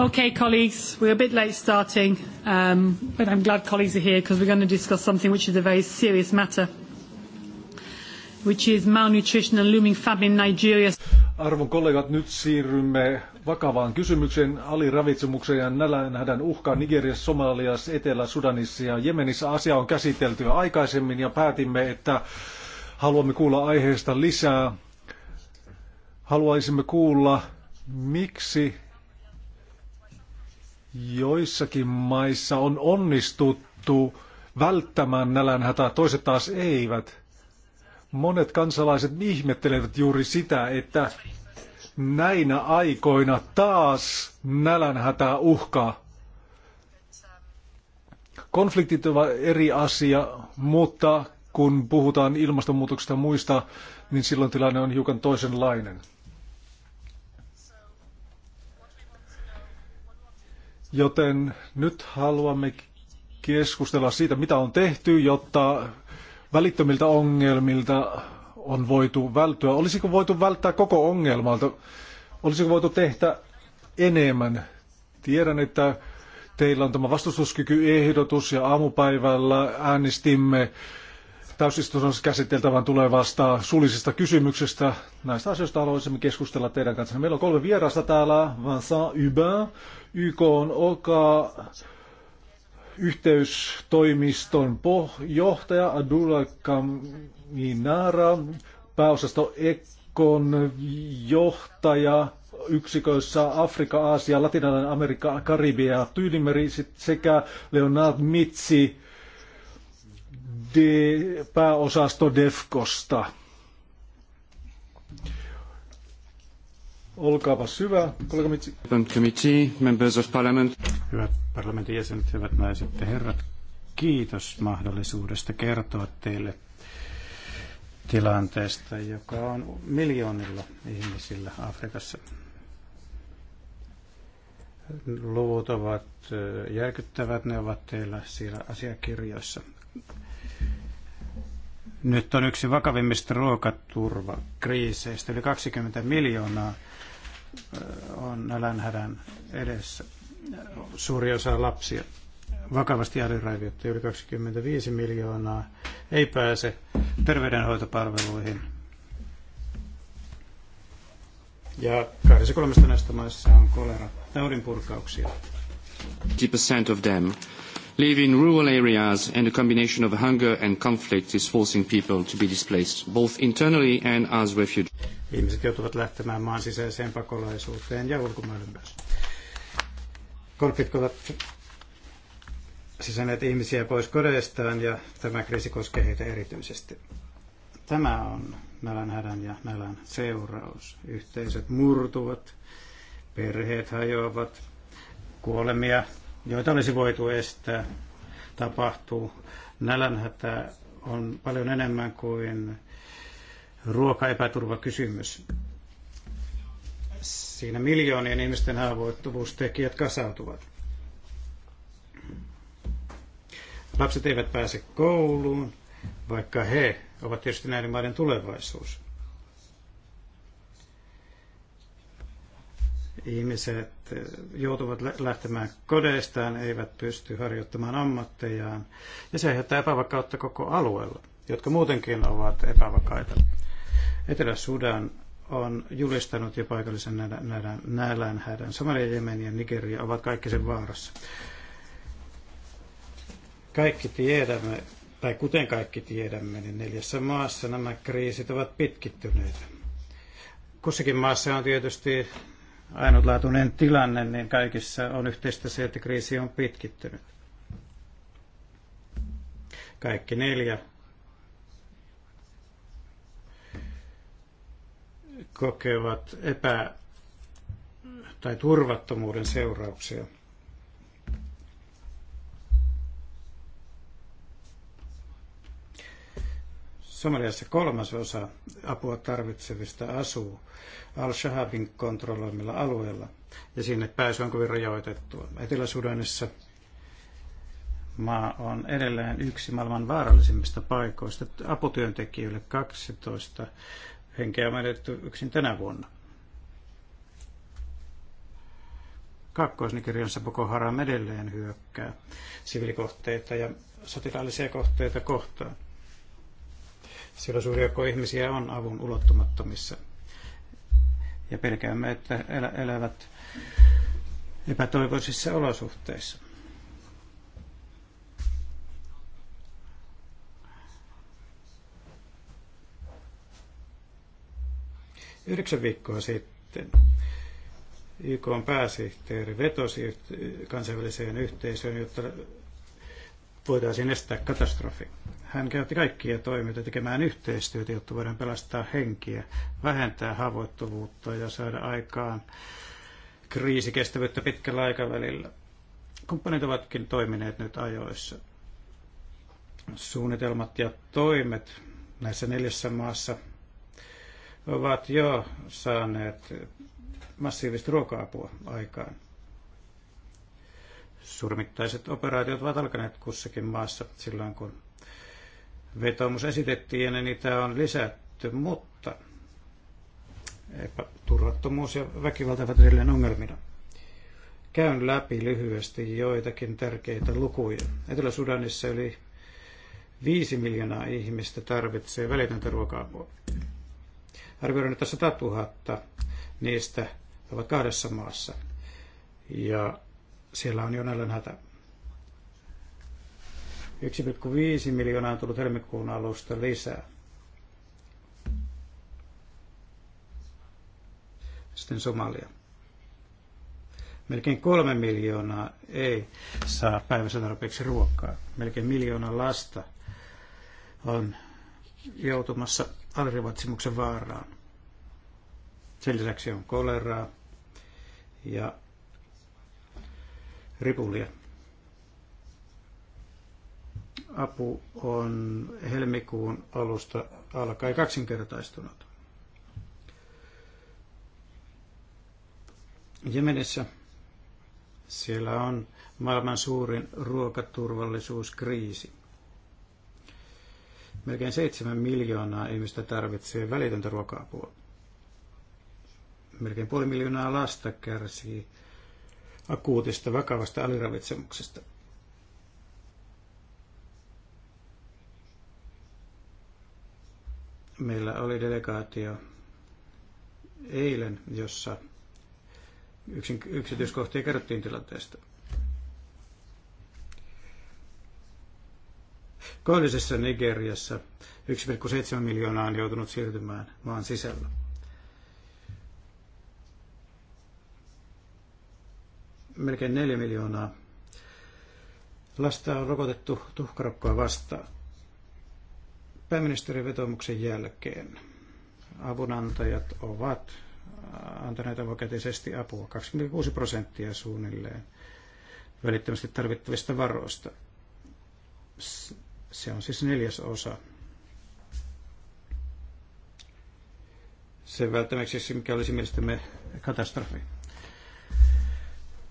Okay, colleagues, we're a bit late starting, um, but I'm glad colleagues are here 'cause we're gonna discuss something which is a very serious matter, which is malnutrition and looming famine in Nigeria. Arvon kollegat, nyt siirrymme vakavaan kysymykseen aliravitsemukseen ja nälänhädän uhkaan Nigeriassa, Somaliassa, Etelä-Sudanissa ja Jemenissä. Asia on käsitelty jo aikaisemmin ja päätimme, että haluamme kuulla aiheesta lisää. Haluaisimme kuulla, miksi Joissakin maissa on onnistuttu välttämään nälänhätää, toiset taas eivät. Monet kansalaiset ihmettelevät juuri sitä, että näinä aikoina taas nälänhätä uhkaa. Konfliktit ovat eri asia, mutta kun puhutaan ilmastonmuutoksesta ja muista, niin silloin tilanne on hiukan toisenlainen. Joten nyt haluamme keskustella siitä, mitä on tehty, jotta välittömiltä ongelmilta on voitu välttyä. Olisiko voitu välttää koko ongelmalta? Olisiko voitu tehdä enemmän? Tiedän, että teillä on tämä vastustuskykyehdotus ja aamupäivällä äänestimme täysistunnossa käsiteltä, tulevasta tulee vasta suullisista kysymyksistä. Näistä asioista haluaisimme keskustella teidän kanssa. Meillä on kolme vierasta täällä. Vincent Hubin, YK on OKA, yhteystoimiston johtaja Adula Kaminara, pääosasto Ekon johtaja yksiköissä Afrika, Aasia, Latinalainen Amerikka, Karibia ja Tyynimeri sekä Leonard Mitsi, de, pääosasto DEFKosta. Olkaapa hyvä, kollega Mitsi. members of parliament. Hyvät parlamentin jäsenet, hyvät naiset ja herrat, kiitos mahdollisuudesta kertoa teille tilanteesta, joka on miljoonilla ihmisillä Afrikassa. Luvut ovat järkyttävät, ne ovat teillä siellä asiakirjoissa nyt on yksi vakavimmista ruokaturvakriiseistä. Yli 20 miljoonaa on nälänhädän edessä. Suuri osa lapsia vakavasti älyraiviutta, yli 25 miljoonaa, ei pääse terveydenhoitopalveluihin. Ja kahdessa kolmesta näistä maissa on kolera, taudinpurkauksia. 10% of them live in rural areas and a combination of hunger and conflict is forcing people to be displaced, both internally and as refugees. Ihmiset joutuvat lähtemään maan sisäiseen pakolaisuuteen ja ulkomaille myös. Konfliktit ovat sisänneet ihmisiä pois kodeistaan ja tämä kriisi koskee heitä erityisesti. Tämä on nälänhädän ja nälän seuraus. Yhteisöt murtuvat, perheet hajoavat, kuolemia joita olisi voitu estää, tapahtuu. Nälänhätä on paljon enemmän kuin ruokaepäturvakysymys. Siinä miljoonien ihmisten haavoittuvuustekijät kasautuvat. Lapset eivät pääse kouluun, vaikka he ovat tietysti näiden maiden tulevaisuus. Ihmiset eh, joutuvat lähtemään kodeistaan, eivät pysty harjoittamaan ammattejaan. Ja se aiheuttaa epävakautta koko alueella, jotka muutenkin ovat epävakaita. Etelä-Sudan on julistanut jo paikallisen nälänhädän. Somalia, Jemen ja Nigeria ovat kaikki sen vaarassa. Kaikki tiedämme, tai kuten kaikki tiedämme, niin neljässä maassa nämä kriisit ovat pitkittyneet. Kussakin maassa on tietysti ainutlaatuinen tilanne, niin kaikissa on yhteistä se, että kriisi on pitkittynyt. Kaikki neljä kokevat epä- tai turvattomuuden seurauksia. Somaliassa kolmas osa apua tarvitsevista asuu Al-Shahabin kontrolloimilla alueilla. Ja sinne pääsy on kovin rajoitettu. Etelä-Sudanissa maa on edelleen yksi maailman vaarallisimmista paikoista aputyöntekijöille 12 henkeä on menetetty yksin tänä vuonna. kaakkois Boko Haram edelleen hyökkää sivilikohteita ja sotilaallisia kohteita kohtaan. Siellä suuri joukko ihmisiä on avun ulottumattomissa. Ja pelkäämme, että elävät epätoivoisissa olosuhteissa. Yhdeksän viikkoa sitten YK pääsihteeri vetosi kansainväliseen yhteisöön, jotta voitaisiin estää katastrofi. Hän käytti kaikkia toimijoita tekemään yhteistyötä, jotta voidaan pelastaa henkiä, vähentää haavoittuvuutta ja saada aikaan kriisikestävyyttä pitkällä aikavälillä. Kumppanit ovatkin toimineet nyt ajoissa. Suunnitelmat ja toimet näissä neljässä maassa ovat jo saaneet massiivista ruoka-apua aikaan. Surmittaiset operaatiot ovat alkaneet kussakin maassa silloin, kun vetoomus esitettiin ja niitä on lisätty, mutta turvattomuus ja väkivalta ovat edelleen ongelmina. Käyn läpi lyhyesti joitakin tärkeitä lukuja. Etelä-Sudanissa yli 5 miljoonaa ihmistä tarvitsee välitöntä ruoka-apua. Arvioidaan, että 100 000 niistä ovat kahdessa maassa. Ja siellä on jo näitä 1,5 miljoonaa on tullut helmikuun alusta lisää. Sitten Somalia. Melkein kolme miljoonaa ei saa päivässä tarpeeksi ruokaa. Melkein miljoona lasta on joutumassa alirivatsimuksen vaaraan. Sen lisäksi on koleraa ja ripulia. Apu on helmikuun alusta alkaen kaksinkertaistunut. Jemenissä siellä on maailman suurin ruokaturvallisuuskriisi. Melkein 7 miljoonaa ihmistä tarvitsee välitöntä ruoka-apua. Melkein puoli miljoonaa lasta kärsii akuutista vakavasta aliravitsemuksesta. Meillä oli delegaatio eilen, jossa yksityiskohtia kerrottiin tilanteesta. Koillisessa Nigeriassa 1,7 miljoonaa on joutunut siirtymään maan sisällä. melkein 4 miljoonaa lasta on rokotettu tuhkarokkoa vastaan. Pääministerin vetomuksen jälkeen avunantajat ovat antaneet avokätisesti apua 26 prosenttia suunnilleen välittömästi tarvittavista varoista. Se on siis neljäs osa sen välttämiseksi, siis mikä olisi mielestämme katastrofi.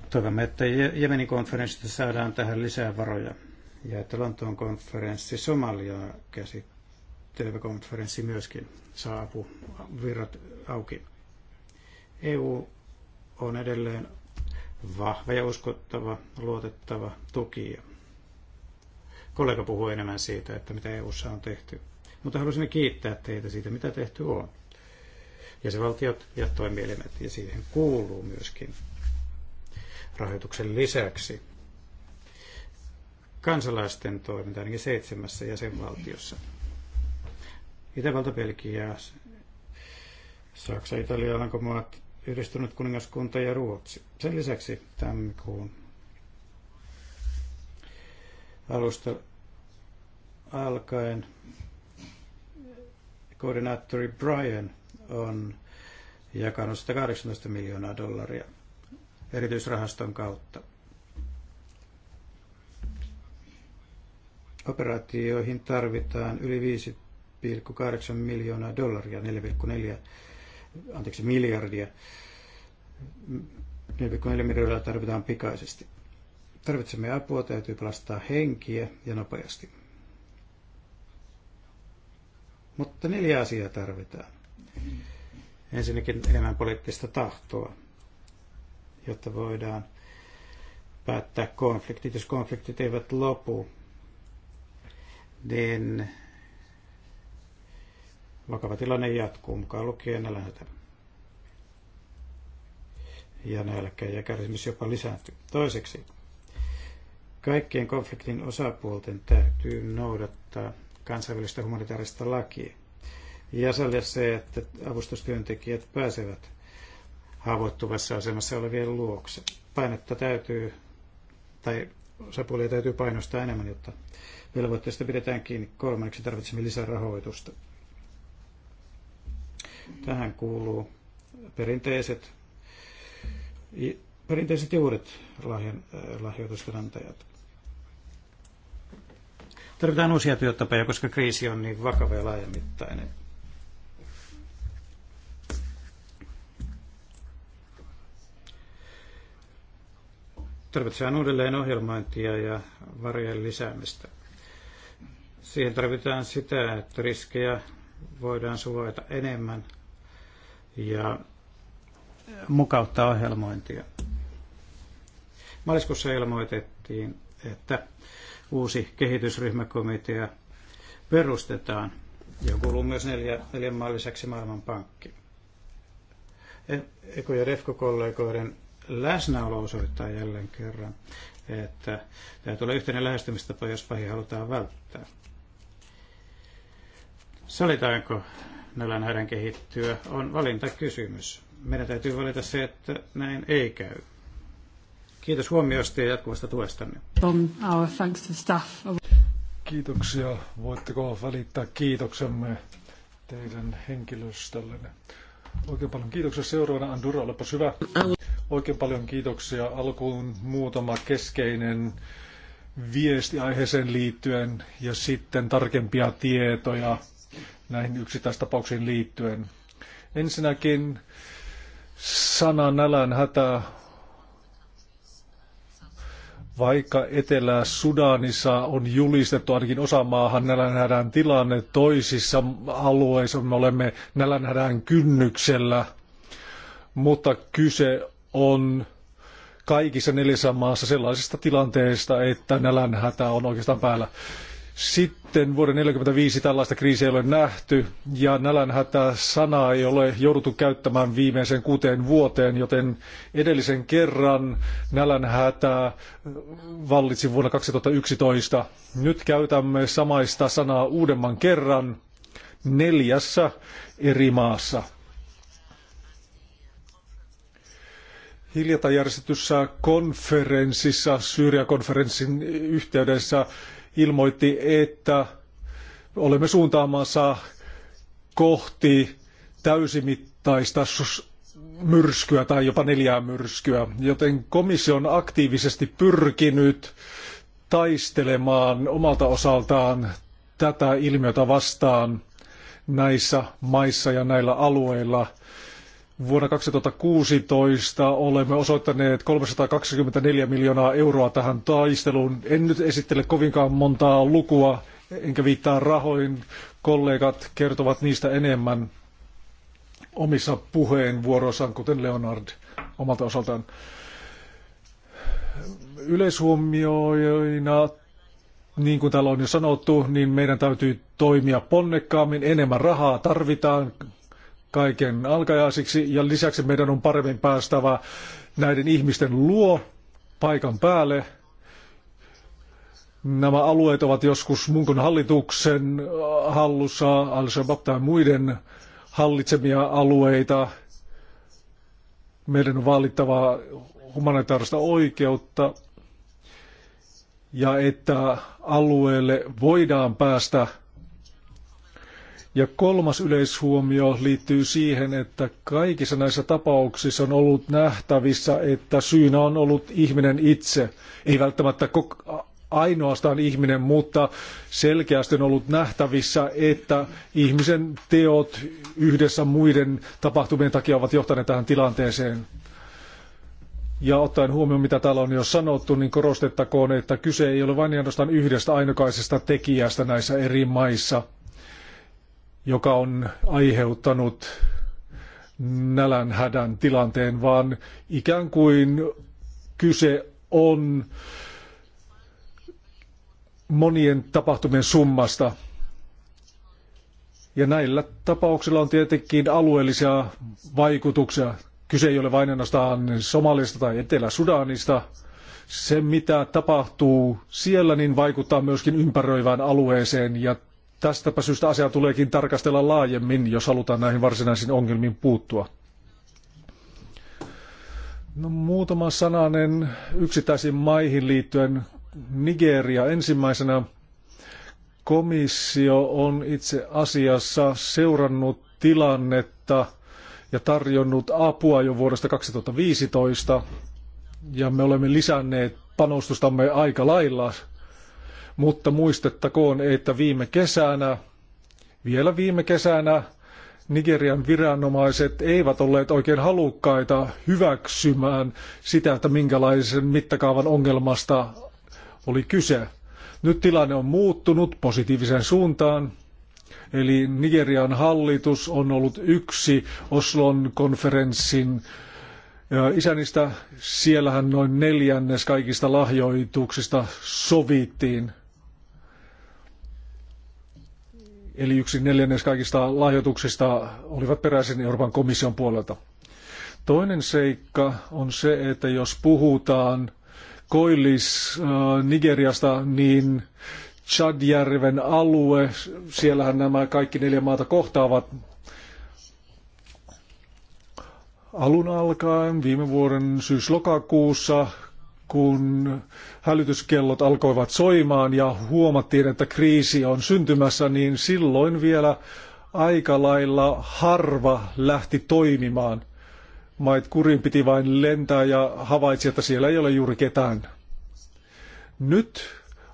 Toivomme, että Jemenin konferenssista saadaan tähän lisää varoja ja että Lontoon konferenssi Somaliaa käsittelevä konferenssi myöskin saa apuvirrat auki. EU on edelleen vahva ja uskottava, luotettava tukija. Kollega puhuu enemmän siitä, että mitä EUssa on tehty. Mutta haluaisin kiittää teitä siitä, mitä tehty on. Ja se valtiot ja toimielimet, ja siihen kuuluu myöskin rahoituksen lisäksi kansalaisten toiminta ainakin seitsemässä jäsenvaltiossa. Itävalta, Belgia, Saksa, Italia, Alankomaat, Yhdistynyt kuningaskunta ja Ruotsi. Sen lisäksi tammikuun alusta alkaen koordinaattori Brian on jakanut 118 miljoonaa dollaria – erityisrahaston kautta. Operaatioihin tarvitaan yli 5,8 miljoonaa dollaria, 4,4 anteeksi, miljardia. 4,4 miljoonaa tarvitaan pikaisesti. Tarvitsemme apua, täytyy pelastaa henkiä ja nopeasti. Mutta neljä asiaa tarvitaan. Ensinnäkin enemmän poliittista tahtoa jotta voidaan päättää konfliktit. Jos konfliktit eivät lopu, niin vakava tilanne jatkuu mukaan lukien nälänhätä. Ja nälkä ja kärsimys jopa lisääntyy. Toiseksi, kaikkien konfliktin osapuolten täytyy noudattaa kansainvälistä humanitaarista lakia ja se, että avustustyöntekijät pääsevät haavoittuvassa asemassa olevien luokse. Painetta täytyy, tai sapulia täytyy painostaa enemmän, jotta velvoitteista pidetään kiinni. Kolmanneksi tarvitsemme lisää rahoitusta. Tähän kuuluu perinteiset, perinteiset juuret uudet lahjan, äh, lahjoitusten antajat. Tarvitaan uusia työtapoja, koska kriisi on niin vakava ja laajamittainen. tarvitsee uudelleen ohjelmointia ja varojen lisäämistä. Siihen tarvitaan sitä, että riskejä voidaan suojata enemmän ja mukauttaa ohjelmointia. Maaliskuussa ilmoitettiin, että uusi kehitysryhmäkomitea perustetaan, ja kuuluu myös neljä, neljän maan lisäksi Maailmanpankki. Eko- ja Refko-kollegoiden läsnäolo osoittaa jälleen kerran, että tämä tulee yhteinen lähestymistapa, jos pahi halutaan välttää. Salitaanko nälänhädän kehittyä, on valintakysymys. Meidän täytyy valita se, että näin ei käy. Kiitos huomiosta ja jatkuvasta tuestanne. Kiitoksia. Voitteko välittää kiitoksemme teidän henkilöstöllenne? Oikein paljon kiitoksia. Seuraavana Andurra, olepas hyvä. Oikein paljon kiitoksia. Alkuun muutama keskeinen viesti aiheeseen liittyen ja sitten tarkempia tietoja näihin yksittäistapauksiin liittyen. Ensinnäkin sana nälän hätä vaikka Etelä-Sudanissa on julistettu ainakin osa maahan nälänhädän tilanne, toisissa alueissa me olemme nälänhädän kynnyksellä, mutta kyse on kaikissa neljässä maassa sellaisesta tilanteesta, että nälänhätä on oikeastaan päällä. Sitten vuoden 1945 tällaista kriisiä ei ole nähty, ja nälänhätä-sanaa ei ole jouduttu käyttämään viimeiseen kuuteen vuoteen, joten edellisen kerran nälänhätä vallitsi vuonna 2011. Nyt käytämme samaista sanaa uudemman kerran neljässä eri maassa. hiljattain järjestetyssä konferenssissa, Syyriakonferenssin yhteydessä, ilmoitti, että olemme suuntaamassa kohti täysimittaista myrskyä tai jopa neljää myrskyä, joten komissio on aktiivisesti pyrkinyt taistelemaan omalta osaltaan tätä ilmiötä vastaan näissä maissa ja näillä alueilla. Vuonna 2016 olemme osoittaneet 324 miljoonaa euroa tähän taisteluun. En nyt esittele kovinkaan montaa lukua, enkä viittaa rahoin. Kollegat kertovat niistä enemmän omissa puheenvuoroissaan, kuten Leonard omalta osaltaan. Yleishuomioina, niin kuin täällä on jo sanottu, niin meidän täytyy toimia ponnekkaammin. Enemmän rahaa tarvitaan kaiken alkajaisiksi ja lisäksi meidän on paremmin päästävä näiden ihmisten luo paikan päälle. Nämä alueet ovat joskus munkun hallituksen hallussa, Al-Shabaab tai muiden hallitsemia alueita. Meidän on vaalittava humanitaarista oikeutta ja että alueelle voidaan päästä – ja kolmas yleishuomio liittyy siihen, että kaikissa näissä tapauksissa on ollut nähtävissä, että syynä on ollut ihminen itse. Ei välttämättä ainoastaan ihminen, mutta selkeästi on ollut nähtävissä, että ihmisen teot yhdessä muiden tapahtumien takia ovat johtaneet tähän tilanteeseen. Ja ottaen huomioon, mitä täällä on jo sanottu, niin korostettakoon, että kyse ei ole vain ainoastaan yhdestä ainokaisesta tekijästä näissä eri maissa – joka on aiheuttanut nälänhädän tilanteen, vaan ikään kuin kyse on monien tapahtumien summasta. Ja näillä tapauksilla on tietenkin alueellisia vaikutuksia. Kyse ei ole vain ainoastaan Somalista tai Etelä-Sudanista. Se, mitä tapahtuu siellä, niin vaikuttaa myöskin ympäröivään alueeseen ja Tästäpä syystä asiaa tuleekin tarkastella laajemmin, jos halutaan näihin varsinaisiin ongelmiin puuttua. No, muutama sananen yksittäisiin maihin liittyen. Nigeria ensimmäisenä. Komissio on itse asiassa seurannut tilannetta ja tarjonnut apua jo vuodesta 2015. Ja me olemme lisänneet panostustamme aika lailla mutta muistettakoon, että viime kesänä, vielä viime kesänä, Nigerian viranomaiset eivät olleet oikein halukkaita hyväksymään sitä, että minkälaisen mittakaavan ongelmasta oli kyse. Nyt tilanne on muuttunut positiiviseen suuntaan. Eli Nigerian hallitus on ollut yksi Oslon konferenssin isännistä. Siellähän noin neljännes kaikista lahjoituksista sovittiin. eli yksi neljännes kaikista lahjoituksista olivat peräisin Euroopan komission puolelta. Toinen seikka on se, että jos puhutaan Koillis äh, Nigeriasta, niin Chadjärven alue, siellähän nämä kaikki neljä maata kohtaavat. Alun alkaen viime vuoden syys-lokakuussa kun hälytyskellot alkoivat soimaan ja huomattiin, että kriisi on syntymässä, niin silloin vielä aika lailla harva lähti toimimaan. Mait kurin piti vain lentää ja havaitsi, että siellä ei ole juuri ketään. Nyt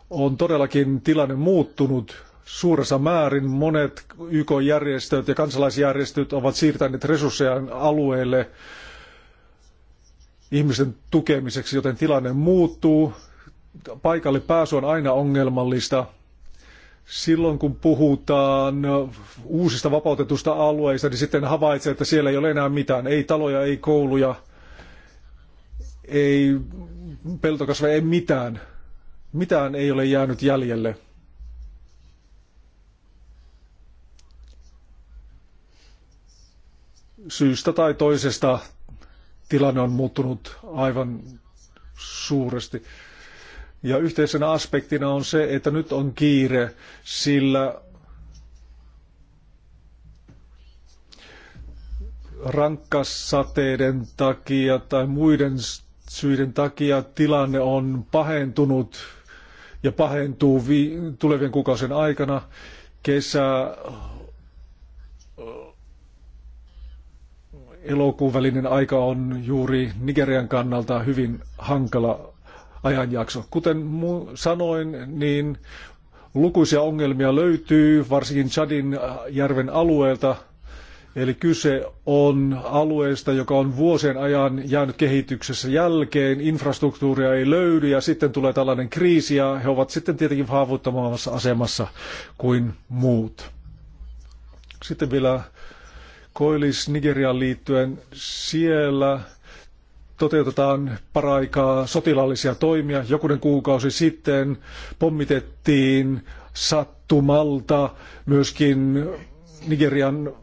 on todellakin tilanne muuttunut suuressa määrin. Monet YK-järjestöt ja kansalaisjärjestöt ovat siirtäneet resurssejaan alueelle ihmisten tukemiseksi, joten tilanne muuttuu. Paikalle pääsy on aina ongelmallista. Silloin kun puhutaan uusista vapautetusta alueista, niin sitten havaitsee, että siellä ei ole enää mitään. Ei taloja, ei kouluja, ei peltokasveja, ei mitään. Mitään ei ole jäänyt jäljelle. Syystä tai toisesta tilanne on muuttunut aivan suuresti. Ja yhteisenä aspektina on se, että nyt on kiire, sillä rankkasateiden takia tai muiden syiden takia tilanne on pahentunut ja pahentuu tulevien kuukausien aikana. Kesä elokuun välinen aika on juuri Nigerian kannalta hyvin hankala ajanjakso. Kuten sanoin, niin lukuisia ongelmia löytyy, varsinkin Chadin äh, järven alueelta. Eli kyse on alueesta, joka on vuosien ajan jäänyt kehityksessä jälkeen, infrastruktuuria ei löydy ja sitten tulee tällainen kriisi ja he ovat sitten tietenkin haavoittamassa asemassa kuin muut. Sitten vielä Koilis Nigeriaan liittyen. Siellä toteutetaan paraikaa sotilaallisia toimia. Jokunen kuukausi sitten pommitettiin sattumalta myöskin Nigerian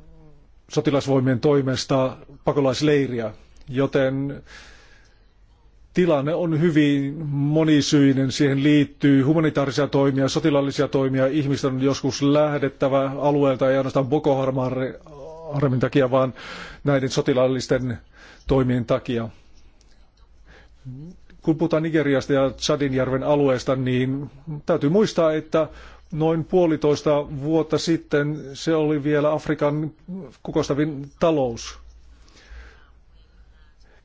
sotilasvoimien toimesta pakolaisleiriä, joten tilanne on hyvin monisyinen. Siihen liittyy humanitaarisia toimia, sotilaallisia toimia. Ihmisten on joskus lähdettävä alueelta, ei ainoastaan Boko Harmaan armin takia, vaan näiden sotilaallisten toimien takia. Kun puhutaan Nigeriasta ja Chadinjärven alueesta, niin täytyy muistaa, että noin puolitoista vuotta sitten se oli vielä Afrikan kukostavin talous.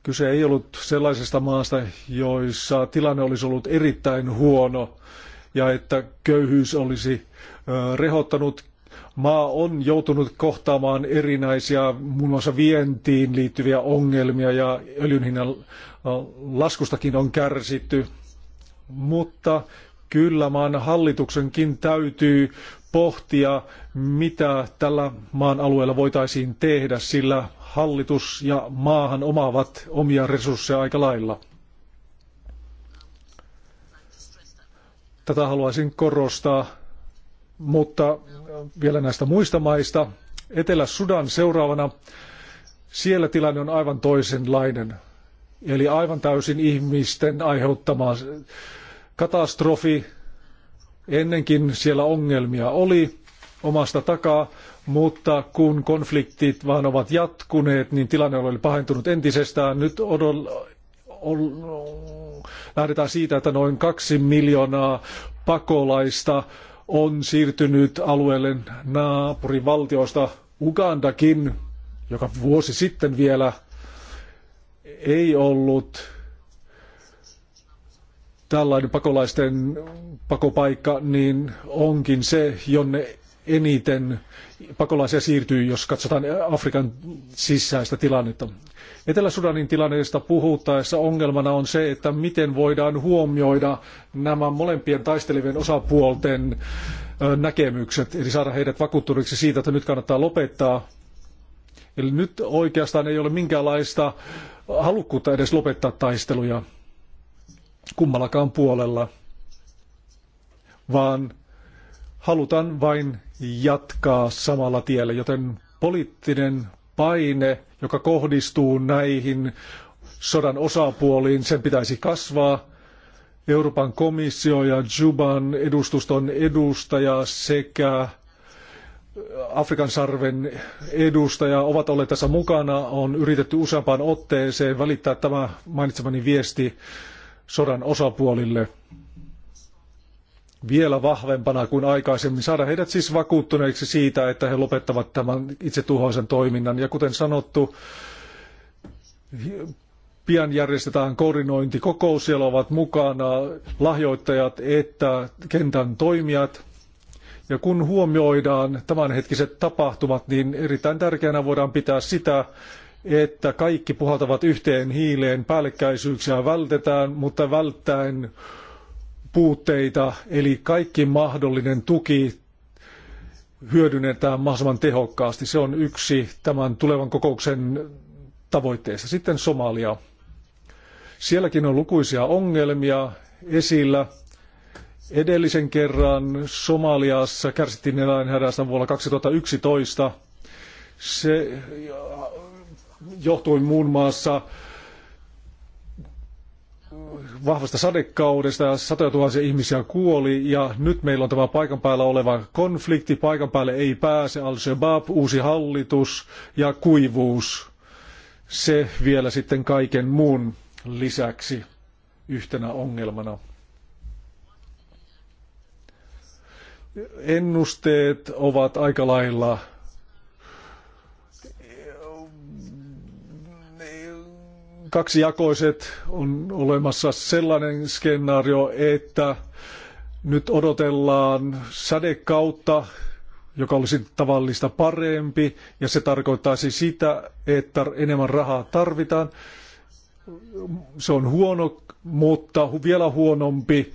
Kyse ei ollut sellaisesta maasta, joissa tilanne olisi ollut erittäin huono ja että köyhyys olisi rehottanut maa on joutunut kohtaamaan erinäisiä muun muassa vientiin liittyviä ongelmia ja öljyn hinnan laskustakin on kärsitty. Mutta kyllä maan hallituksenkin täytyy pohtia, mitä tällä maan alueella voitaisiin tehdä, sillä hallitus ja maahan omaavat omia resursseja aika lailla. Tätä haluaisin korostaa mutta vielä näistä muista maista. Etelä-Sudan seuraavana. Siellä tilanne on aivan toisenlainen. Eli aivan täysin ihmisten aiheuttama katastrofi. Ennenkin siellä ongelmia oli omasta takaa, mutta kun konfliktit vaan ovat jatkuneet, niin tilanne oli pahentunut entisestään. Nyt odol, lähdetään siitä, että noin kaksi miljoonaa pakolaista on siirtynyt alueelle naapurivaltioista Ugandakin, joka vuosi sitten vielä ei ollut tällainen pakolaisten pakopaikka, niin onkin se, jonne eniten pakolaisia siirtyy, jos katsotaan Afrikan sisäistä tilannetta. Etelä-Sudanin tilanteesta puhuttaessa ongelmana on se, että miten voidaan huomioida nämä molempien taistelevien osapuolten näkemykset, eli saada heidät vakuuttuneiksi siitä, että nyt kannattaa lopettaa. Eli nyt oikeastaan ei ole minkäänlaista halukkuutta edes lopettaa taisteluja kummallakaan puolella, vaan halutaan vain jatkaa samalla tiellä, joten poliittinen paine joka kohdistuu näihin sodan osapuoliin, sen pitäisi kasvaa. Euroopan komissio ja Juban edustuston edustaja sekä Afrikan sarven edustaja ovat olleet tässä mukana. On yritetty useampaan otteeseen välittää tämä mainitsemani viesti sodan osapuolille vielä vahvempana kuin aikaisemmin, saada heidät siis vakuuttuneiksi siitä, että he lopettavat tämän itsetuhoisen toiminnan. Ja kuten sanottu, pian järjestetään koordinointikokous, siellä ovat mukana lahjoittajat että kentän toimijat. Ja kun huomioidaan tämänhetkiset tapahtumat, niin erittäin tärkeänä voidaan pitää sitä, että kaikki puhaltavat yhteen hiileen, päällekkäisyyksiä vältetään, mutta välttäen puutteita, eli kaikki mahdollinen tuki hyödynnetään mahdollisimman tehokkaasti. Se on yksi tämän tulevan kokouksen tavoitteista. Sitten Somalia. Sielläkin on lukuisia ongelmia esillä. Edellisen kerran Somaliassa kärsittiin eläinhädästä vuonna 2011. Se johtui muun muassa vahvasta sadekaudesta ja satoja tuhansia ihmisiä kuoli ja nyt meillä on tämä paikan päällä oleva konflikti, paikan päälle ei pääse, Al-Shabaab, uusi hallitus ja kuivuus. Se vielä sitten kaiken muun lisäksi yhtenä ongelmana. Ennusteet ovat aika lailla kaksijakoiset on olemassa sellainen skenaario, että nyt odotellaan sadekautta, joka olisi tavallista parempi, ja se tarkoittaisi sitä, että enemmän rahaa tarvitaan. Se on huono, mutta vielä huonompi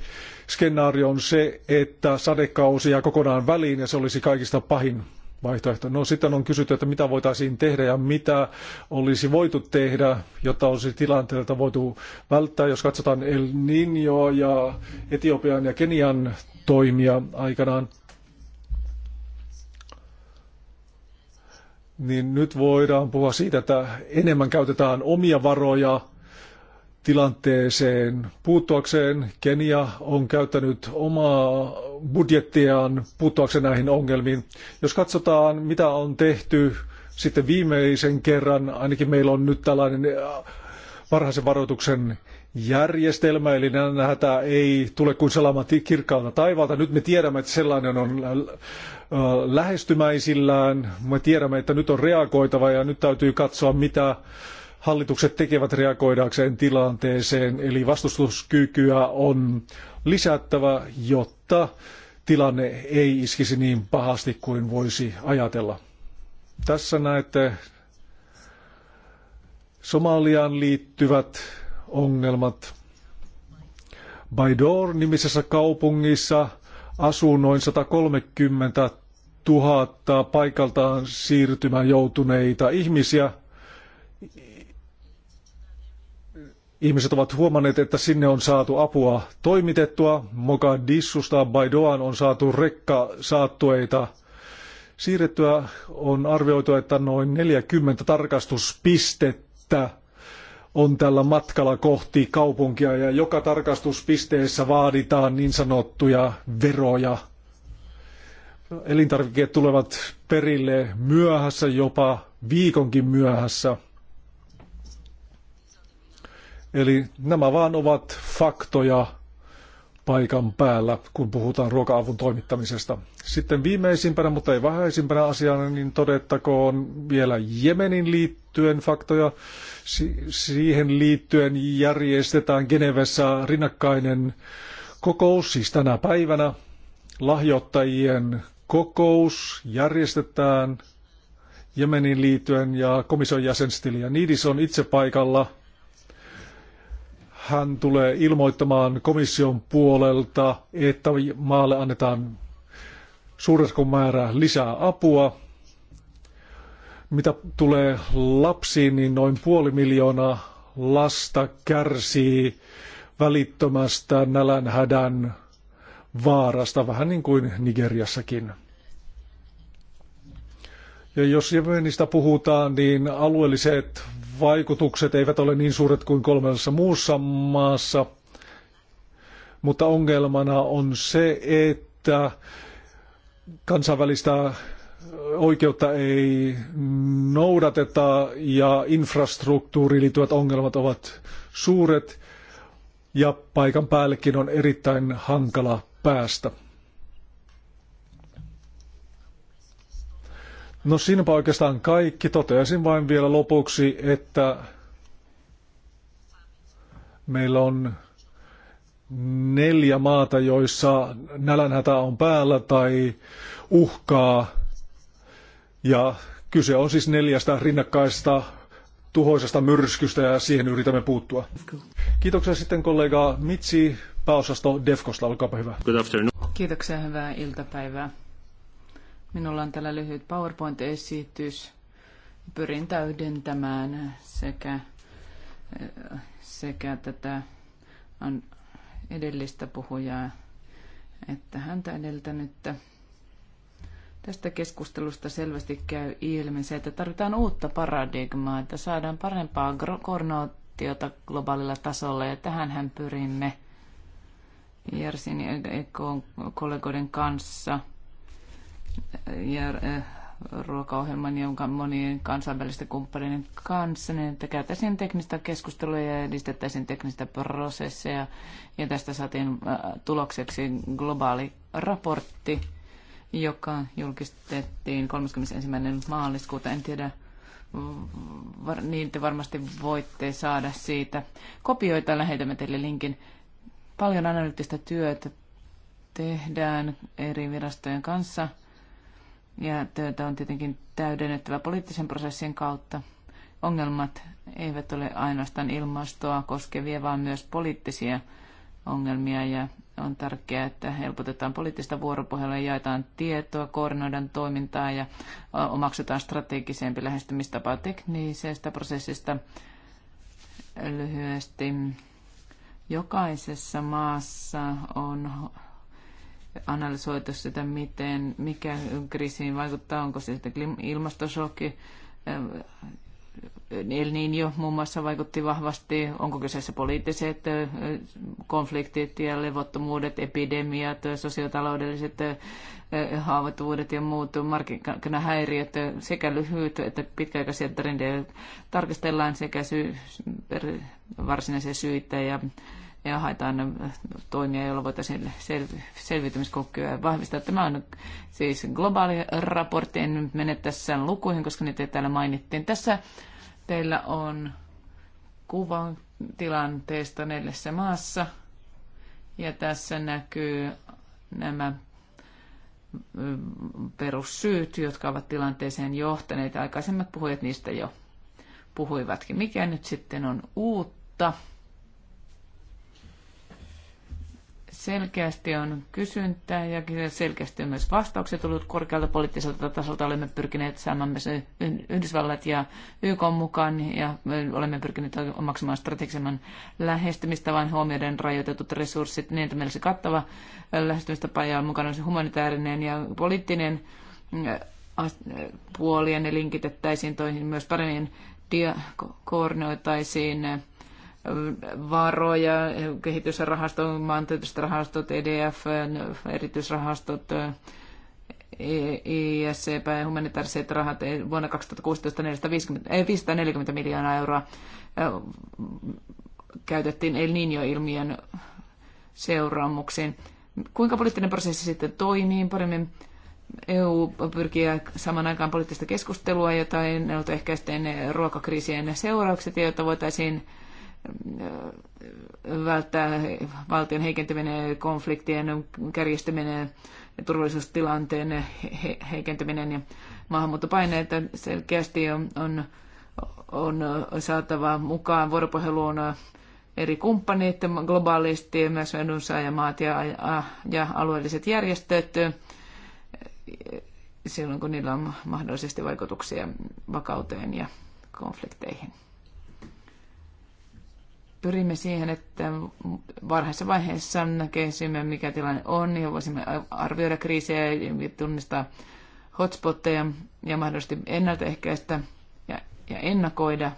skenaario on se, että sadekausi jää kokonaan väliin, ja se olisi kaikista pahin vaihtoehto. No sitten on kysytty, että mitä voitaisiin tehdä ja mitä olisi voitu tehdä, jotta olisi tilanteelta voitu välttää. Jos katsotaan El Niño ja Etiopian ja Kenian toimia aikanaan, niin nyt voidaan puhua siitä, että enemmän käytetään omia varoja tilanteeseen puuttuakseen. Kenia on käyttänyt omaa budjettiaan puuttuakseen näihin ongelmiin. Jos katsotaan, mitä on tehty sitten viimeisen kerran, ainakin meillä on nyt tällainen äh, varhaisen varoituksen järjestelmä, eli hätä ei tule kuin salama kirkkaalta taivaalta. Nyt me tiedämme, että sellainen on äh, lähestymäisillään. Me tiedämme, että nyt on reagoitava ja nyt täytyy katsoa, mitä hallitukset tekevät reagoidakseen tilanteeseen, eli vastustuskykyä on lisättävä, jotta tilanne ei iskisi niin pahasti kuin voisi ajatella. Tässä näette Somaliaan liittyvät ongelmat. Baidor-nimisessä kaupungissa asuu noin 130 000 paikaltaan siirtymään joutuneita ihmisiä – Ihmiset ovat huomanneet, että sinne on saatu apua toimitettua. Mogadissusta Baidoan on saatu rekka saattueita siirrettyä. On arvioitu, että noin 40 tarkastuspistettä on tällä matkalla kohti kaupunkia ja joka tarkastuspisteessä vaaditaan niin sanottuja veroja. Elintarvikkeet tulevat perille myöhässä, jopa viikonkin myöhässä. Eli nämä vaan ovat faktoja paikan päällä, kun puhutaan ruoka-avun toimittamisesta. Sitten viimeisimpänä, mutta ei vähäisimpänä asiana, niin todettakoon vielä Jemenin liittyen faktoja. Si- siihen liittyen järjestetään Genevessä rinnakkainen kokous, siis tänä päivänä. Lahjoittajien kokous järjestetään Jemenin liittyen ja komission jäsen Stilianidis on itse paikalla – hän tulee ilmoittamaan komission puolelta, että maalle annetaan suurehko määrä lisää apua. Mitä tulee lapsiin, niin noin puoli miljoonaa lasta kärsii välittömästä nälänhädän vaarasta, vähän niin kuin Nigeriassakin. Ja jos Jemenistä puhutaan, niin alueelliset vaikutukset eivät ole niin suuret kuin kolmessa muussa maassa, mutta ongelmana on se, että kansainvälistä oikeutta ei noudateta ja infrastruktuuriin liittyvät ongelmat ovat suuret ja paikan päällekin on erittäin hankala päästä. No siinäpä oikeastaan kaikki. Toteaisin vain vielä lopuksi, että meillä on neljä maata, joissa nälänhätä on päällä tai uhkaa. Ja kyse on siis neljästä rinnakkaista tuhoisesta myrskystä ja siihen yritämme puuttua. Kiitoksia sitten kollega Mitsi, pääosasto Defkosta, olkaapa hyvä. Good afternoon. Kiitoksia, hyvää iltapäivää. Minulla on tällä lyhyt PowerPoint-esitys. Pyrin täydentämään sekä, sekä tätä edellistä puhujaa että häntä edeltänyttä. Tästä keskustelusta selvästi käy ilmi se, että tarvitaan uutta paradigmaa, että saadaan parempaa koordinaatiota globaalilla tasolla ja hän pyrimme Jersin ja Ekon kollegoiden kanssa – ja eh, ruokaohjelman, jonka monien kansainvälisten kumppaneiden kanssa, niin että käytäisiin teknistä keskustelua ja edistettäisiin teknistä prosesseja. Ja tästä saatiin eh, tulokseksi globaali raportti, joka julkistettiin 31. maaliskuuta. En tiedä, niin te varmasti voitte saada siitä kopioita. Lähetämme teille linkin. Paljon analyyttistä työtä tehdään eri virastojen kanssa – ja työtä on tietenkin täydennettävä poliittisen prosessin kautta. Ongelmat eivät ole ainoastaan ilmastoa koskevia, vaan myös poliittisia ongelmia ja on tärkeää, että helpotetaan poliittista vuoropuhelua, jaetaan tietoa, koordinoidaan toimintaa ja omaksutaan strategisempi lähestymistapa teknisestä prosessista lyhyesti. Jokaisessa maassa on analysoitu sitä, miten, mikä kriisiin vaikuttaa, onko se sitten ilmastosokki, El Niño muun muassa vaikutti vahvasti. Onko kyseessä poliittiset konfliktit ja levottomuudet, epidemiat, sosiotaloudelliset haavoittuvuudet ja muut markkinahäiriöt sekä lyhyt että pitkäaikaisia trendejä tarkastellaan sekä sy- varsinaisia syitä ja ja haetaan toimia, joilla voitaisiin selvi- selviytymiskykyä vahvistaa. Tämä on siis globaali raportti, en mene tässä lukuihin, koska niitä täällä mainittiin. Tässä teillä on kuva tilanteesta neljässä maassa ja tässä näkyy nämä perussyyt, jotka ovat tilanteeseen johtaneet. Aikaisemmat puhujat niistä jo puhuivatkin. Mikä nyt sitten on uutta? Selkeästi on kysyntää ja selkeästi on myös vastauksia tullut korkealta poliittiselta tasolta. Olemme pyrkineet saamaan myös Yhdysvallat ja YK mukaan ja olemme pyrkineet omaksumaan strategisemman lähestymistavan huomioiden rajoitetut resurssit. Niin, että meillä se kattava lähestymistapa ja mukana se humanitaarinen ja poliittinen puoli ja ne linkitettäisiin toihin myös paremmin dia- koordinoitaisiin varoja, kehitysrahastot, maantieteelliset rahastot, EDF, erityisrahastot, e ISCP ja humanitaariset rahat e, vuonna 2016 450, ei, 540 miljoonaa euroa käytettiin El Niño-ilmiön seuraamuksiin. Kuinka poliittinen prosessi sitten toimii paremmin? EU pyrkii saman aikaan poliittista keskustelua, jota ennaltaehkäisten ruokakriisien seuraukset, jotta voitaisiin välttää valtion heikentyminen, konfliktien kärjistyminen, turvallisuustilanteen heikentyminen ja maahanmuuttopaineet selkeästi on, on, on saatava mukaan vuoropuheluun eri kumppanit globaalisti, myös edunsaajamaat ja, ja, ja alueelliset järjestöt silloin, kun niillä on mahdollisesti vaikutuksia vakauteen ja konflikteihin pyrimme siihen, että varhaisessa vaiheessa näkisimme, mikä tilanne on, ja voisimme arvioida kriisejä ja tunnistaa hotspotteja ja mahdollisesti ennaltaehkäistä ja, ja ennakoida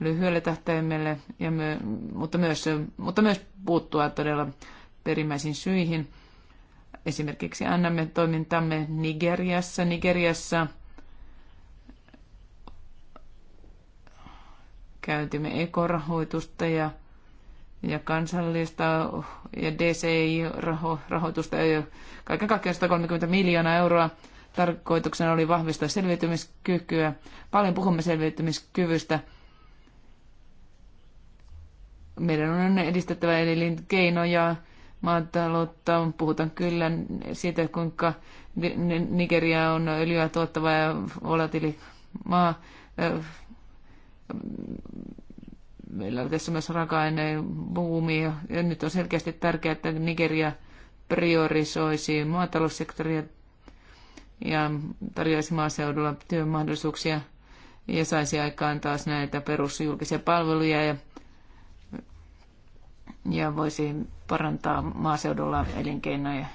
lyhyelle tähtäimelle, ja my, mutta, myös, mutta myös puuttua todella perimmäisiin syihin. Esimerkiksi annamme toimintamme Nigeriassa. Nigeriassa – käytimme ekorahoitusta ja, ja kansallista ja DCI-rahoitusta ja kaiken kaikkiaan 130 miljoonaa euroa. Tarkoituksena oli vahvistaa selviytymiskykyä. Paljon puhumme selviytymiskyvystä. Meidän on edistettävä elinkeinoja, maataloutta. Puhutaan kyllä siitä, kuinka Nigeria on öljyä tuottava ja volatiili maa meillä oli tässä myös raaka-aineen buumi ja nyt on selkeästi tärkeää, että Nigeria priorisoisi maataloussektoria ja tarjoaisi maaseudulla työmahdollisuuksia ja saisi aikaan taas näitä perusjulkisia palveluja ja, ja voisi parantaa maaseudulla elinkeinoja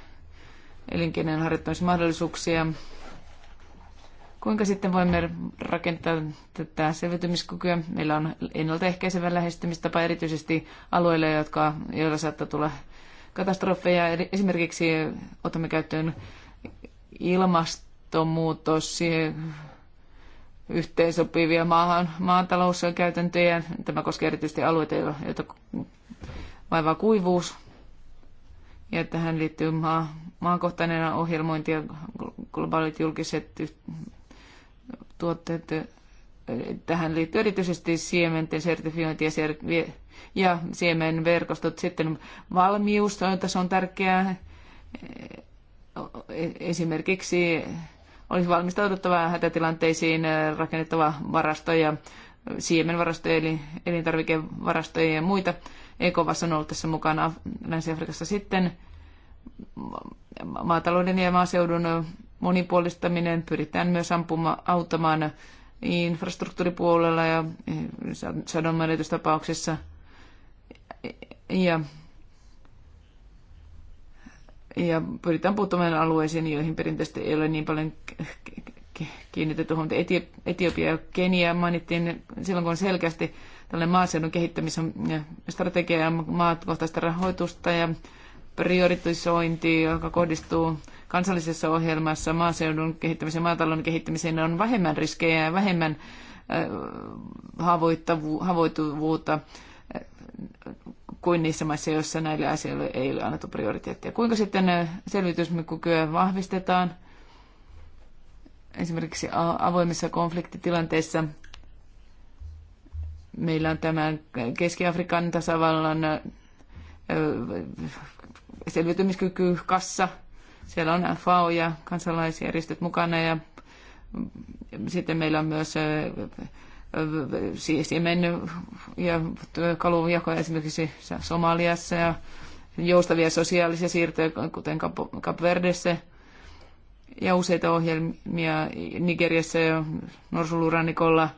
elinkeinojen harjoittamismahdollisuuksia Kuinka sitten voimme rakentaa tätä selviytymiskykyä? Meillä on ennaltaehkäisevä lähestymistapa erityisesti alueilla, jotka, joilla saattaa tulla katastrofeja. Esimerkiksi otamme käyttöön ilmastonmuutos, yhteensopivia maahan, maatalouskäytäntöjä. Tämä koskee erityisesti alueita, joita vaivaa kuivuus. Ja tähän liittyy maa, maakohtainen ohjelmointi ja globaalit julkiset tuotteet. Tähän liittyy erityisesti siementen sertifiointi ja, ser- ja siemenverkostot. Sitten valmius, tässä on tärkeää. E- esimerkiksi olisi valmistauduttava hätätilanteisiin, rakennettava varastoja, siemenvarastoja, eli elintarvikevarastoja ja muita. ECOWAS on ollut tässä mukana Länsi-Afrikassa sitten maatalouden ja maaseudun monipuolistaminen pyritään myös ampuma auttamaan infrastruktuuripuolella ja e, sadonmenetystapauksissa. E, ja, ja pyritään puuttumaan alueisiin, joihin perinteisesti ei ole niin paljon kiinnitetty huomiota. Etiopia ja Kenia mainittiin silloin, kun on selkeästi tällainen maaseudun kehittämisen strategia ja maakohtaista rahoitusta ja prioritisointi, joka kohdistuu kansallisessa ohjelmassa maaseudun kehittämiseen, maatalouden kehittämiseen, on vähemmän riskejä ja vähemmän havoittuvuutta äh, äh, kuin niissä maissa, joissa näille asioille ei ole annettu prioriteettia. Kuinka sitten äh, selvityskykyä vahvistetaan esimerkiksi avoimissa konfliktitilanteissa? Meillä on tämä Keski-Afrikan tasavallan selviytymiskyky, kassa. Siellä on FAO ja kansalaisjärjestöt mukana ja sitten meillä on myös siemen äh, äh, äh, ja kalujako esimerkiksi Somaliassa ja joustavia sosiaalisia siirtoja, kuten Verdessä ja useita ohjelmia Nigeriassa ja Norsulurannikolla –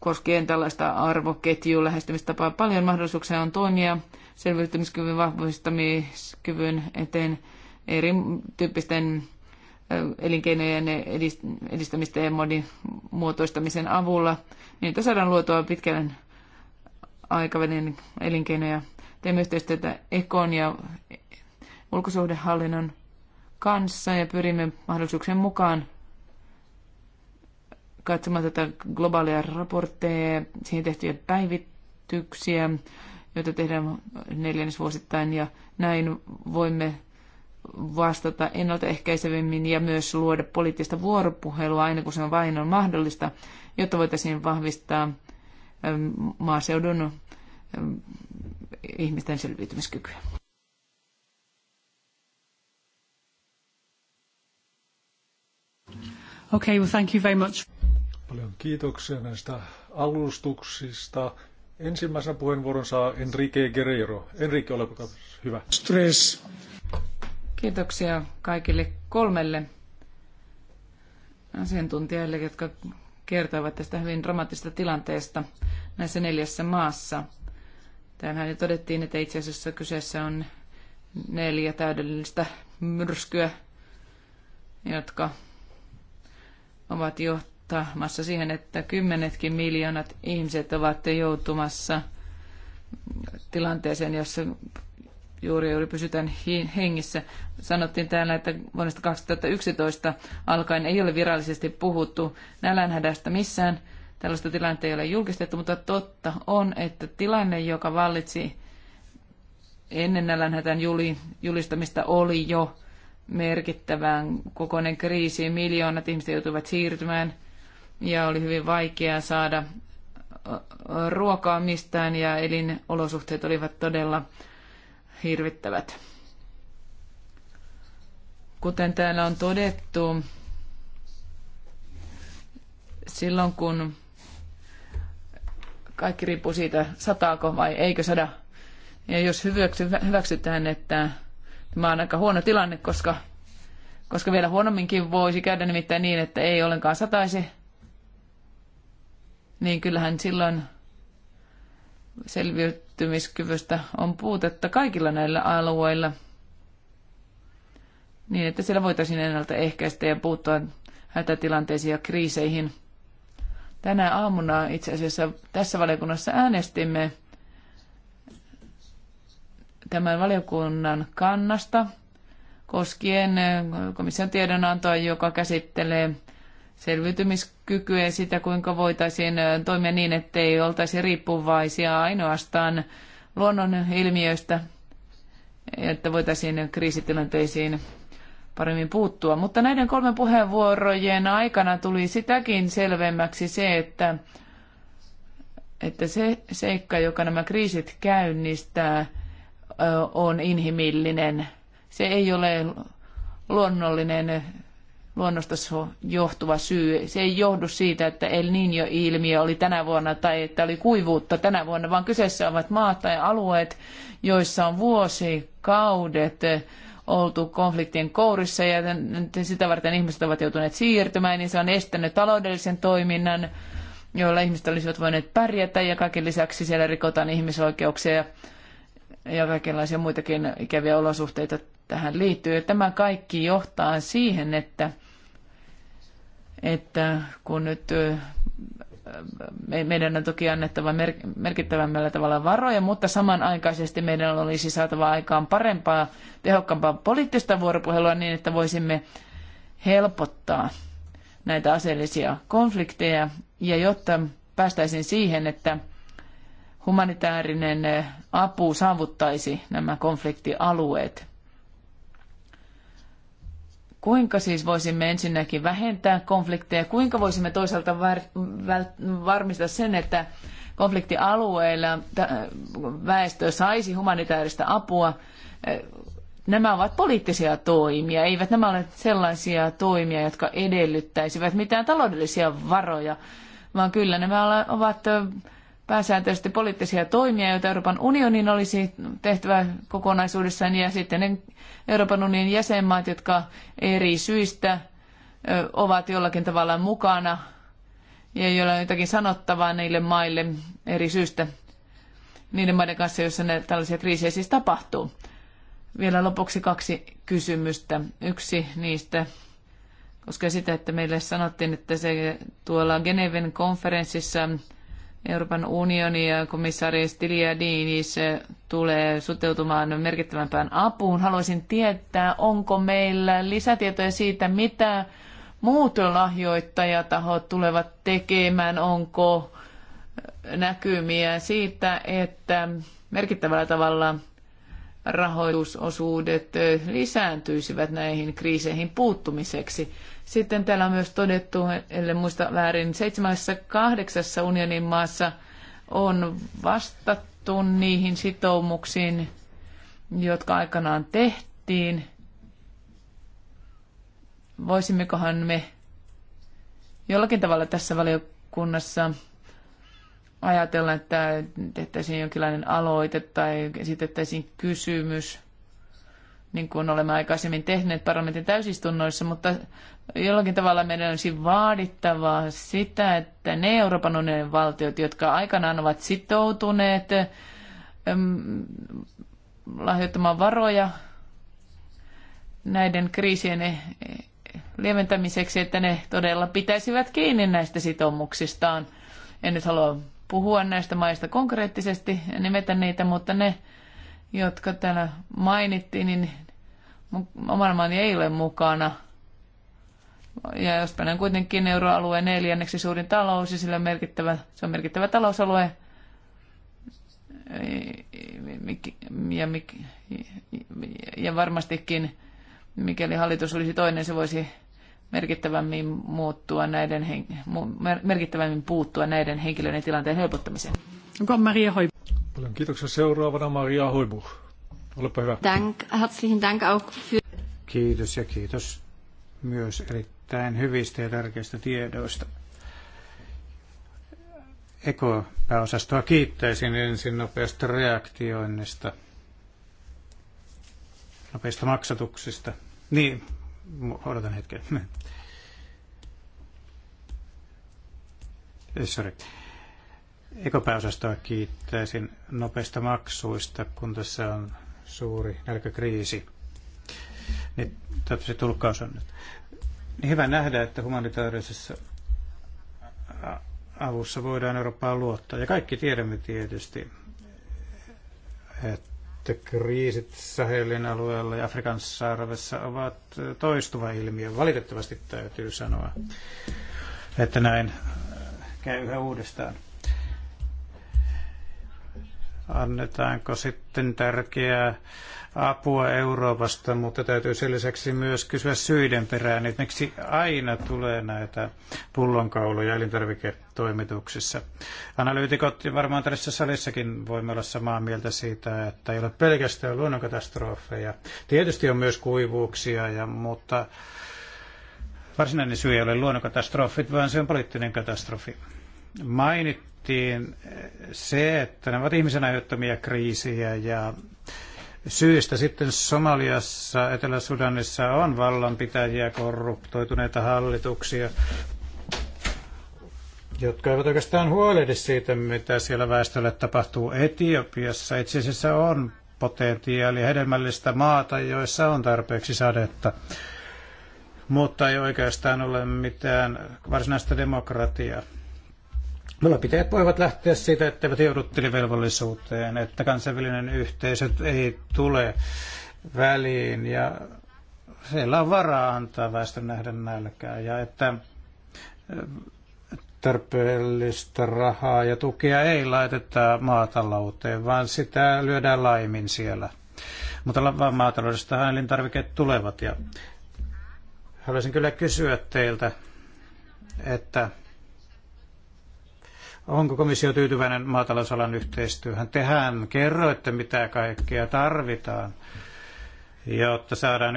koskien tällaista arvoketjua lähestymistapaa. Paljon mahdollisuuksia on toimia selviytymiskyvyn vahvistamiskyvyn eteen eri tyyppisten elinkeinojen edistämistä ja muotoistamisen avulla. Niin että saadaan luotua pitkän aikavälin elinkeinoja. Teemme yhteistyötä Ekon ja ulkosuhdehallinnon kanssa ja pyrimme mahdollisuuksien mukaan katsomaan tätä globaalia raportteja, siihen tehtyjä päivityksiä, joita tehdään neljännesvuosittain ja näin voimme vastata ennaltaehkäisevimmin ja myös luoda poliittista vuoropuhelua aina kun se on vain on mahdollista, jotta voitaisiin vahvistaa maaseudun ihmisten selviytymiskykyä. Okay, well, thank you very much. Paljon kiitoksia näistä alustuksista. Ensimmäisenä puheenvuoron saa Enrique Guerrero. Enrique, olepa hyvä. Stress. Kiitoksia kaikille kolmelle asiantuntijalle, jotka kertoivat tästä hyvin dramaattisesta tilanteesta näissä neljässä maassa. Täällähän jo todettiin, että itse asiassa kyseessä on neljä täydellistä myrskyä, jotka ovat johtaneet johtamassa siihen, että kymmenetkin miljoonat ihmiset ovat joutumassa tilanteeseen, jossa juuri, juuri pysytään hengissä. Sanottiin täällä, että vuodesta 2011 alkaen ei ole virallisesti puhuttu nälänhädästä missään. Tällaista tilannetta ei ole julkistettu, mutta totta on, että tilanne, joka vallitsi ennen nälänhätän julistamista, oli jo merkittävään kokoinen kriisi. Miljoonat ihmiset joutuivat siirtymään – ja oli hyvin vaikea saada ruokaa mistään ja elinolosuhteet olivat todella hirvittävät. Kuten täällä on todettu, silloin kun kaikki riippuu siitä, sataako vai eikö sada. Ja jos hyväksytään, että tämä on aika huono tilanne, koska, koska vielä huonomminkin voisi käydä nimittäin niin, että ei ollenkaan sataisi, niin kyllähän silloin selviytymiskyvystä on puutetta kaikilla näillä alueilla niin, että siellä voitaisiin ennaltaehkäistä ja puuttua hätätilanteisiin ja kriiseihin. Tänä aamuna itse asiassa tässä valiokunnassa äänestimme tämän valiokunnan kannasta koskien komission tiedonantoa, joka käsittelee selviytymiskykyä ja sitä, kuinka voitaisiin toimia niin, ettei oltaisi riippuvaisia ainoastaan luonnon ilmiöistä, että voitaisiin kriisitilanteisiin paremmin puuttua. Mutta näiden kolmen puheenvuorojen aikana tuli sitäkin selvemmäksi se, että, että se seikka, joka nämä kriisit käynnistää, on inhimillinen. Se ei ole luonnollinen luonnosta johtuva syy. Se ei johdu siitä, että El Niño-ilmiö oli tänä vuonna tai että oli kuivuutta tänä vuonna, vaan kyseessä ovat maat tai alueet, joissa on vuosikaudet oltu konfliktien kourissa ja sitä varten ihmiset ovat joutuneet siirtymään, niin se on estänyt taloudellisen toiminnan, joilla ihmiset olisivat voineet pärjätä ja kaiken lisäksi siellä rikotaan ihmisoikeuksia ja kaikenlaisia muitakin ikäviä olosuhteita tähän liittyy. Tämä kaikki johtaa siihen, että että kun nyt meidän on toki annettava merkittävämmällä tavalla varoja, mutta samanaikaisesti meidän olisi saatava aikaan parempaa, tehokkaampaa poliittista vuoropuhelua niin, että voisimme helpottaa näitä aseellisia konflikteja. Ja jotta päästäisiin siihen, että humanitaarinen apu saavuttaisi nämä konfliktialueet. Kuinka siis voisimme ensinnäkin vähentää konflikteja? Kuinka voisimme toisaalta var, väl, varmistaa sen, että konfliktialueilla väestö saisi humanitaarista apua? Nämä ovat poliittisia toimia, eivät nämä ole sellaisia toimia, jotka edellyttäisivät mitään taloudellisia varoja, vaan kyllä nämä ovat pääsääntöisesti poliittisia toimia, joita Euroopan unionin olisi tehtävä kokonaisuudessaan, ja sitten ne Euroopan unionin jäsenmaat, jotka eri syistä ovat jollakin tavalla mukana ja joilla on jotakin sanottavaa niille maille eri syistä, niiden maiden kanssa, joissa ne, tällaisia kriisejä siis tapahtuu. Vielä lopuksi kaksi kysymystä. Yksi niistä koska sitä, että meille sanottiin, että se tuolla Geneven konferenssissa Euroopan unioni ja komissaari Stylianides tulee suteutumaan merkittävämpään apuun. Haluaisin tietää, onko meillä lisätietoja siitä, mitä muut lahjoittajatahot tulevat tekemään, onko näkymiä siitä, että merkittävällä tavalla rahoitusosuudet lisääntyisivät näihin kriiseihin puuttumiseksi. Sitten täällä on myös todettu, ellei muista väärin, seitsemässä kahdeksassa unionin maassa on vastattu niihin sitoumuksiin, jotka aikanaan tehtiin. Voisimmekohan me jollakin tavalla tässä valiokunnassa ajatella, että tehtäisiin jonkinlainen aloite tai esitettäisiin kysymys, niin kuin olemme aikaisemmin tehneet parlamentin täysistunnoissa, mutta jollakin tavalla meidän olisi vaadittavaa sitä, että ne Euroopan unionin valtiot, jotka aikanaan ovat sitoutuneet lahjoittamaan varoja näiden kriisien e, lieventämiseksi, että ne todella pitäisivät kiinni näistä sitoumuksistaan. En nyt halua puhua näistä maista konkreettisesti ja nimetä niitä, mutta ne, jotka täällä mainittiin, niin oman maani ei ole mukana. Ja jos on kuitenkin euroalueen neljänneksi suurin talous, ja sillä on merkittävä, se on merkittävä talousalue, ja, ja, ja varmastikin, mikäli hallitus olisi toinen, se voisi merkittävämmin muuttua näiden, merkittävämmin puuttua näiden henkilöiden tilanteen helpottamiseen. Onko Maria Hoibu? Paljon kiitoksia. Seuraavana Maria Hoibu. Olepa hyvä. Dank, herzlichen Dank auch für... Kiitos ja kiitos myös erittäin hyvistä ja tärkeistä tiedoista. Eko-pääosastoa kiittäisin ensin nopeasta reaktioinnista, nopeista maksatuksista. Niin, Odotan hetken. Eh, sorry. Ekopääosastoa kiittäisin nopeista maksuista, kun tässä on suuri nälkäkriisi. Niin, se tulkkaus on nyt. Niin hyvä nähdä, että humanitaarisessa avussa voidaan Eurooppaan luottaa. Ja kaikki tiedämme tietysti, että että kriisit Sahelin alueella ja Afrikan sarvessa ovat toistuva ilmiö. Valitettavasti täytyy sanoa, että näin käy yhä uudestaan. Annetaanko sitten tärkeää apua Euroopasta, mutta täytyy sen lisäksi myös kysyä syiden perään, että miksi aina tulee näitä pullonkauluja elintarviketoimituksissa. Analyytikot varmaan tässä salissakin voimme olla samaa mieltä siitä, että ei ole pelkästään luonnonkatastrofeja. Tietysti on myös kuivuuksia, ja, mutta varsinainen syy ei ole luonnonkatastrofit, vaan se on poliittinen katastrofi. Mainittiin se, että ne ovat ihmisen aiheuttamia kriisiä ja syystä sitten Somaliassa, Etelä-Sudanissa on vallanpitäjiä, korruptoituneita hallituksia, jotka eivät oikeastaan huolehdi siitä, mitä siellä väestölle tapahtuu Etiopiassa. Itse asiassa on potentiaali hedelmällistä maata, joissa on tarpeeksi sadetta, mutta ei oikeastaan ole mitään varsinaista demokratiaa pitäjät voivat lähteä siitä, että etteivät joudu tilivelvollisuuteen, että kansainvälinen yhteisö ei tule väliin ja siellä on varaa antaa väestön nähdä nälkää ja että äh, tarpeellista rahaa ja tukea ei laiteta maatalouteen, vaan sitä lyödään laimin siellä. Mutta vaan maataloudesta elintarvikkeet tulevat ja haluaisin kyllä kysyä teiltä, että Onko komissio tyytyväinen maatalousalan yhteistyöhön? Tehän kerroitte, mitä kaikkea tarvitaan, jotta saadaan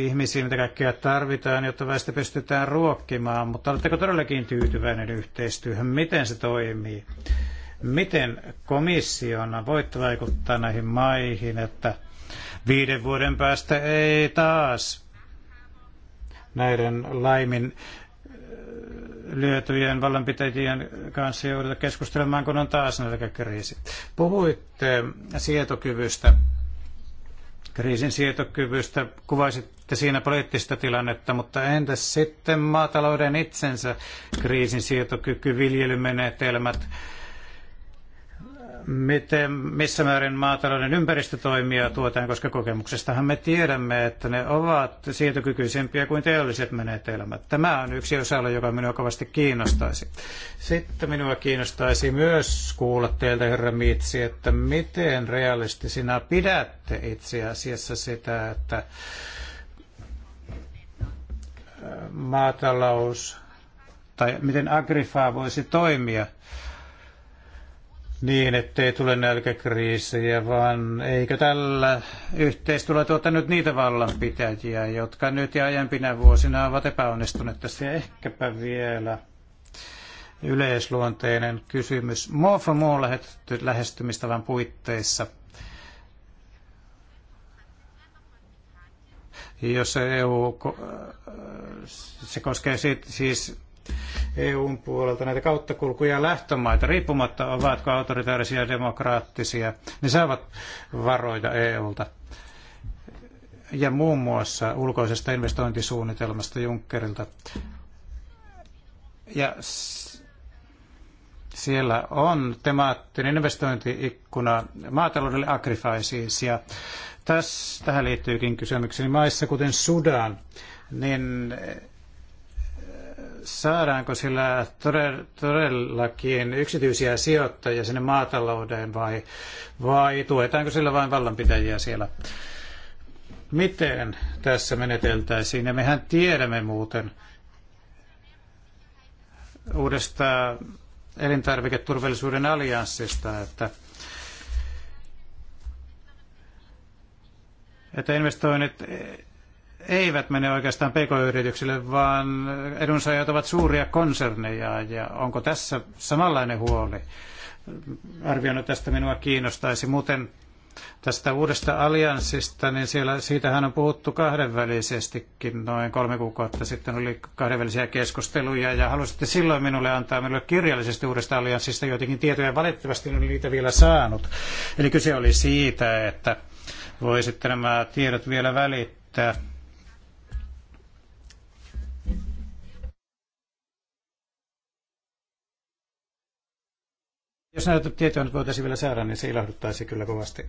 ihmisiin, mitä kaikkea tarvitaan, jotta väestö pystytään ruokkimaan. Mutta oletteko todellakin tyytyväinen yhteistyöhön? Miten se toimii? Miten komissiona voit vaikuttaa näihin maihin, että viiden vuoden päästä ei taas näiden laimin lyötyjen vallanpitäjien kanssa jouduta keskustelemaan, kun on taas nälkäkriisi. Puhuitte sietokyvystä, kriisin sietokyvystä, kuvasitte siinä poliittista tilannetta, mutta entäs sitten maatalouden itsensä kriisin sietokyky, viljelymenetelmät, miten, missä määrin maatalouden ympäristötoimia tuotaan, koska kokemuksestahan me tiedämme, että ne ovat sietokykyisempiä kuin teolliset menetelmät. Tämä on yksi osa joka minua kovasti kiinnostaisi. Sitten minua kiinnostaisi myös kuulla teiltä, herra Miitsi, että miten realistisina pidätte itse asiassa sitä, että maatalous tai miten Agrifaa voisi toimia – niin, ettei tule nälkäkriisiä, vaan eikö tällä yhteistyöllä tuota nyt niitä vallanpitäjiä, jotka nyt ja aiempina vuosina ovat epäonnistuneet tässä ja ehkäpä vielä yleisluonteinen kysymys more for more lähestymistavan puitteissa, jos EU, se koskee siis EUn puolelta näitä kauttakulkuja lähtömaita, riippumatta ovatko autoritaarisia ja demokraattisia, niin saavat varoita EUlta. Ja muun muassa ulkoisesta investointisuunnitelmasta Junckerilta. Ja siellä on temaattinen investointiikkuna maataloudelle agrifaisiis ja tässä, tähän liittyykin kysymykseni maissa kuten Sudan, niin saadaanko sillä todellakin yksityisiä sijoittajia sinne maatalouteen vai, vai tuetaanko sillä vain vallanpitäjiä siellä? Miten tässä meneteltäisiin? Ja mehän tiedämme muuten uudesta elintarviketurvallisuuden allianssista, että että investoinnit eivät mene oikeastaan pk-yrityksille, vaan edunsaajat ovat suuria konserneja. Ja onko tässä samanlainen huoli? Arvioinut tästä minua kiinnostaisi. Muuten tästä uudesta allianssista, niin siellä, siitähän on puhuttu kahdenvälisestikin noin kolme kuukautta sitten oli kahdenvälisiä keskusteluja ja halusitte silloin minulle antaa minulle kirjallisesti uudesta allianssista joitakin tietoja. Valitettavasti en ole niitä vielä saanut. Eli kyse oli siitä, että voisitte nämä tiedot vielä välittää Jos näitä tietoja nyt voitaisiin vielä saada, niin se ilahduttaisi kyllä kovasti.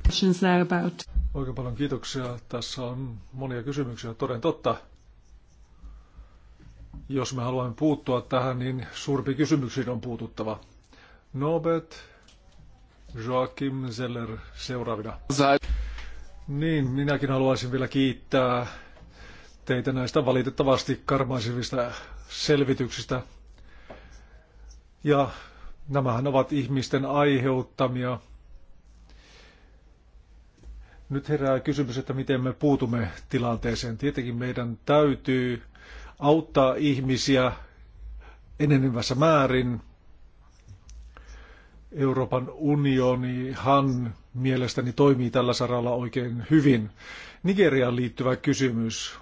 Oikein paljon kiitoksia. Tässä on monia kysymyksiä. Toden totta, jos me haluamme puuttua tähän, niin suurpi kysymyksiin on puututtava. Nobet, Joachim Zeller seuraavina. Niin, minäkin haluaisin vielä kiittää teitä näistä valitettavasti karmaisivista selvityksistä. Ja Nämähän ovat ihmisten aiheuttamia. Nyt herää kysymys, että miten me puutumme tilanteeseen. Tietenkin meidän täytyy auttaa ihmisiä enenevässä määrin. Euroopan unionihan mielestäni toimii tällä saralla oikein hyvin. Nigeriaan liittyvä kysymys.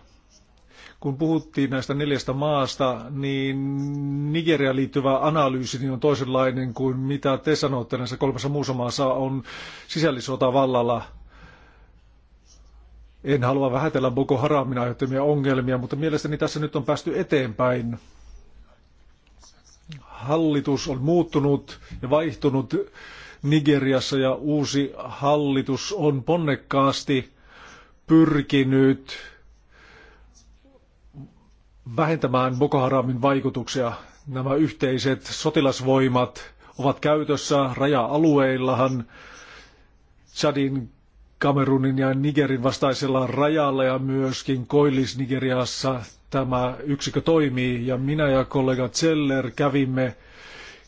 Kun puhuttiin näistä neljästä maasta, niin Nigeria liittyvä analyysi niin on toisenlainen kuin mitä te sanotte näissä kolmessa muussa maassa on sisällissota vallalla. En halua vähätellä Boko Haramin aiheuttamia ongelmia, mutta mielestäni tässä nyt on päästy eteenpäin. Hallitus on muuttunut ja vaihtunut Nigeriassa ja uusi hallitus on ponnekkaasti pyrkinyt vähentämään Boko Haramin vaikutuksia. Nämä yhteiset sotilasvoimat ovat käytössä raja-alueillahan Chadin, Kamerunin ja Nigerin vastaisella rajalla ja myöskin Koillis-Nigeriassa tämä yksikö toimii. Ja minä ja kollega Zeller kävimme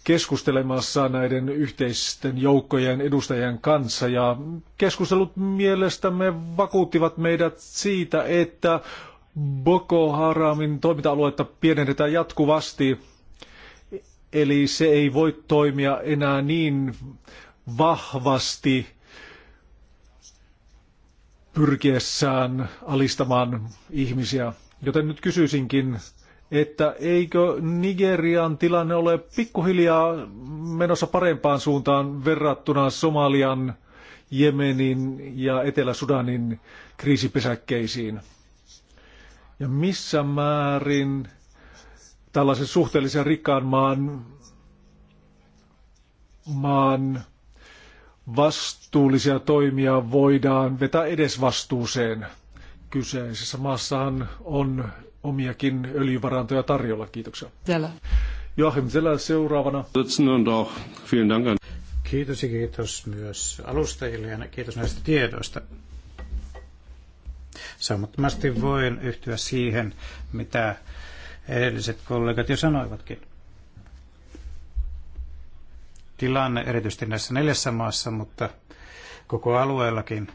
keskustelemassa näiden yhteisten joukkojen edustajien kanssa ja keskustelut mielestämme vakuuttivat meidät siitä, että Boko Haramin toiminta-aluetta pienennetään jatkuvasti, eli se ei voi toimia enää niin vahvasti pyrkiessään alistamaan ihmisiä. Joten nyt kysyisinkin, että eikö Nigerian tilanne ole pikkuhiljaa menossa parempaan suuntaan verrattuna Somalian, Jemenin ja Etelä-Sudanin kriisipesäkkeisiin? Ja missä määrin tällaisen suhteellisen rikkaan maan, maan vastuullisia toimia voidaan vetää edes vastuuseen. Kyseisessä maassahan on omiakin öljyvarantoja tarjolla. Kiitoksia. Siellä. Joachim Zeller seuraavana. Kiitos ja kiitos myös alustajille ja kiitos näistä tiedoista. Saumattomasti voin yhtyä siihen, mitä edelliset kollegat jo sanoivatkin. Tilanne erityisesti näissä neljässä maassa, mutta koko alueellakin,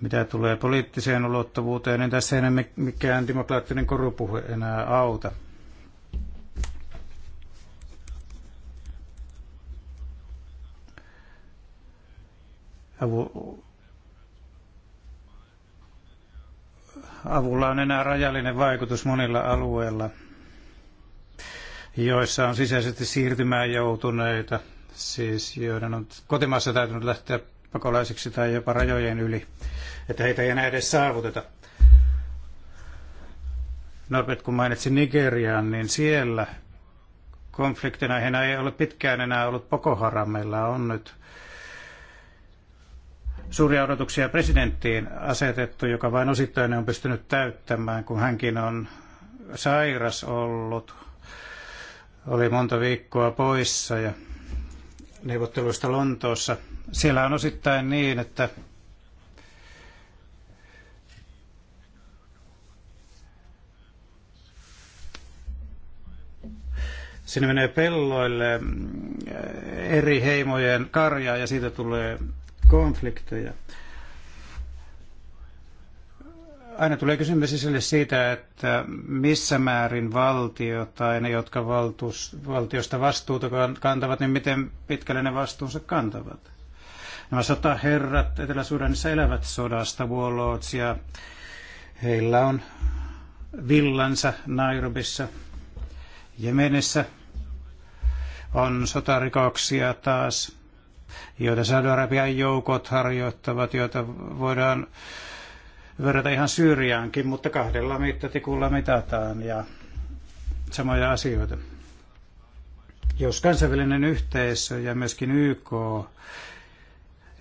mitä tulee poliittiseen ulottuvuuteen, niin tässä ei mikään demokraattinen korupuhe enää auta. Ja avulla on enää rajallinen vaikutus monilla alueilla, joissa on sisäisesti siirtymään joutuneita, siis joiden on kotimaassa täytynyt lähteä pakolaisiksi tai jopa rajojen yli, että heitä ei enää edes saavuteta. Norbert, kun mainitsin Nigerian, niin siellä konfliktina ei ole pitkään enää ollut Boko on nyt suuria odotuksia presidenttiin asetettu, joka vain osittain on pystynyt täyttämään, kun hänkin on sairas ollut. Oli monta viikkoa poissa ja neuvotteluista Lontoossa. Siellä on osittain niin, että sinne menee pelloille eri heimojen karjaa ja siitä tulee konflikteja. Aina tulee kysymys esille siitä, että missä määrin valtio tai ne, jotka valtuus, valtiosta vastuuta kantavat, niin miten pitkälle ne vastuunsa kantavat. Nämä sotaherrat Etelä-Sudanissa elävät sodasta, Wallots, ja heillä on villansa Nairobissa, Jemenissä on sotarikoksia taas joita Saudi-Arabian joukot harjoittavat, joita voidaan verrata ihan Syyriaankin, mutta kahdella mittatikulla mitataan ja samoja asioita. Jos kansainvälinen yhteisö ja myöskin YK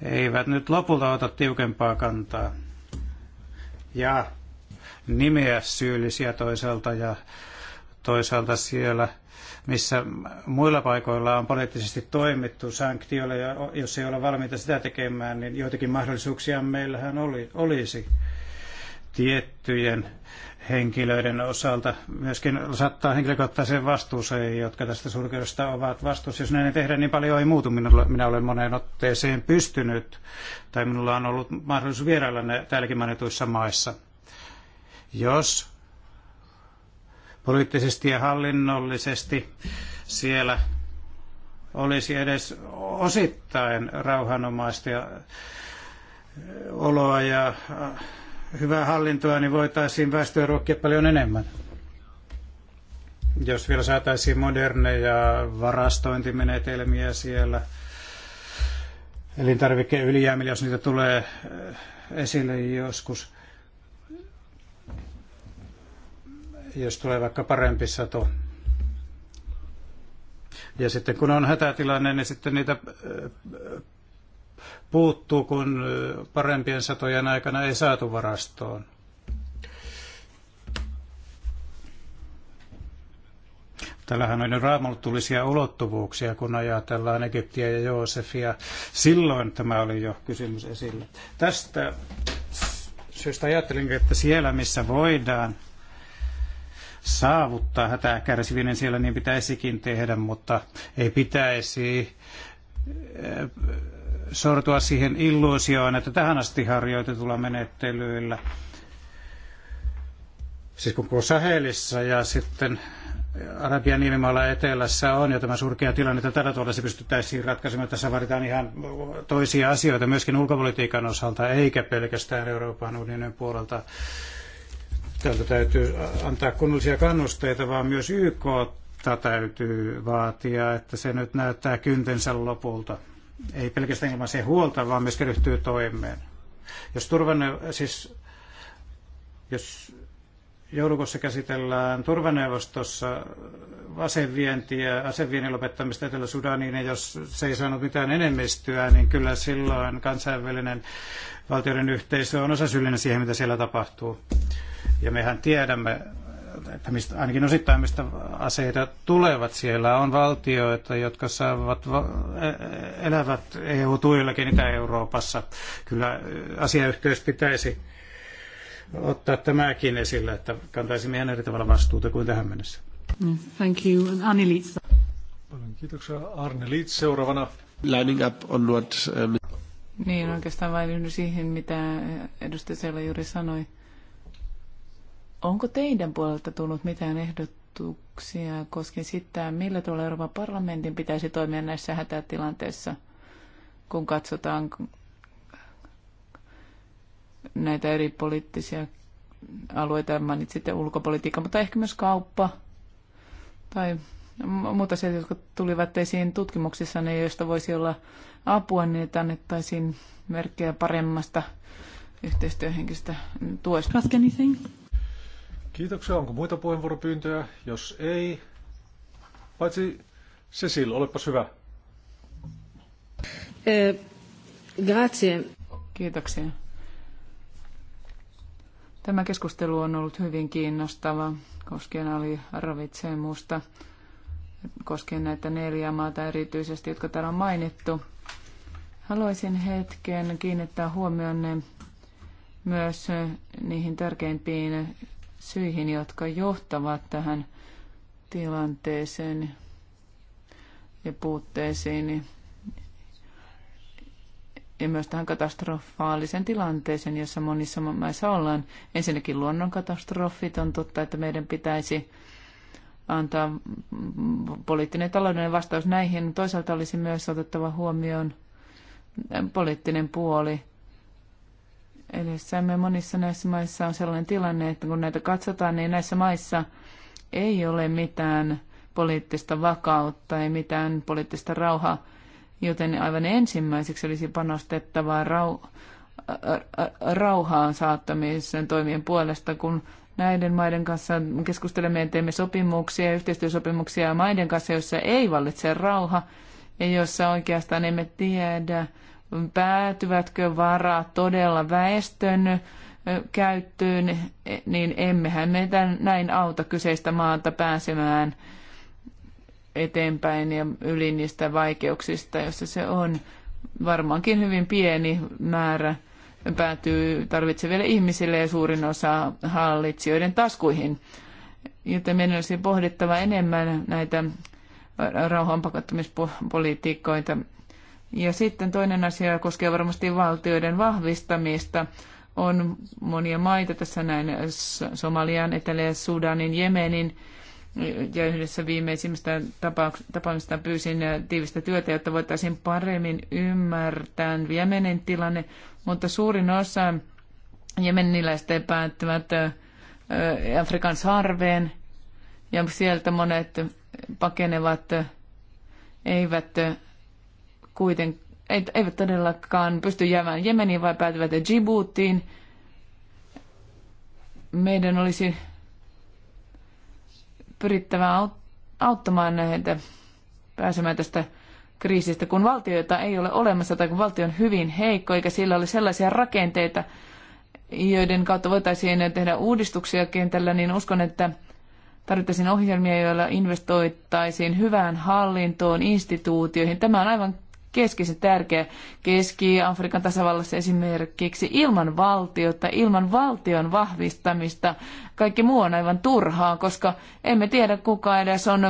eivät nyt lopulta ota tiukempaa kantaa ja nimeä syyllisiä toisaalta ja toisaalta siellä – missä muilla paikoilla on poliittisesti toimittu sanktioilla, ja jos ei olla valmiita sitä tekemään, niin joitakin mahdollisuuksia meillähän oli, olisi tiettyjen henkilöiden osalta. Myöskin saattaa henkilökohtaiseen vastuuseen, jotka tästä surkeudesta ovat vastuussa. Jos näin ei tehdä, niin paljon ei muutu. Minulla, minä olen moneen otteeseen pystynyt, tai minulla on ollut mahdollisuus vierailla ne täälläkin mainituissa maissa. Jos poliittisesti ja hallinnollisesti siellä olisi edes osittain rauhanomaista ja oloa ja hyvää hallintoa, niin voitaisiin väestöä ruokkia paljon enemmän. Jos vielä saataisiin moderneja varastointimenetelmiä siellä, elintarvikeylijäämillä, jos niitä tulee esille joskus. jos tulee vaikka parempi sato. Ja sitten kun on hätätilanne, niin sitten niitä puuttuu, kun parempien satojen aikana ei saatu varastoon. Tällähän on raamattulisia ulottuvuuksia, kun ajatellaan Egyptiä ja Joosefia. Silloin tämä oli jo kysymys esillä. Tästä syystä ajattelin, että siellä missä voidaan, saavuttaa hätää kärsivinen siellä, niin pitäisikin tehdä, mutta ei pitäisi eh, sortua siihen illuusioon, että tähän asti harjoitetulla menettelyillä, siis kun koko Sahelissa ja sitten Arabian niemimaalla etelässä on ja tämä surkea tilanne, että tällä tavalla se pystyttäisiin ratkaisemaan. Tässä vaaditaan ihan toisia asioita myöskin ulkopolitiikan osalta, eikä pelkästään Euroopan unionin puolelta yhtäältä täytyy antaa kunnollisia kannusteita, vaan myös YK täytyy vaatia, että se nyt näyttää kyntensä lopulta. Ei pelkästään ilman se huolta, vaan myös ryhtyy toimeen. Jos turvanne, siis jos joulukuussa käsitellään turvaneuvostossa asevientiä, aseviennin lopettamista Etelä-Sudaniin, ja jos se ei saanut mitään enemmistöä, niin kyllä silloin kansainvälinen valtioiden yhteisö on osasyyllinen siihen, mitä siellä tapahtuu. Ja mehän tiedämme, että mistä, ainakin osittain mistä aseita tulevat. Siellä on valtioita, jotka saavat, e-, elävät EU-tuillakin Itä-Euroopassa. Kyllä asiayhteys pitäisi ottaa tämäkin esille, että kantaisimme ihan eri tavalla vastuuta kuin tähän mennessä. Thank you. And Anni Liitz. Paljon kiitoksia. Arne Liitz seuraavana. Lining up on what... Um... Niin, oikeastaan vain yhdyn siihen, mitä edustaja Seela juuri sanoi Onko teidän puolelta tullut mitään ehdotuksia koskien sitä, millä tavalla Euroopan parlamentin pitäisi toimia näissä hätätilanteissa, kun katsotaan näitä eri poliittisia alueita, mainitsitte ulkopolitiikka, mutta ehkä myös kauppa tai muuta se, jotka tulivat esiin tutkimuksissa, niin joista voisi olla apua, niin että annettaisiin merkkejä paremmasta yhteistyöhenkistä tuesta. Kiitoksia. Onko muita puheenvuoropyyntöjä? Jos ei, paitsi Cecil, olepas hyvä. Eh, grazie. Kiitoksia. Tämä keskustelu on ollut hyvin kiinnostava koskien Ravitsemusta, koskien näitä neljä maata erityisesti, jotka täällä on mainittu. Haluaisin hetken kiinnittää huomionne myös niihin tärkeimpiin syihin, jotka johtavat tähän tilanteeseen ja puutteisiin ja myös tähän katastrofaalisen tilanteeseen, jossa monissa maissa ollaan. Ensinnäkin luonnonkatastrofit on totta, että meidän pitäisi antaa poliittinen ja taloudellinen vastaus näihin. Toisaalta olisi myös otettava huomioon poliittinen puoli – me monissa näissä maissa on sellainen tilanne, että kun näitä katsotaan, niin näissä maissa ei ole mitään poliittista vakautta, ei mitään poliittista rauhaa, joten aivan ensimmäiseksi olisi panostettavaa rau- rauhaan saattamisen toimien puolesta, kun näiden maiden kanssa keskustelemme ja teemme sopimuksia, yhteistyösopimuksia maiden kanssa, joissa ei vallitse rauha ja jossa oikeastaan emme tiedä, päätyvätkö varat todella väestön käyttöön, e, niin emmehän me tämän, näin auta kyseistä maata pääsemään eteenpäin ja yli niistä vaikeuksista, jossa se on. Varmaankin hyvin pieni määrä päätyy tarvitseville ihmisille ja suurin osa hallitsijoiden taskuihin. Joten meidän olisi pohdittava enemmän näitä rauhanpakottamispolitiikkoita ja sitten toinen asia koskee varmasti valtioiden vahvistamista. On monia maita tässä näin, Somalian, Etelä-Sudanin, Jemenin, ja yhdessä viimeisimmistä tapaamista pyysin tiivistä työtä, jotta voitaisiin paremmin ymmärtää Jemenin tilanne, mutta suurin osa jemeniläistä päättyvät Afrikan sarveen ja sieltä monet pakenevat eivät kuiten, eivät todellakaan pysty jäämään Jemeniin, vai päätyvät Djiboutiin. Meidän olisi pyrittävä auttamaan näitä pääsemään tästä kriisistä, kun valtioita ei ole olemassa tai kun valtio on hyvin heikko, eikä sillä ole sellaisia rakenteita, joiden kautta voitaisiin tehdä uudistuksia kentällä, niin uskon, että tarvittaisiin ohjelmia, joilla investoittaisiin hyvään hallintoon, instituutioihin. Tämä on aivan keskeisen tärkeä. Keski-Afrikan tasavallassa esimerkiksi ilman valtiota, ilman valtion vahvistamista, kaikki muu on aivan turhaa, koska emme tiedä kuka edes on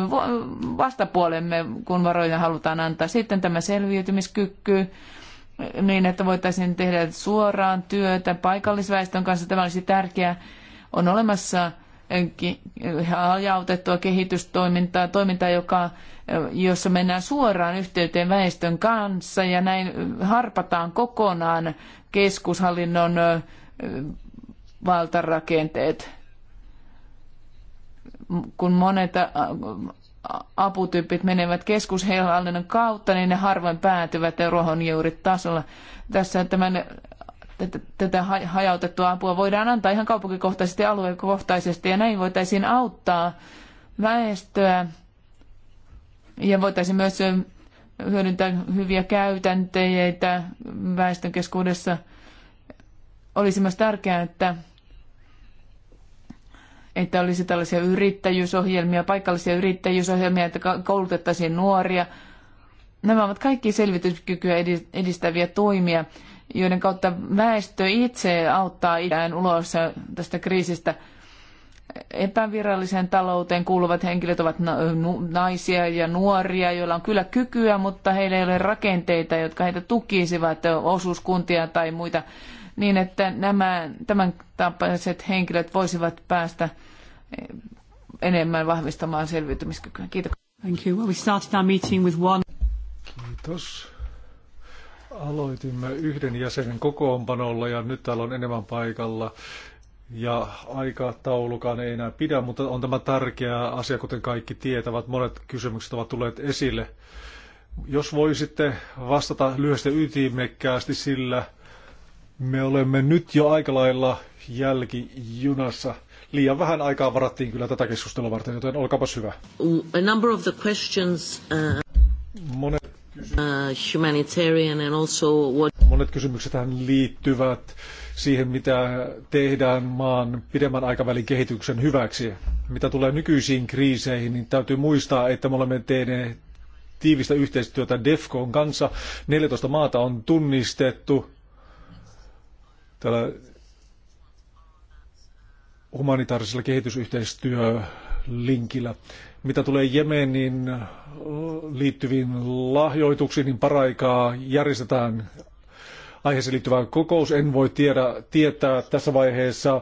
vastapuolemme, kun varoja halutaan antaa. Sitten tämä selviytymiskyky, niin että voitaisiin tehdä suoraan työtä paikallisväestön kanssa, tämä olisi tärkeää. On olemassa hajautettua kehitystoimintaa, toimintaa, joka jossa mennään suoraan yhteyteen väestön kanssa ja näin harpataan kokonaan keskushallinnon valtarakenteet. Kun monet aputyypit menevät keskushallinnon kautta, niin ne harvoin päätyvät ruohonjuuritasolla. Tässä tämän tätä hajautettua apua voidaan antaa ihan kaupunkikohtaisesti ja aluekohtaisesti ja näin voitaisiin auttaa väestöä ja voitaisiin myös hyödyntää hyviä käytänteitä väestön keskuudessa. Olisi myös tärkeää, että, että olisi tällaisia yrittäjyysohjelmia, paikallisia yrittäjyysohjelmia, että koulutettaisiin nuoria. Nämä ovat kaikki selvityskykyä edistäviä toimia, joiden kautta väestö itse auttaa itään ulos tästä kriisistä – epäviralliseen talouteen kuuluvat henkilöt ovat naisia ja nuoria, joilla on kyllä kykyä, mutta heillä ei ole rakenteita, jotka heitä tukisivat, osuuskuntia tai muita, niin että nämä, tämän tapaiset henkilöt voisivat päästä eh, enemmän vahvistamaan selviytymiskykyä. Kiitos. Thank you. Well, we started our meeting with one... Kiitos. Aloitimme yhden jäsenen kokoonpanolla ja nyt täällä on enemmän paikalla ja aikataulukaan ei enää pidä, mutta on tämä tärkeä asia, kuten kaikki tietävät. Monet kysymykset ovat tulleet esille. Jos voisitte vastata lyhyesti ytimekkäästi sillä, me olemme nyt jo aika lailla jälkijunassa. Liian vähän aikaa varattiin kyllä tätä keskustelua varten, joten olkaapas hyvä. A number of the questions, uh, monet, uh, humanitarian and also what... monet kysymykset tähän liittyvät siihen, mitä tehdään maan pidemmän aikavälin kehityksen hyväksi. Mitä tulee nykyisiin kriiseihin, niin täytyy muistaa, että me olemme tehneet tiivistä yhteistyötä DEFCOn kanssa. 14 maata on tunnistettu tällä humanitaarisella kehitysyhteistyölinkillä. Mitä tulee Jemenin liittyviin lahjoituksiin, niin paraikaa järjestetään aiheeseen liittyvä kokous. En voi tiedä, tietää tässä vaiheessa,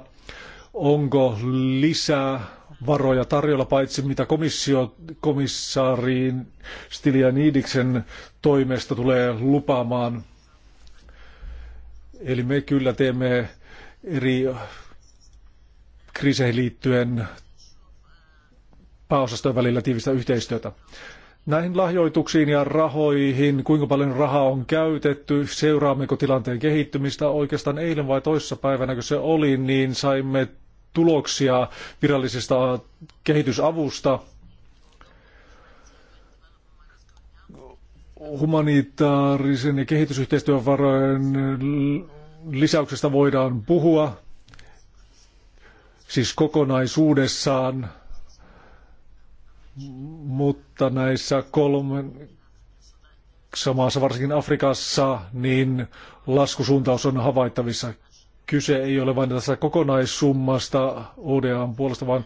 onko lisää varoja tarjolla, paitsi mitä komissio, komissaariin Stylianidiksen toimesta tulee lupaamaan. Eli me kyllä teemme eri kriiseihin liittyen pääosastojen välillä tiivistä yhteistyötä. Näihin lahjoituksiin ja rahoihin, kuinka paljon rahaa on käytetty, seuraammeko tilanteen kehittymistä. Oikeastaan eilen vai toissa päivänä, kun se oli, niin saimme tuloksia virallisesta kehitysavusta. Humanitaarisen ja kehitysyhteistyön varojen lisäyksestä voidaan puhua, siis kokonaisuudessaan mutta näissä kolmen maassa, varsinkin Afrikassa, niin laskusuuntaus on havaittavissa. Kyse ei ole vain tästä kokonaissummasta ODAn puolesta, vaan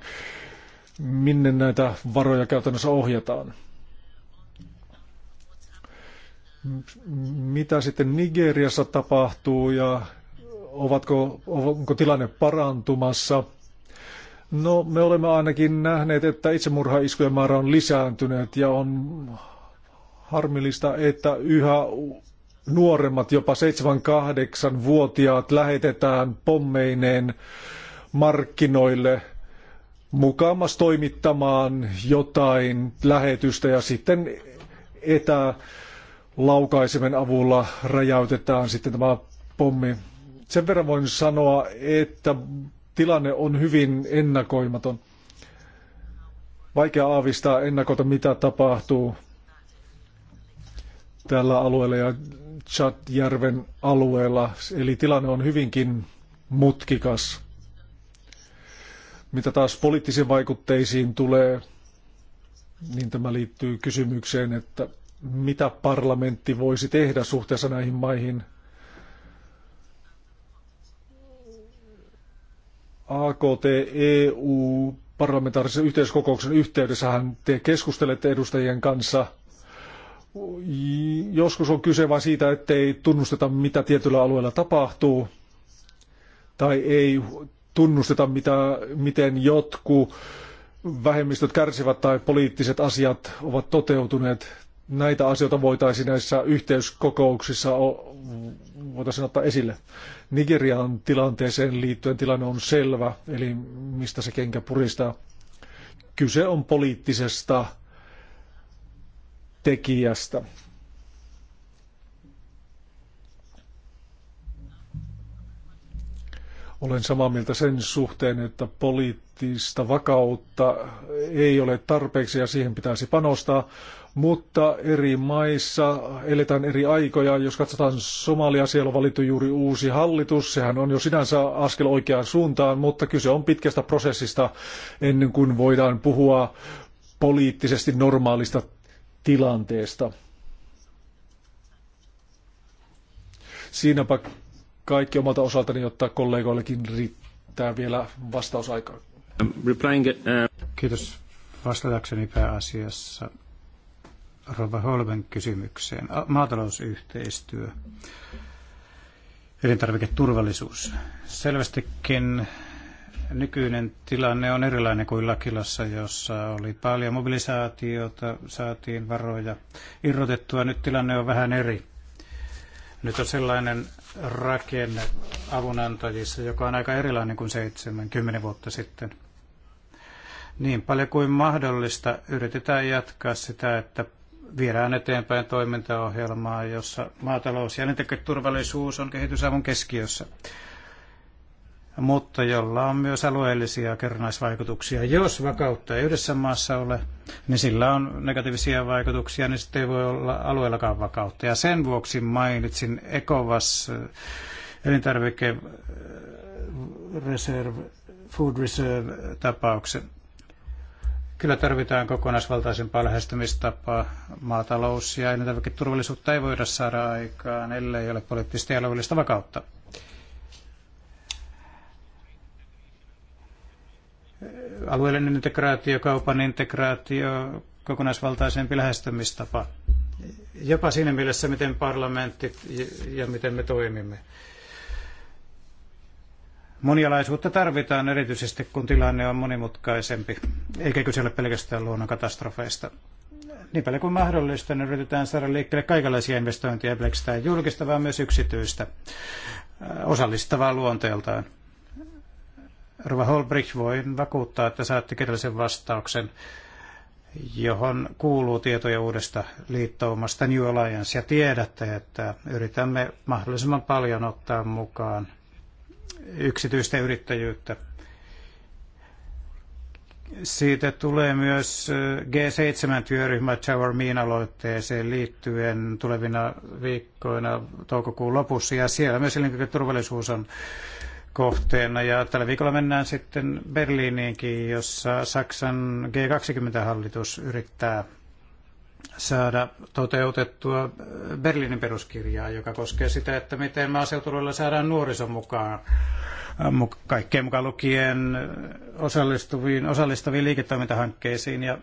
minne näitä varoja käytännössä ohjataan. Mitä sitten Nigeriassa tapahtuu ja ovatko, onko tilanne parantumassa – No, me olemme ainakin nähneet, että itsemurhaiskujen määrä on lisääntynyt ja on harmillista, että yhä nuoremmat, jopa 7-8-vuotiaat lähetetään pommeineen markkinoille mukaammas toimittamaan jotain lähetystä ja sitten etälaukaisemen avulla räjäytetään sitten tämä pommi. Sen verran voin sanoa, että tilanne on hyvin ennakoimaton. Vaikea aavistaa ennakota, mitä tapahtuu tällä alueella ja Chadjärven alueella. Eli tilanne on hyvinkin mutkikas. Mitä taas poliittisiin vaikutteisiin tulee, niin tämä liittyy kysymykseen, että mitä parlamentti voisi tehdä suhteessa näihin maihin – AKT-EU parlamentaarisen yhteiskokouksen yhteydessähän te keskustelette edustajien kanssa. Joskus on kyse vain siitä, ettei tunnusteta, mitä tietyllä alueella tapahtuu, tai ei tunnusteta, mitä, miten jotkut vähemmistöt kärsivät tai poliittiset asiat ovat toteutuneet näitä asioita voitaisiin näissä yhteyskokouksissa voitaisiin ottaa esille. Nigerian tilanteeseen liittyen tilanne on selvä, eli mistä se kenkä puristaa. Kyse on poliittisesta tekijästä. Olen samaa mieltä sen suhteen, että poliittista vakautta ei ole tarpeeksi ja siihen pitäisi panostaa, mutta eri maissa eletään eri aikoja. Jos katsotaan Somalia, siellä on valittu juuri uusi hallitus. Sehän on jo sinänsä askel oikeaan suuntaan, mutta kyse on pitkästä prosessista ennen kuin voidaan puhua poliittisesti normaalista tilanteesta. Siinäpä kaikki omalta osaltani, jotta kollegoillekin riittää vielä vastausaikaa. Uh, Kiitos vastatakseni pääasiassa Rova Holven kysymykseen. Maatalousyhteistyö, elintarviketurvallisuus. Selvästikin nykyinen tilanne on erilainen kuin Lakilassa, jossa oli paljon mobilisaatiota, saatiin varoja irrotettua. Nyt tilanne on vähän eri. Nyt on sellainen rakenne avunantajissa, joka on aika erilainen kuin 70 vuotta sitten. Niin paljon kuin mahdollista yritetään jatkaa sitä, että viedään eteenpäin toimintaohjelmaa, jossa maatalous- ja elintarviketurvallisuus on kehitysavun keskiössä, mutta jolla on myös alueellisia kerrannaisvaikutuksia. Jos vakautta ei yhdessä maassa ole, niin sillä on negatiivisia vaikutuksia, niin sitten ei voi olla alueellakaan vakautta. Ja sen vuoksi mainitsin ECOVAS elintarvike reserve, food reserve tapauksen Kyllä tarvitaan kokonaisvaltaisempaa lähestymistapaa. Maatalous ja turvallisuutta ei voida saada aikaan, ellei ole poliittista ja alueellista vakautta. Alueellinen integraatio, kaupan integraatio, kokonaisvaltaisempi lähestymistapa. Jopa siinä mielessä, miten parlamentti ja miten me toimimme. Monialaisuutta tarvitaan erityisesti, kun tilanne on monimutkaisempi, eikä kyse ole pelkästään luonnonkatastrofeista. Niin paljon kuin mahdollista, niin yritetään saada liikkeelle kaikenlaisia investointeja, pelkästään julkista, vaan myös yksityistä, äh, osallistavaa luonteeltaan. Rova Holbrich voi vakuuttaa, että saatte kirjallisen vastauksen, johon kuuluu tietoja uudesta liittoumasta New Alliance, ja tiedätte, että yritämme mahdollisimman paljon ottaa mukaan – yksityistä yrittäjyyttä. Siitä tulee myös eh, G7-työryhmä Chavar Mean aloitteeseen liittyen tulevina viikkoina toukokuun lopussa. Ja siellä myös turvallisuus on kohteena. Ja tällä viikolla mennään sitten Berliiniinkin, jossa Saksan G20-hallitus yrittää saada toteutettua Berliinin peruskirjaa, joka koskee sitä, että miten maaseutuilla saadaan nuoriso mukaan äh, kaikkeen mukaan lukien osallistuviin, osallistuviin liiketoimintahankkeisiin ja äh,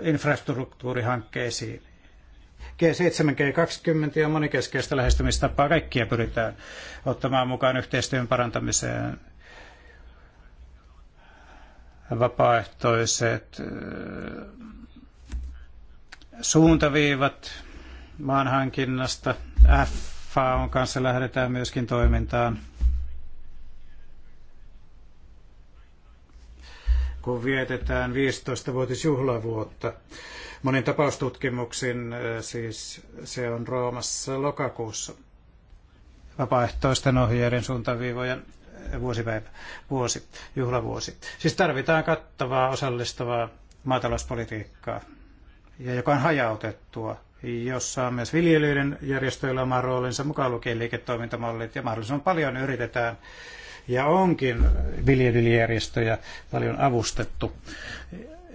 infrastruktuurihankkeisiin. G7, G20 ja monikeskeistä lähestymistapaa kaikkia pyritään ottamaan mukaan yhteistyön parantamiseen. Vapaaehtoiset äh, suuntaviivat maanhankinnasta. FAOn kanssa lähdetään myöskin toimintaan. kun vietetään 15-vuotisjuhlavuotta. Monin tapaustutkimuksin eh, siis se on Roomassa lokakuussa vapaaehtoisten ohjeiden suuntaviivojen vuosipäivä, vuosi, juhlavuosi. Siis tarvitaan kattavaa, osallistavaa maatalouspolitiikkaa ja joka on hajautettua, jossa on myös viljelyiden järjestöillä oma roolinsa, mukaan lukien liiketoimintamallit ja mahdollisimman paljon yritetään ja onkin viljelyjärjestöjä paljon avustettu.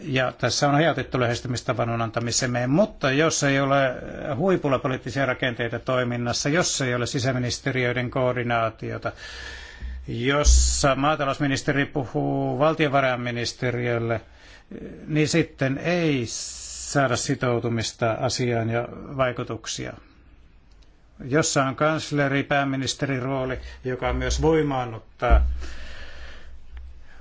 Ja tässä on hajautettu lähestymistavan antamisemme, mutta jos ei ole huipulla poliittisia rakenteita toiminnassa, jos ei ole sisäministeriöiden koordinaatiota, jossa maatalousministeri puhuu valtiovarainministeriölle, niin sitten ei saada sitoutumista asiaan ja vaikutuksia. Jossa on kansleri, pääministerin rooli, joka myös voimaannuttaa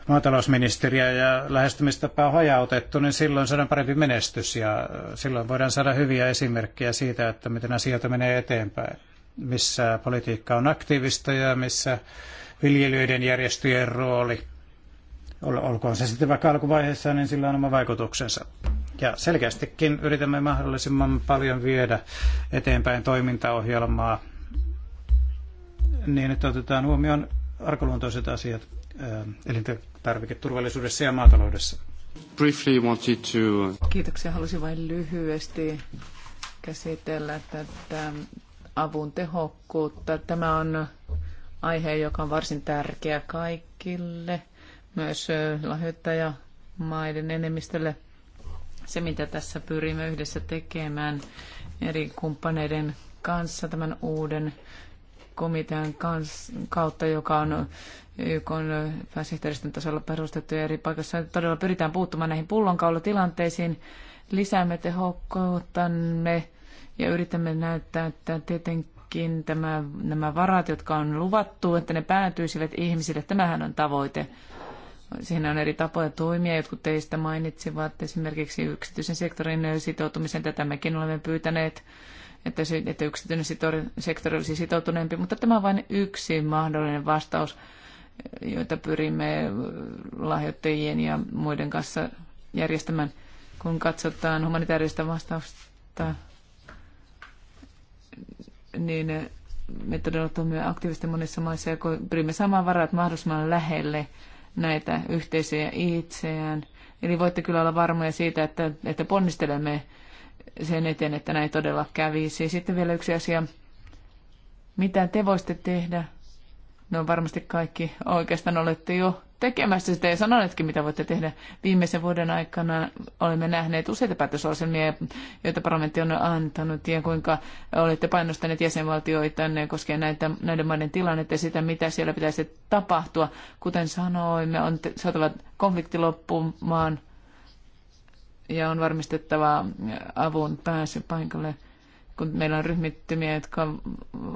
maatalousministeriä ja lähestymistapa on hajautettu, niin silloin saadaan parempi menestys ja silloin voidaan saada hyviä esimerkkejä siitä, että miten asioita menee eteenpäin, missä politiikka on aktiivista ja missä viljelyiden järjestöjen rooli, olkoon se sitten vaikka alkuvaiheessa, niin sillä on oma vaikutuksensa. Ja selkeästikin yritämme mahdollisimman paljon viedä eteenpäin toimintaohjelmaa niin, että otetaan huomioon arkaluontoiset asiat eh, elintarviketurvallisuudessa ja maataloudessa. Briefly wanted to... Kiitoksia. Halusin vain lyhyesti käsitellä tätä avun tehokkuutta. Tämä on aihe, joka on varsin tärkeä kaikille, myös eh, lahjoittajamaiden enemmistölle. Se, mitä tässä pyrimme yhdessä tekemään eri kumppaneiden kanssa tämän uuden komitean kautta, joka on YK on pääsihteeristön tasolla perustettu eri paikassa. Todella pyritään puuttumaan näihin pullonkaulatilanteisiin, lisäämme tehokkuuttamme ja yritämme näyttää, että tietenkin tämä, nämä varat, jotka on luvattu, että ne päätyisivät ihmisille, tämähän on tavoite. Siinä on eri tapoja toimia. Jotkut teistä mainitsivat esimerkiksi yksityisen sektorin sitoutumisen. Tätä mekin olemme pyytäneet, että, että yksityinen sektori olisi sitoutuneempi, mutta tämä on vain yksi mahdollinen vastaus, joita pyrimme lahjoittajien ja muiden kanssa järjestämään, kun katsotaan humanitaarista vastausta niin me todella toimimme aktiivisesti monissa maissa ja pyrimme saamaan varat mahdollisimman lähelle näitä yhteisöjä itseään. Eli voitte kyllä olla varmoja siitä, että, että ponnistelemme sen eteen, että näin todella kävisi. Sitten vielä yksi asia. Mitä te voisitte tehdä? No varmasti kaikki oikeastaan olette jo tekemässä sitä ja sanoneetkin, mitä voitte tehdä. Viimeisen vuoden aikana olemme nähneet useita päätösohjelmia, joita parlamentti on antanut ja kuinka olette painostaneet jäsenvaltioita koskien näitä, näiden maiden tilannetta ja sitä, mitä siellä pitäisi tapahtua. Kuten sanoimme, on saatava konflikti loppumaan ja on varmistettava avun pääsy paikalle, kun meillä on ryhmittymiä, jotka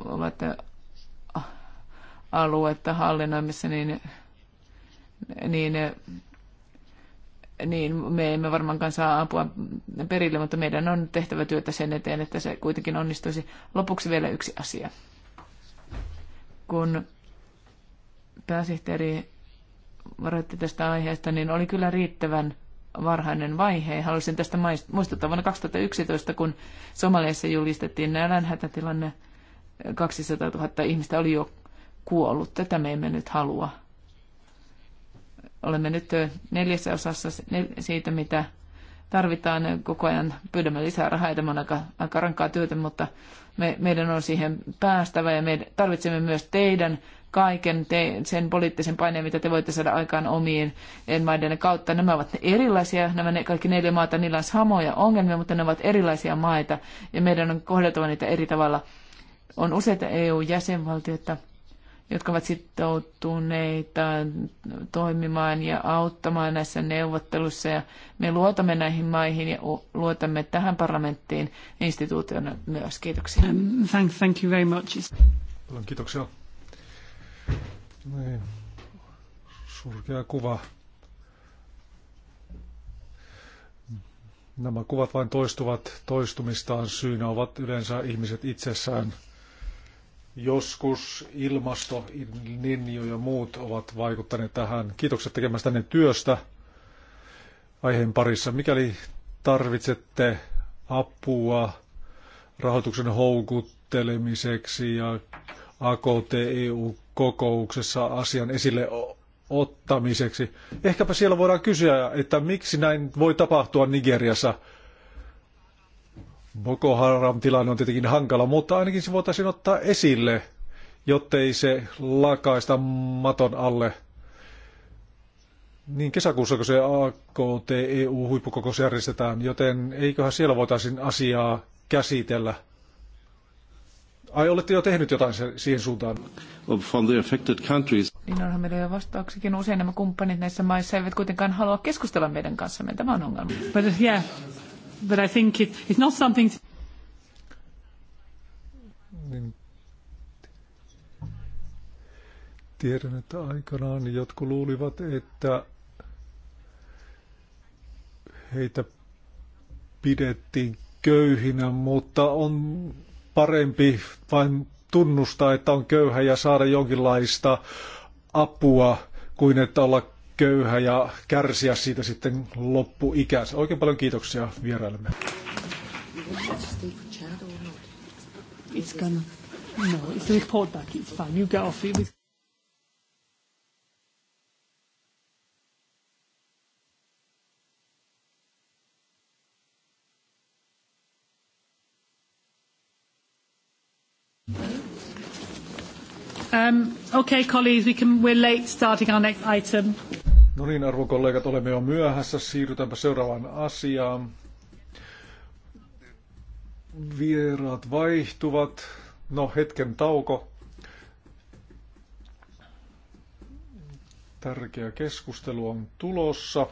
ovat aluetta hallinnoimissa, niin niin, niin me emme varmaankaan saa apua perille, mutta meidän on tehtävä työtä sen eteen, että se kuitenkin onnistuisi. Lopuksi vielä yksi asia. Kun pääsihteeri varoitti tästä aiheesta, niin oli kyllä riittävän varhainen vaihe. Haluaisin tästä muistuttaa vuonna 2011, kun Somaliassa julistettiin nälänhätätilanne, 200 000 ihmistä oli jo kuollut. Tätä me emme nyt halua. Olemme nyt neljässä osassa siitä, mitä tarvitaan. Koko ajan pyydämme lisää rahaa ja tämä on aika, aika rankkaa työtä, mutta me, meidän on siihen päästävä ja me tarvitsemme myös teidän kaiken te, sen poliittisen paineen, mitä te voitte saada aikaan omiin maiden kautta. Nämä ovat erilaisia, nämä ne, kaikki neljä maata, niillä on samoja ongelmia, mutta ne ovat erilaisia maita ja meidän on kohdeltava niitä eri tavalla. On useita EU-jäsenvaltioita, jotka ovat sitoutuneita toimimaan ja auttamaan näissä neuvotteluissa. Ja me luotamme näihin maihin ja luotamme tähän parlamenttiin instituutiona myös. Kiitoksia. Um, thank, thank you very much. kiitoksia. Niin. Surkea kuva. Nämä kuvat vain toistuvat toistumistaan. Syynä ovat yleensä ihmiset itsessään. Mm Joskus ilmasto, ninjo ja muut ovat vaikuttaneet tähän. Kiitokset tekemästänne työstä aiheen parissa. Mikäli tarvitsette apua rahoituksen houkuttelemiseksi ja AKT-EU-kokouksessa asian esille ottamiseksi. Ehkäpä siellä voidaan kysyä, että miksi näin voi tapahtua Nigeriassa – Boko Haram tilanne on tietenkin hankala, mutta ainakin se voitaisiin ottaa esille, jottei se lakaista maton alle. Niin kesäkuussa, kun se AKT-EU-huippukokous järjestetään, joten eiköhän siellä voitaisiin asiaa käsitellä. Ai olette jo tehnyt jotain siihen suuntaan? From the affected countries. Niin onhan meillä jo vastauksikin. Usein nämä kumppanit näissä maissa eivät kuitenkaan halua keskustella meidän kanssamme. Tämä on ongelma. But, yeah but I think it, it's not something... To... Niin. Tiedän, että aikanaan jotkut luulivat, että heitä pidettiin köyhinä, mutta on parempi vain tunnustaa, että on köyhä ja saada jonkinlaista apua kuin että olla köyhä ja kärsiä siitä sitten loppuikänsä. Oikein paljon kiitoksia vierailemme. No, um, okay, colleagues, we can, we're late starting our next item. No niin, arvokollegat, olemme jo myöhässä. Siirrytäänpä seuraavaan asiaan. Vieraat vaihtuvat. No, hetken tauko. Tärkeä keskustelu on tulossa.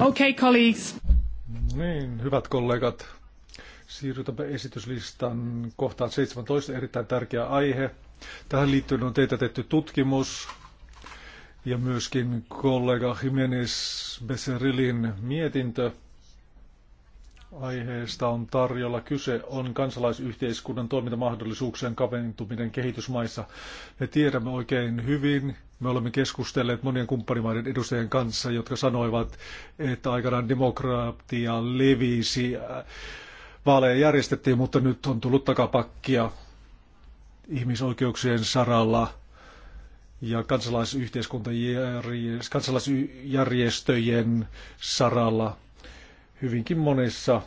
Okay, colleagues. Niin, hyvät kollegat. Siirrytäänpä esityslistan kohtaan 17, erittäin tärkeä aihe. Tähän liittyen on teitä tehty tutkimus ja myöskin kollega Jimenez Becerrilin mietintö – aiheesta on tarjolla. Kyse on kansalaisyhteiskunnan toimintamahdollisuuksien kaventuminen kehitysmaissa. Me tiedämme oikein hyvin, me olemme keskustelleet monien kumppanimaiden edustajien kanssa, jotka sanoivat, että aikanaan demokraatia levisi, äh, vaaleja järjestettiin, mutta nyt on tullut takapakkia ihmisoikeuksien saralla ja kansalaisyhteiskuntajärjestöjen saralla hyvinkin monissa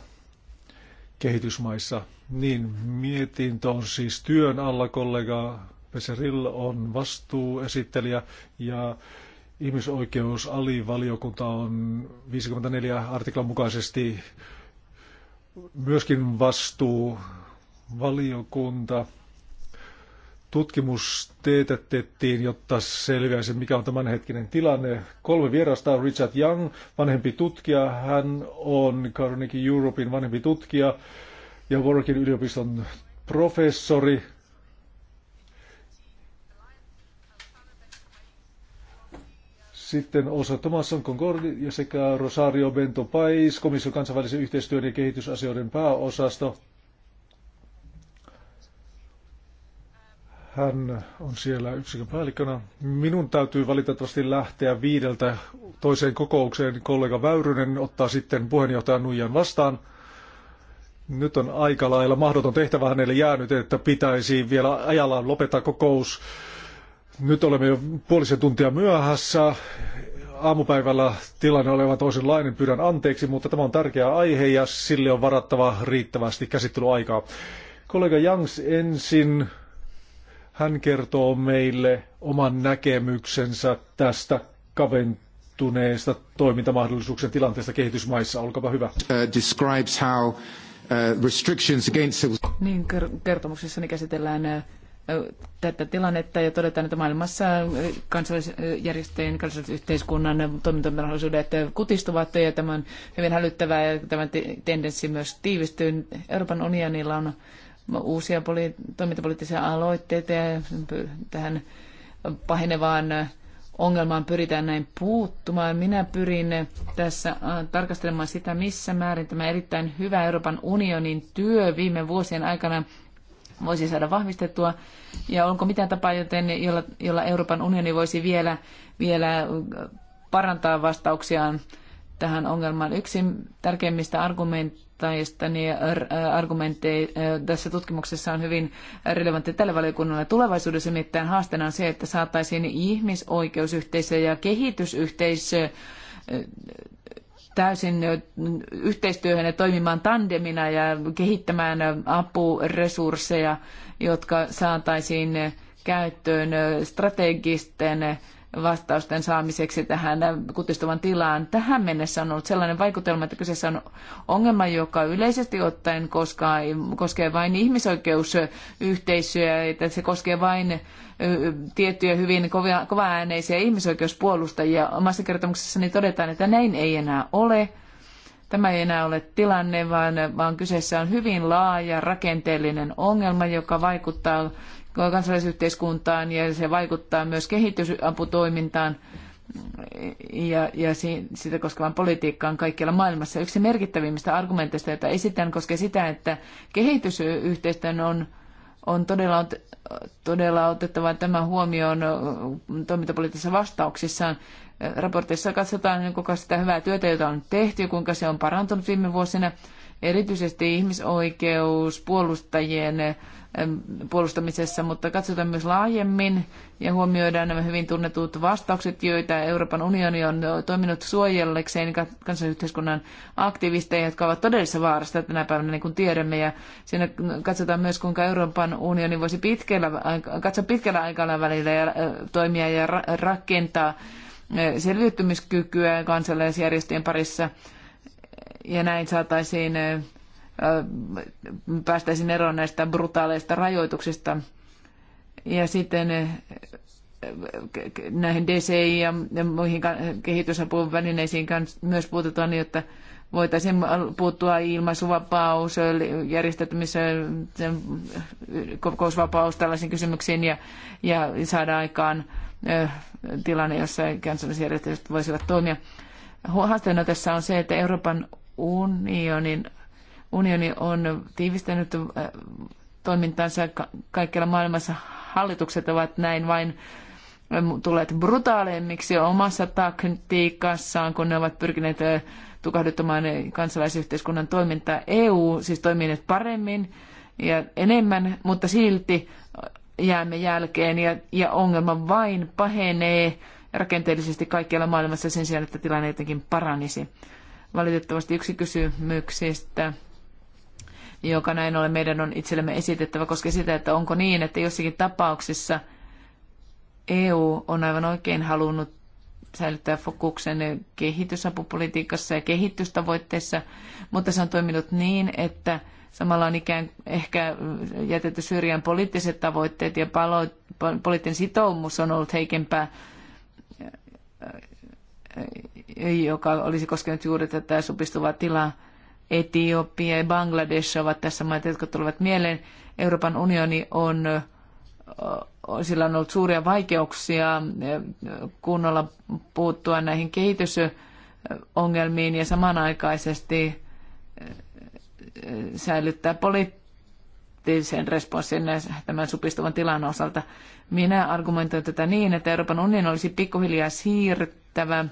kehitysmaissa. Niin, mietintö on siis työn alla, kollega Peseril on vastuuesittelijä ja ihmisoikeusalivaliokunta on 54 artiklan mukaisesti myöskin vastuuvaliokunta tutkimus teetettiin, jotta selviäisi, mikä on tämänhetkinen tilanne. Kolme vierasta on Richard Young, vanhempi tutkija. Hän on Carnegie Europein vanhempi tutkija ja Warwickin yliopiston professori. Sitten Osa Tomasson Concordi ja sekä Rosario Bento Pais, komission kansainvälisen yhteistyön ja kehitysasioiden pääosasto. Hän on siellä yksikön päällikkönä. Minun täytyy valitettavasti lähteä viideltä toiseen kokoukseen. Kollega Väyrynen ottaa sitten puheenjohtajan Nuijan vastaan. Nyt on aika lailla mahdoton tehtävä hänelle jäänyt, että pitäisi vielä ajallaan lopettaa kokous. Nyt olemme jo puolisen tuntia myöhässä. Aamupäivällä tilanne oleva toisenlainen, pyydän anteeksi, mutta tämä on tärkeä aihe ja sille on varattava riittävästi käsittelyaikaa. Kollega Jans ensin hän kertoo meille oman näkemyksensä tästä kaventuneesta toimintamahdollisuuksien tilanteesta kehitysmaissa. Olkaapa hyvä. Uh, describes how, uh, restrictions against... Niin, kertomuksessani käsitellään uh, tätä tilannetta ja todetaan, että maailmassa kansallisjärjestöjen, kansallisyhteiskunnan toimintamahdollisuudet kutistuvat ja tämä on hyvin hälyttävää ja tämä tendenssi myös tiivistyy. Euroopan unionilla on uusia poli- toimintapoliittisia aloitteita ja tähän pahenevaan ongelmaan pyritään näin puuttumaan. Minä pyrin tässä äh, tarkastelemaan sitä, missä määrin tämä erittäin hyvä Euroopan unionin työ viime vuosien aikana voisi saada vahvistettua. Ja onko mitään tapaa, joten, jolla, jolla Euroopan unioni voisi vielä, vielä parantaa vastauksiaan tähän ongelmaan. Yksi tärkeimmistä argumenteista niin äh, argumentteja äh, tässä tutkimuksessa on hyvin relevantti tälle valiokunnalle tulevaisuudessa. Nimittäin haasteena on se, että saataisiin ihmisoikeusyhteisö ja kehitysyhteisö äh, täysin yhteistyöhön ja toimimaan tandemina ja kehittämään apuresursseja, jotka saataisiin käyttöön strategisten vastausten saamiseksi tähän kutistuvan tilaan. Tähän mennessä on ollut sellainen vaikutelma, että kyseessä on ongelma, joka yleisesti ottaen koskee vain ihmisoikeusyhteisöjä, että se koskee vain tiettyjä hyvin kovaääneisiä ihmisoikeuspuolustajia. Omassa kertomuksessani todetaan, että näin ei enää ole Tämä ei enää ole tilanne, vaan, vaan kyseessä on hyvin laaja rakenteellinen ongelma, joka vaikuttaa kansalaisyhteiskuntaan ja se vaikuttaa myös kehitysaputoimintaan ja, ja sitä koskevaan politiikkaan kaikkialla maailmassa. Yksi merkittävimmistä argumenteista, joita esitän, koskee sitä, että kehitysyhteistyön on on todella, todella otettava tämä huomioon toimintapoliittisissa vastauksissaan. Raportissa katsotaan koko sitä hyvää työtä, jota on tehty ja kuinka se on parantunut viime vuosina erityisesti ihmisoikeuspuolustajien puolustamisessa, mutta katsotaan myös laajemmin ja huomioidaan nämä hyvin tunnetut vastaukset, joita Euroopan unioni on toiminut suojellekseen kansanyhteiskunnan aktivisteja, jotka ovat todellisessa vaarassa tänä päivänä, niin kuin tiedämme. Ja siinä katsotaan myös, kuinka Euroopan unioni voisi pitkällä, katsoa pitkällä aikavälillä ja toimia ja rakentaa selviytymiskykyä kansalaisjärjestöjen parissa – ja näin saataisiin päästäisiin eroon näistä brutaaleista rajoituksista. Ja sitten näihin DCI ja muihin kehitysapun välineisiin myös puututaan, niin jotta voitaisiin puuttua ilmaisuvapaus, järjestäytymisen kokousvapaus tällaisiin kysymyksiin ja, ja saada aikaan tilanne, jossa kansallisjärjestöt voisivat toimia. Haasteena tässä on se, että Euroopan unionin, unioni on tiivistänyt äh, toimintansa kaikkialla maailmassa. Hallitukset ovat näin vain ähm, tulleet brutaaleimmiksi omassa taktiikassaan, kun ne ovat pyrkineet äh, tukahduttamaan äh, kansalaisyhteiskunnan toimintaa. EU siis toimii nyt paremmin ja enemmän, mutta silti jäämme jälkeen ja, ja ongelma vain pahenee rakenteellisesti kaikkialla maailmassa sen sijaan, että tilanne jotenkin paranisi. Valitettavasti yksi kysymyksistä, joka näin ollen meidän on itsellemme esitettävä, koskee sitä, että onko niin, että jossakin tapauksissa EU on aivan oikein halunnut säilyttää fokuksen kehitysapupolitiikassa ja kehitystavoitteissa, mutta se on toiminut niin, että samalla on ikään ehkä jätetty syrjään poliittiset tavoitteet ja palo, poliittinen sitoumus on ollut heikempää joka olisi koskenut juuri tätä supistuvaa tilaa. Etiopia ja Bangladesh ovat tässä maita, jotka tulevat mieleen. Euroopan unioni on, sillä on ollut suuria vaikeuksia kunnolla puuttua näihin kehitysongelmiin ja samanaikaisesti säilyttää poli- aktiivisen responssin tämän supistuvan tilan osalta. Minä argumentoin tätä niin, että Euroopan unionin olisi pikkuhiljaa siirtävä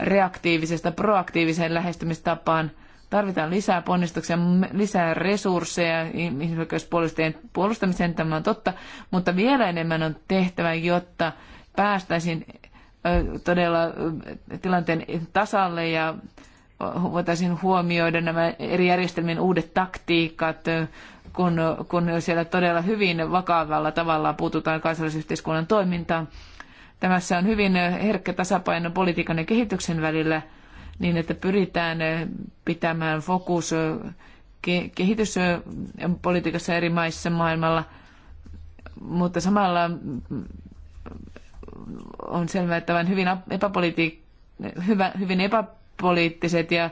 reaktiivisesta proaktiiviseen lähestymistapaan. Tarvitaan lisää ponnistuksia, lisää resursseja ihmisoikeuspuolustajien puolustamiseen, tämä on totta, mutta vielä enemmän on tehtävä, jotta päästäisiin todella tilanteen tasalle ja voitaisiin huomioida nämä eri järjestelmien uudet taktiikat, kun, kun siellä todella hyvin vakavalla tavalla puututaan kansallisyhteiskunnan toimintaan. Tämässä on hyvin herkkä tasapaino politiikan ja kehityksen välillä niin, että pyritään pitämään fokus kehityspolitiikassa eri maissa maailmalla, mutta samalla on selvää, että vain hyvin, epäpolitiik- hyvin epä poliittiset ja,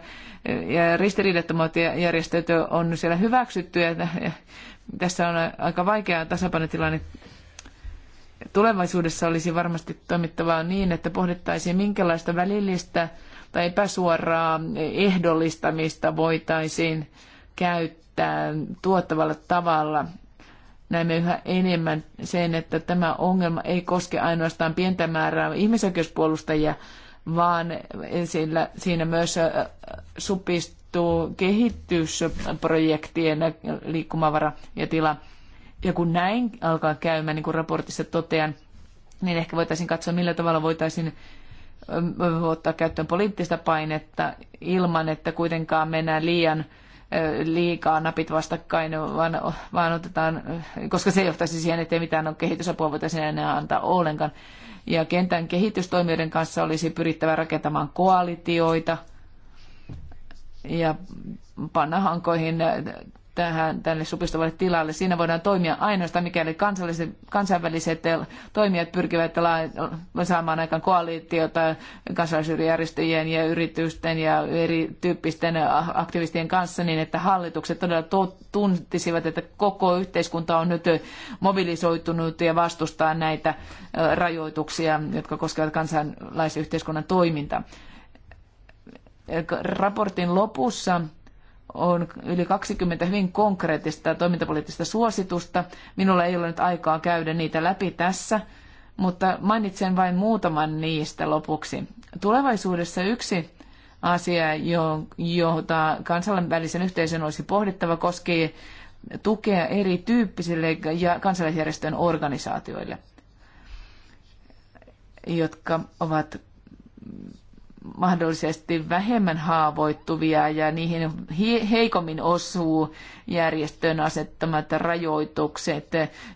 ja ristiriidattomat järjestöt on siellä hyväksytty ja, ja tässä on aika vaikea tasapainotilanne. Tulevaisuudessa olisi varmasti toimittavaa niin, että pohdittaisiin minkälaista välillistä tai epäsuoraa ehdollistamista voitaisiin käyttää tuottavalla tavalla näemme yhä enemmän sen, että tämä ongelma ei koske ainoastaan pientä määrää ihmisoikeuspuolustajia, vaan sillä, siinä myös supistuu kehitysprojektien liikkumavara ja tila. Ja kun näin alkaa käymään, niin kuin raportissa totean, niin ehkä voitaisiin katsoa, millä tavalla voitaisiin ottaa käyttöön poliittista painetta ilman, että kuitenkaan mennään liian liikaa napit vastakkain, vaan, vaan otetaan, koska se johtaisi siihen, että mitään on kehitysapua voitaisiin enää antaa ollenkaan ja kentän kehitystoimijoiden kanssa olisi pyrittävä rakentamaan koalitioita ja panna hankoihin tähän, tälle supistuvalle tilalle. Siinä voidaan toimia ainoastaan, mikäli kansalliset, kansainväliset toimijat pyrkivät saamaan aikaan koalitiota kansalaisjärjestöjen ja yritysten ja erityyppisten aktivistien kanssa niin, että hallitukset todella tuntisivat, että koko yhteiskunta on nyt mobilisoitunut ja vastustaa näitä rajoituksia, jotka koskevat kansalaisyhteiskunnan toimintaa. Raportin lopussa on yli 20 hyvin konkreettista toimintapoliittista suositusta. Minulla ei ole nyt aikaa käydä niitä läpi tässä, mutta mainitsen vain muutaman niistä lopuksi. Tulevaisuudessa yksi asia, jota kansainvälisen yhteisön olisi pohdittava, koskee tukea erityyppisille ja kansalaisjärjestön organisaatioille, jotka ovat mahdollisesti vähemmän haavoittuvia ja niihin heikommin osuu järjestön asettamat rajoitukset,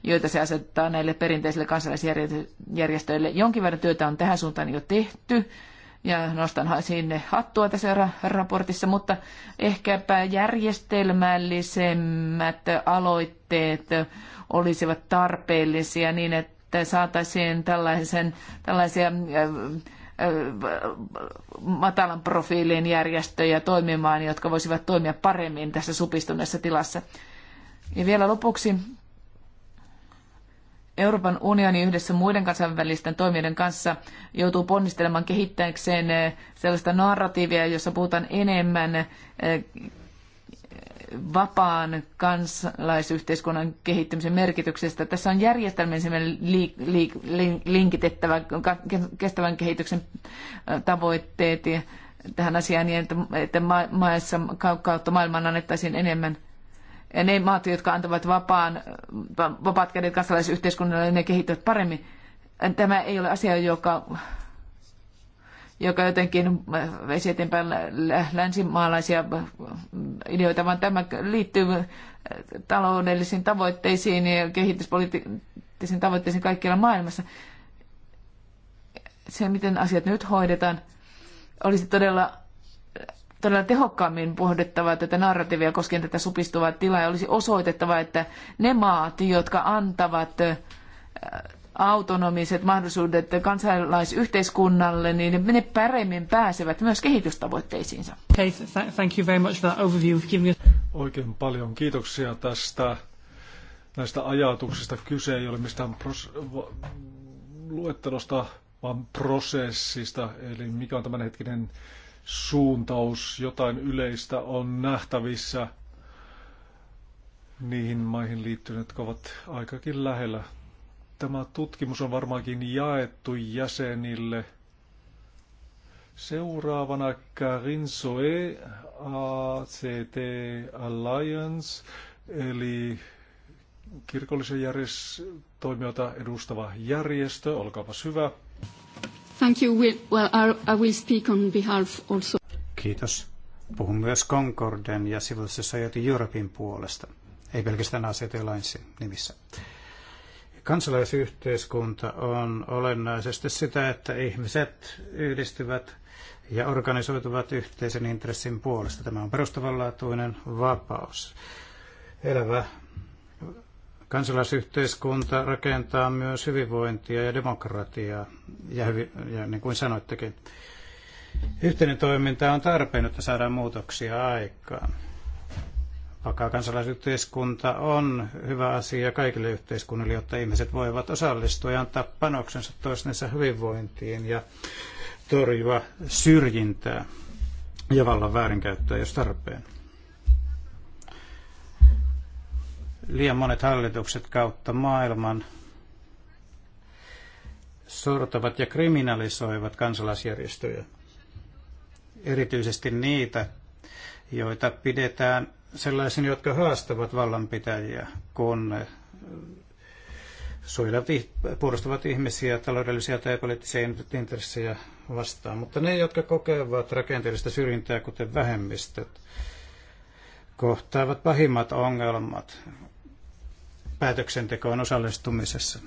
joita se asettaa näille perinteisille kansalaisjärjestöille. Jonkin verran työtä on tähän suuntaan jo tehty ja nostan sinne hattua tässä raportissa, mutta ehkäpä järjestelmällisemmät aloitteet olisivat tarpeellisia niin, että saataisiin tällaisen, tällaisia matalan profiilin järjestöjä toimimaan, jotka voisivat toimia paremmin tässä supistuneessa tilassa. Ja vielä lopuksi Euroopan unioni yhdessä muiden kansainvälisten toimijoiden kanssa joutuu ponnistelemaan kehittääkseen eh, sellaista narratiivia, jossa puhutaan enemmän eh, vapaan kansalaisyhteiskunnan kehittymisen merkityksestä. Tässä on järjestelmällisen linkitettävä kestävän kehityksen tavoitteet ja tähän asiaan, niin että, että maissa kautta maailman annettaisiin enemmän. Ja ne maat, jotka antavat vapaan, vapaat kädet kansalaisyhteiskunnalle, ne kehittävät paremmin. Tämä ei ole asia, joka joka jotenkin veisi eteenpäin länsimaalaisia ideoita, vaan tämä liittyy taloudellisiin tavoitteisiin ja kehityspoliittisiin tavoitteisiin kaikkialla maailmassa. Se, miten asiat nyt hoidetaan, olisi todella todella tehokkaammin pohdittava tätä narratiivia koskien tätä supistuvaa tilaa ja olisi osoitettava, että ne maat, jotka antavat autonomiset mahdollisuudet kansalaisyhteiskunnalle, niin ne paremmin pääsevät myös kehitystavoitteisiinsa. Okay, thank you very much for that overview. Oikein paljon kiitoksia tästä näistä ajatuksista. Kyse ei ole mistään luettelosta, vaan prosessista, eli mikä on tämänhetkinen suuntaus, jotain yleistä on nähtävissä niihin maihin liittyen, jotka ovat aikakin lähellä Tämä tutkimus on varmaankin jaettu jäsenille. Seuraavana Karin Soe, ACT Alliance, eli kirkollisen järjest- edustava järjestö. Olkaapas hyvä. Thank you. Well, I will speak on behalf also. Kiitos. Puhun myös Concorden ja Civil Society Europein puolesta, ei pelkästään ACT Alliance nimissä. Kansalaisyhteiskunta on olennaisesti sitä, että ihmiset yhdistyvät ja organisoituvat yhteisen intressin puolesta. Tämä on perustavanlaatuinen vapaus. Elävä kansalaisyhteiskunta rakentaa myös hyvinvointia ja demokratiaa, ja, hyvi, ja niin kuin sanoittekin, yhteinen toiminta on tarpeen, että saadaan muutoksia aikaan. Vakaa kansalaisyhteiskunta on hyvä asia kaikille yhteiskunnille, jotta ihmiset voivat osallistua ja antaa panoksensa toistensa hyvinvointiin ja torjua syrjintää ja vallan väärinkäyttöä, jos tarpeen. Liian monet hallitukset kautta maailman sortavat ja kriminalisoivat kansalaisjärjestöjä, erityisesti niitä, joita pidetään Sellaisen, jotka haastavat vallanpitäjiä, kun suojelevat, puolustavat ihmisiä taloudellisia tai poliittisia intressejä vastaan. Mutta ne, jotka kokevat rakenteellista syrjintää, kuten vähemmistöt, kohtaavat pahimmat ongelmat päätöksentekoon osallistumisessa.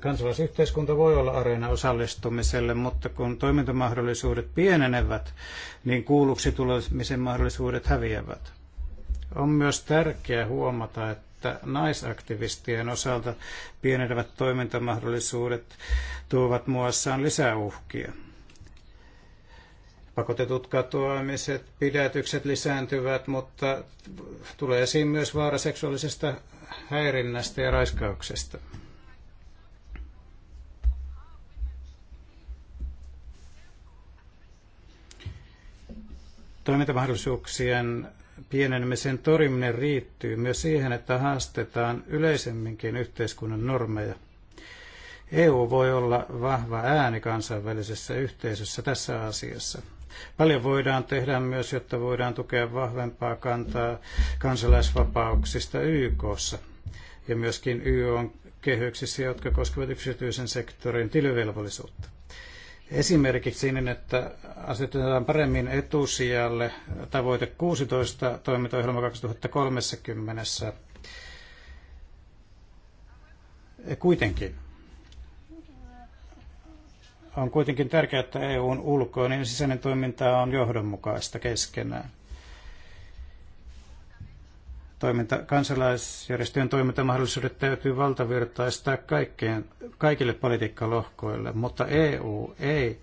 Kansalaisyhteiskunta voi olla areena osallistumiselle, mutta kun toimintamahdollisuudet pienenevät, niin kuulluksi tulemisen mahdollisuudet häviävät. On myös tärkeää huomata, että naisaktivistien osalta pienenevät toimintamahdollisuudet tuovat muassaan lisää uhkia. Pakotetut katoamiset, pidätykset lisääntyvät, mutta tulee esiin myös vaara seksuaalisesta häirinnästä ja raiskauksesta. toimintamahdollisuuksien pienenemisen toriminen riittyy myös siihen, että haastetaan yleisemminkin yhteiskunnan normeja. EU voi olla vahva ääni kansainvälisessä yhteisössä tässä asiassa. Paljon voidaan tehdä myös, jotta voidaan tukea vahvempaa kantaa kansalaisvapauksista YKssa ja myöskin YK kehyksissä, jotka koskevat yksityisen sektorin tilivelvollisuutta. Esimerkiksi niin, että asetetaan paremmin etusijalle tavoite 16 toimintaohjelma 2030. Kuitenkin on kuitenkin tärkeää, että EUn ulkoinen ja sisäinen toiminta on johdonmukaista keskenään toiminta, kansalaisjärjestöjen toimintamahdollisuudet täytyy valtavirtaistaa kaikkeen, kaikille politiikkalohkoille, mutta EU ei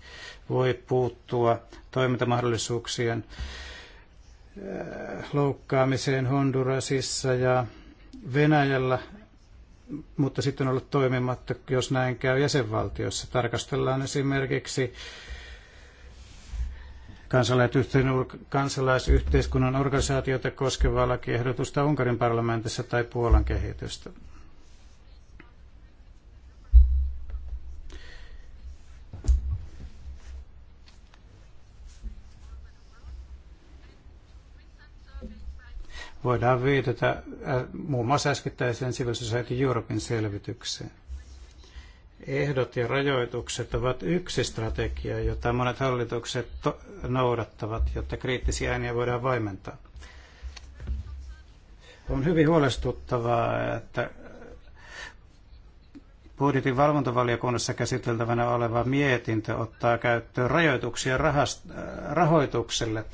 voi puuttua toimintamahdollisuuksien äh, loukkaamiseen Hondurasissa ja Venäjällä, mutta sitten olla toimimatta, jos näin käy jäsenvaltiossa. Tarkastellaan esimerkiksi kansalaisyhteiskunnan organisaatioita koskevaa lakiehdotusta Unkarin parlamentissa tai Puolan kehitystä. Voidaan viitata äh, muun muassa äskettäiseen Civil Society Europein selvitykseen. Ehdot ja rajoitukset ovat yksi strategia, jota monet hallitukset noudattavat, jotta kriittisiä ääniä voidaan vaimentaa. On hyvin huolestuttavaa, että budjetin valvontavaliokunnassa käsiteltävänä oleva mietintö ottaa käyttöön rajoituksia rahast- rahoitukselle,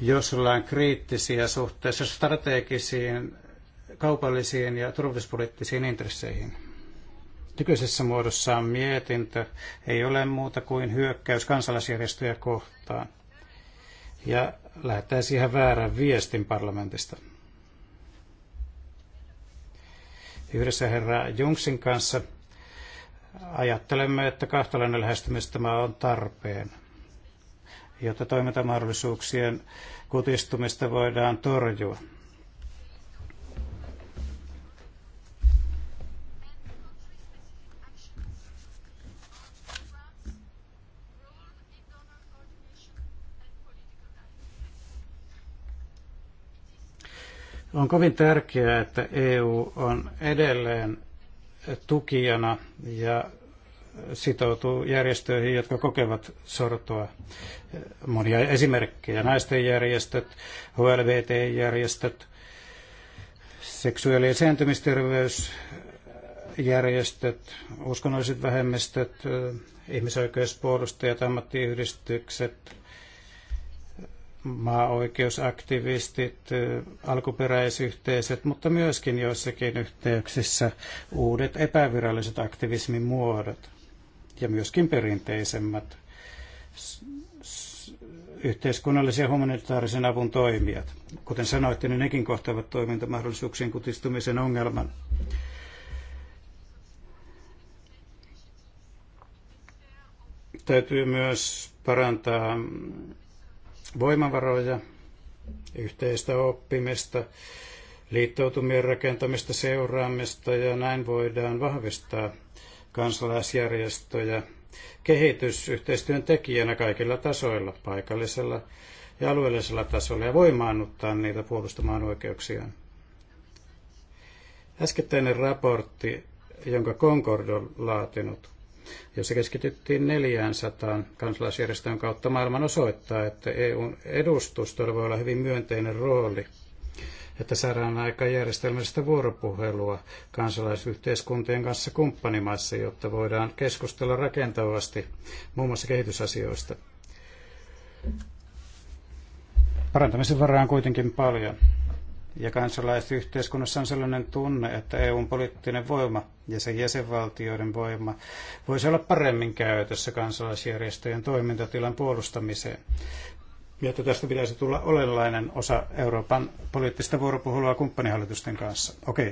jos ollaan kriittisiä suhteessa strategisiin, kaupallisiin ja turvallisuuspoliittisiin intresseihin nykyisessä muodossaan mietintö ei ole muuta kuin hyökkäys kansalaisjärjestöjä kohtaan ja lähettää siihen väärän viestin parlamentista. Yhdessä herra Jungsin kanssa ajattelemme, että kahtalainen lähestymistämä on tarpeen, jotta toimintamahdollisuuksien kutistumista voidaan torjua. On kovin tärkeää, että EU on edelleen tukijana ja sitoutuu järjestöihin, jotka kokevat sortoa. Monia esimerkkejä, naisten järjestöt, HLVT-järjestöt, seksuaali- ja sääntymisterveysjärjestöt, uskonnolliset vähemmistöt, ihmisoikeuspuolustajat, ammattiyhdistykset, maaoikeusaktivistit, alkuperäisyhteisöt, mutta myöskin joissakin yhteyksissä uudet epäviralliset aktivismin muodot ja myöskin perinteisemmät yhteiskunnallisen ja humanitaarisen avun toimijat. Kuten sanoitte, niin nekin kohtaavat toimintamahdollisuuksien kutistumisen ongelman. Täytyy myös parantaa voimavaroja, yhteistä oppimista, liittoutumien rakentamista, seuraamista ja näin voidaan vahvistaa kansalaisjärjestöjä kehitysyhteistyön tekijänä kaikilla tasoilla, paikallisella ja alueellisella tasolla ja voimaannuttaa niitä puolustamaan oikeuksiaan. Äskettäinen raportti, jonka Concord on laatinut, jossa keskityttiin 400 kansalaisjärjestön kautta maailman osoittaa, että EUn edustustolla voi olla hyvin myönteinen rooli että saadaan aika järjestelmällistä vuoropuhelua kansalaisyhteiskuntien kanssa kumppanimaissa, jotta voidaan keskustella rakentavasti muun muassa kehitysasioista. Parantamisen varaa on kuitenkin paljon. Ja kansalaisyhteiskunnassa on sellainen tunne, että EUn poliittinen voima ja sen jäsenvaltioiden voima voisi olla paremmin käytössä kansalaisjärjestöjen toimintatilan puolustamiseen. Ja tästä pitäisi tulla olennainen osa Euroopan poliittista vuoropuhelua kumppanihallitusten kanssa. Okei.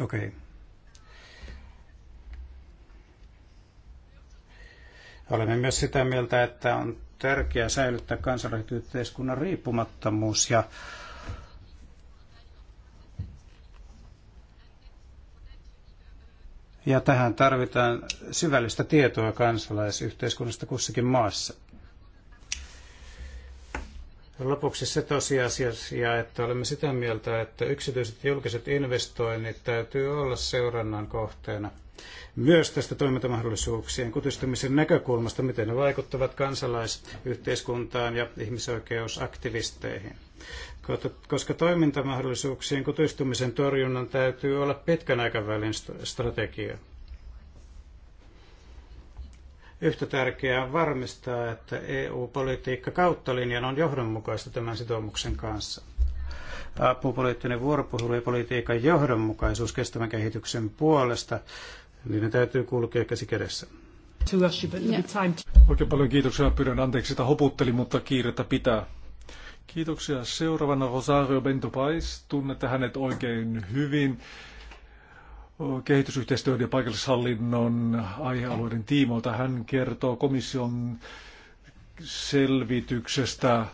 Okay. Okei. Okay. Olemme myös sitä mieltä, että on tärkeää säilyttää kansalaisyhteiskunnan riippumattomuus ja Ja tähän tarvitaan syvällistä tietoa kansalaisyhteiskunnasta kussakin maassa. Lopuksi se tosiasia, että olemme sitä mieltä, että yksityiset ja julkiset investoinnit täytyy olla seurannan kohteena. Myös tästä toimintamahdollisuuksien kutistumisen näkökulmasta, miten ne vaikuttavat kansalaisyhteiskuntaan ja ihmisoikeusaktivisteihin koska toimintamahdollisuuksien kutistumisen torjunnan täytyy olla pitkän aikavälin strategia. Yhtä tärkeää on varmistaa, että EU-politiikka kautta linjan on johdonmukaista tämän sitoumuksen kanssa. Apupoliittinen vuoropuhelu ja politiikan johdonmukaisuus kestävän kehityksen puolesta, niin ne täytyy kulkea käsi kädessä. Oikein paljon kiitoksia. Pyydän anteeksi, että hoputtelin, mutta kiirettä pitää. Kiitoksia. Seuraavana Rosario Bentopais. Tunnette hänet oikein hyvin kehitysyhteistyön ja paikallishallinnon aihealueiden tiimoilta. Hän kertoo komission selvityksestä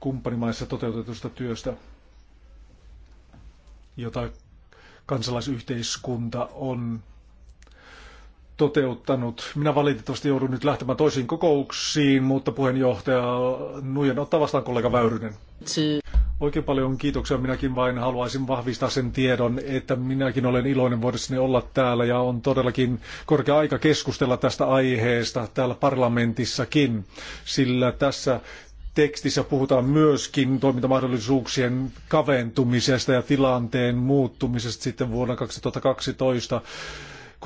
kumppanimaissa toteutetusta työstä, jota kansalaisyhteiskunta on toteuttanut. Minä valitettavasti joudun nyt lähtemään toisiin kokouksiin, mutta puheenjohtaja Nujen ottaa vastaan kollega Väyrynen. Oikein paljon kiitoksia. Minäkin vain haluaisin vahvistaa sen tiedon, että minäkin olen iloinen voidessani olla täällä ja on todellakin korkea aika keskustella tästä aiheesta täällä parlamentissakin, sillä tässä tekstissä puhutaan myöskin toimintamahdollisuuksien kaventumisesta ja tilanteen muuttumisesta sitten vuonna 2012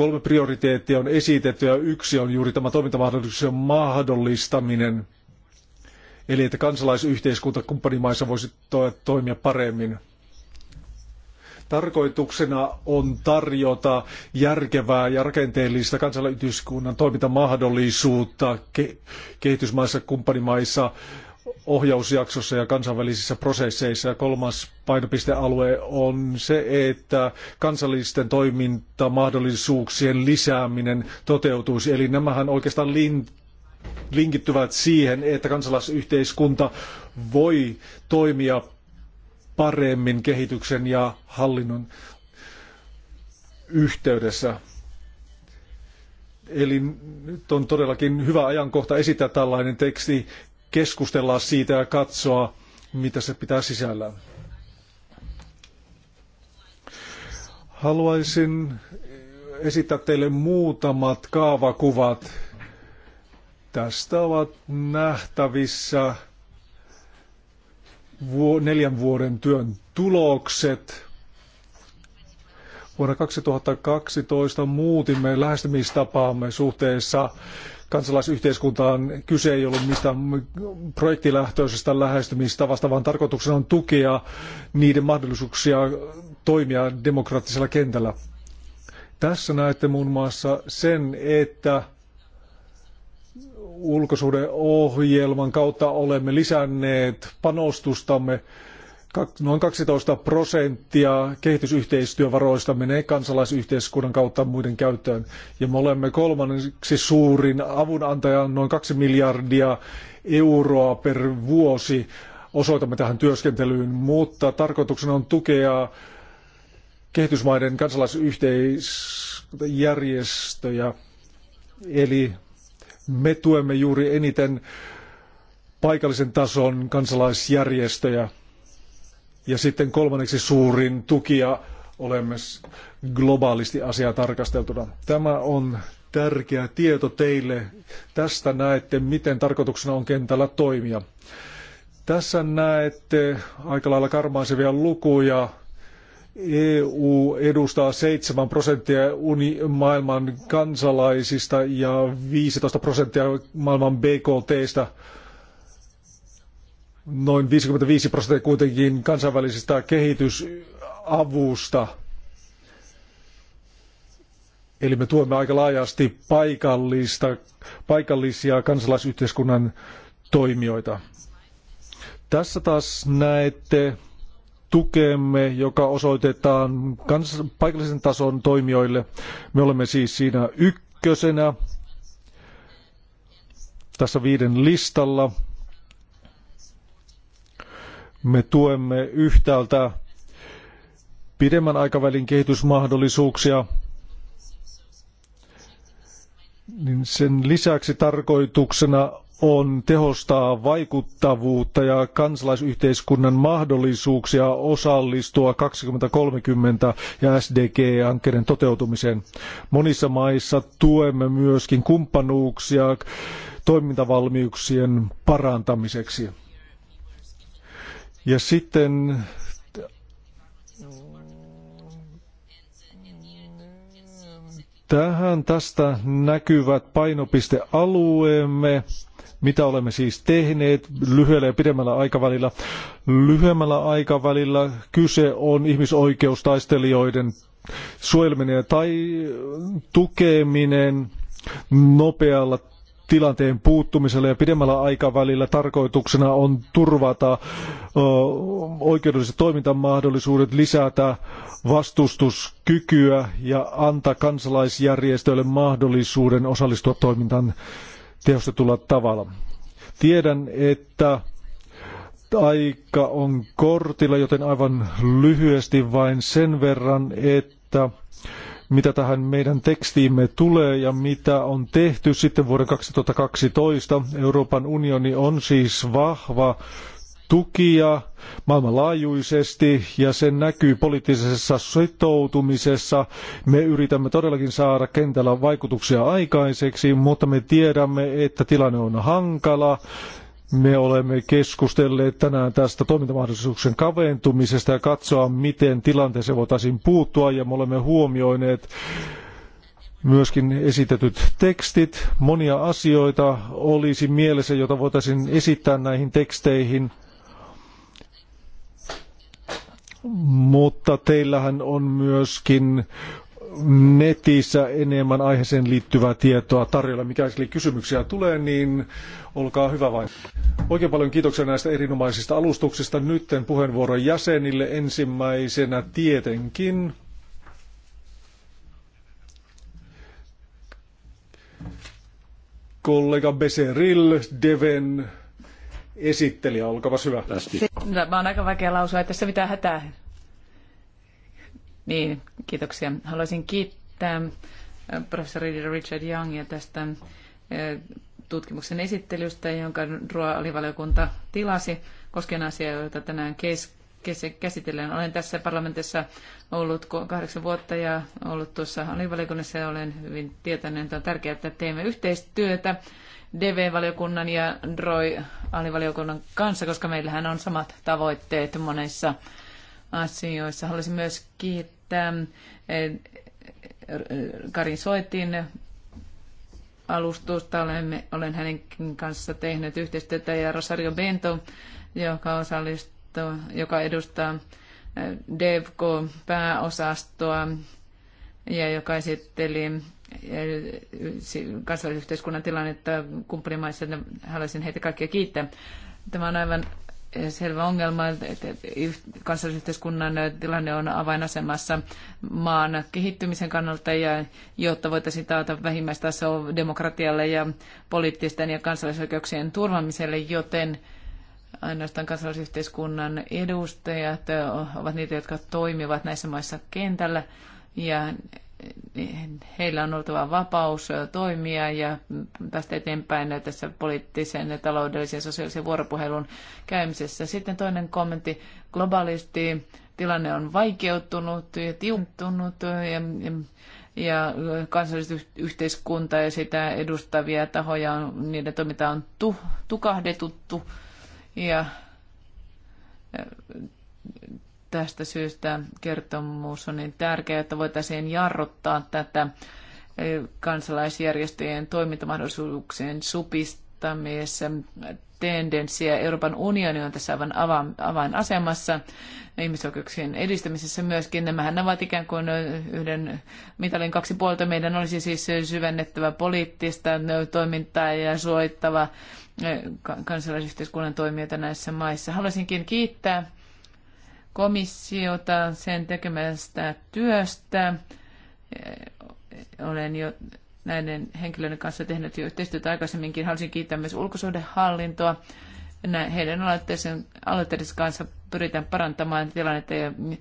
Kolme prioriteettia on esitetty ja yksi on juuri tämä toimintamahdollisuuksien mahdollistaminen. Eli että kansalaisyhteiskunta kumppanimaissa voisi to- toimia paremmin. Tarkoituksena on tarjota järkevää ja rakenteellista kansalaisyhteiskunnan toimintamahdollisuutta ke- kehitysmaissa, kumppanimaissa, ohjausjaksossa ja kansainvälisissä prosesseissa. Kolmas painopistealue on se, että kansallisten toimintamahdollisuuksien lisääminen toteutuisi. Eli nämähän oikeastaan linkittyvät siihen, että kansalaisyhteiskunta voi toimia paremmin kehityksen ja hallinnon yhteydessä. Eli nyt on todellakin hyvä ajankohta esittää tällainen teksti keskustella siitä ja katsoa, mitä se pitää sisällään. Haluaisin esittää teille muutamat kaavakuvat. Tästä ovat nähtävissä neljän vuoden työn tulokset. Vuonna 2012 muutimme lähestymistapaamme suhteessa kansalaisyhteiskuntaan. Kyse ei ollut mistään projektilähtöisestä lähestymistavasta, vaan tarkoituksena on tukea niiden mahdollisuuksia toimia demokraattisella kentällä. Tässä näette muun muassa sen, että ulkosuhdeohjelman kautta olemme lisänneet panostustamme Noin 12 prosenttia kehitysyhteistyövaroista menee kansalaisyhteiskunnan kautta muiden käyttöön. Ja me olemme kolmanneksi suurin avunantaja, noin 2 miljardia euroa per vuosi osoitamme tähän työskentelyyn, mutta tarkoituksena on tukea kehitysmaiden kansalaisyhteisjärjestöjä. Eli me tuemme juuri eniten paikallisen tason kansalaisjärjestöjä. Ja sitten kolmanneksi suurin tukija olemme globaalisti asiaa tarkasteltuna. Tämä on tärkeä tieto teille. Tästä näette, miten tarkoituksena on kentällä toimia. Tässä näette aika lailla karmaisevia lukuja. EU edustaa 7 prosenttia maailman kansalaisista ja 15 prosenttia maailman BKTstä noin 55 prosenttia kuitenkin kansainvälisestä kehitysavusta. Eli me tuemme aika laajasti paikallista, paikallisia kansalaisyhteiskunnan toimijoita. Tässä taas näette tukemme, joka osoitetaan kans- paikallisen tason toimijoille. Me olemme siis siinä ykkösenä tässä viiden listalla. Me tuemme yhtäältä pidemmän aikavälin kehitysmahdollisuuksia, niin sen lisäksi tarkoituksena on tehostaa vaikuttavuutta ja kansalaisyhteiskunnan mahdollisuuksia osallistua 2030 ja SDG-hankkeiden toteutumiseen. Monissa maissa tuemme myöskin kumppanuuksia toimintavalmiuksien parantamiseksi. Ja sitten tähän tästä näkyvät painopistealueemme, mitä olemme siis tehneet lyhyellä ja pidemmällä aikavälillä. Lyhyemmällä aikavälillä kyse on ihmisoikeustaistelijoiden suojelminen tai tukeminen nopealla tilanteen puuttumisella ja pidemmällä aikavälillä tarkoituksena on turvata oikeudelliset toimintamahdollisuudet, lisätä vastustuskykyä ja antaa kansalaisjärjestöille mahdollisuuden osallistua toimintaan tehostetulla tavalla. Tiedän, että aika on kortilla, joten aivan lyhyesti vain sen verran, että mitä tähän meidän tekstiimme tulee ja mitä on tehty sitten vuoden 2012. Euroopan unioni on siis vahva tukia maailmanlaajuisesti ja se näkyy poliittisessa sitoutumisessa. Me yritämme todellakin saada kentällä vaikutuksia aikaiseksi, mutta me tiedämme, että tilanne on hankala me olemme keskustelleet tänään tästä toimintamahdollisuuksien kaventumisesta ja katsoa, miten tilanteeseen voitaisiin puuttua, ja me olemme huomioineet myöskin esitetyt tekstit. Monia asioita olisi mielessä, joita voitaisiin esittää näihin teksteihin. Mutta teillähän on myöskin netissä enemmän aiheeseen liittyvää tietoa tarjolla. Mikäli kysymyksiä tulee, niin olkaa hyvä vain. Oikein paljon kiitoksia näistä erinomaisista alustuksista. Nytten puheenvuoron jäsenille ensimmäisenä tietenkin. Kollega Beseril, Deven esittelijä, olkaa hyvä. Tämä on aika vaikea lausua, että tässä mitään hätää niin, kiitoksia. Haluaisin kiittää äh, professori Richard Youngia tästä äh, tutkimuksen esittelystä, jonka DROA-alivaliokunta tilasi koskien asiaa, joita tänään kes- kes- käsitellään. Olen tässä parlamentissa ollut kahdeksan vuotta ja ollut tuossa alivaliokunnassa ja olen hyvin tietoinen, että on tärkeää, että teemme yhteistyötä DV-valiokunnan ja DROI-alivaliokunnan kanssa, koska meillähän on samat tavoitteet monissa asioissa. Haluaisin myös kiittää eh, Karin Soitin alustusta. Olemme, olen hänen kanssa tehnyt yhteistyötä ja Rosario Bento, joka osallistuu, joka edustaa eh, DevCo-pääosastoa ja joka esitteli eh, kansalaisyhteiskunnan tilannetta kumppanimaissa. Haluaisin heitä kaikkia kiittää. Tämä on aivan selvä ongelma, että kansallisyhteiskunnan tilanne on avainasemassa maan kehittymisen kannalta ja jotta voitaisiin taata vähimmäistaso demokratialle ja poliittisten ja kansallisoikeuksien turvamiselle joten ainoastaan kansallisyhteiskunnan edustajat ovat niitä, jotka toimivat näissä maissa kentällä ja niin heillä on oltava vapaus toimia ja päästä eteenpäin tässä poliittisen, taloudellisen ja sosiaalisen vuoropuhelun käymisessä. Sitten toinen kommentti. Globaalisti tilanne on vaikeutunut ja tiukentunut ja, ja kansallisyhteiskunta ja sitä edustavia tahoja, on, niiden toiminta on tu, tukahdetuttu ja Tästä syystä kertomus on niin tärkeä, että voitaisiin jarruttaa tätä e, kansalaisjärjestöjen toimintamahdollisuuksien supistamista tendenssiä. Euroopan unioni on tässä aivan avainasemassa ihmisoikeuksien edistämisessä myöskin. Nämähän ovat ikään kuin yhden mitalin kaksi puolta. Meidän olisi siis syvennettävä poliittista toimintaa ja suojittava e, kansalaisyhteiskunnan toimijoita näissä maissa. Haluaisinkin kiittää komissiota sen tekemästä työstä. Olen jo näiden henkilöiden kanssa tehnyt jo yhteistyötä aikaisemminkin. Haluaisin kiittää myös ulkosuhdehallintoa. Heidän aloitteiden kanssa pyritään parantamaan tilannetta ja mm, eh,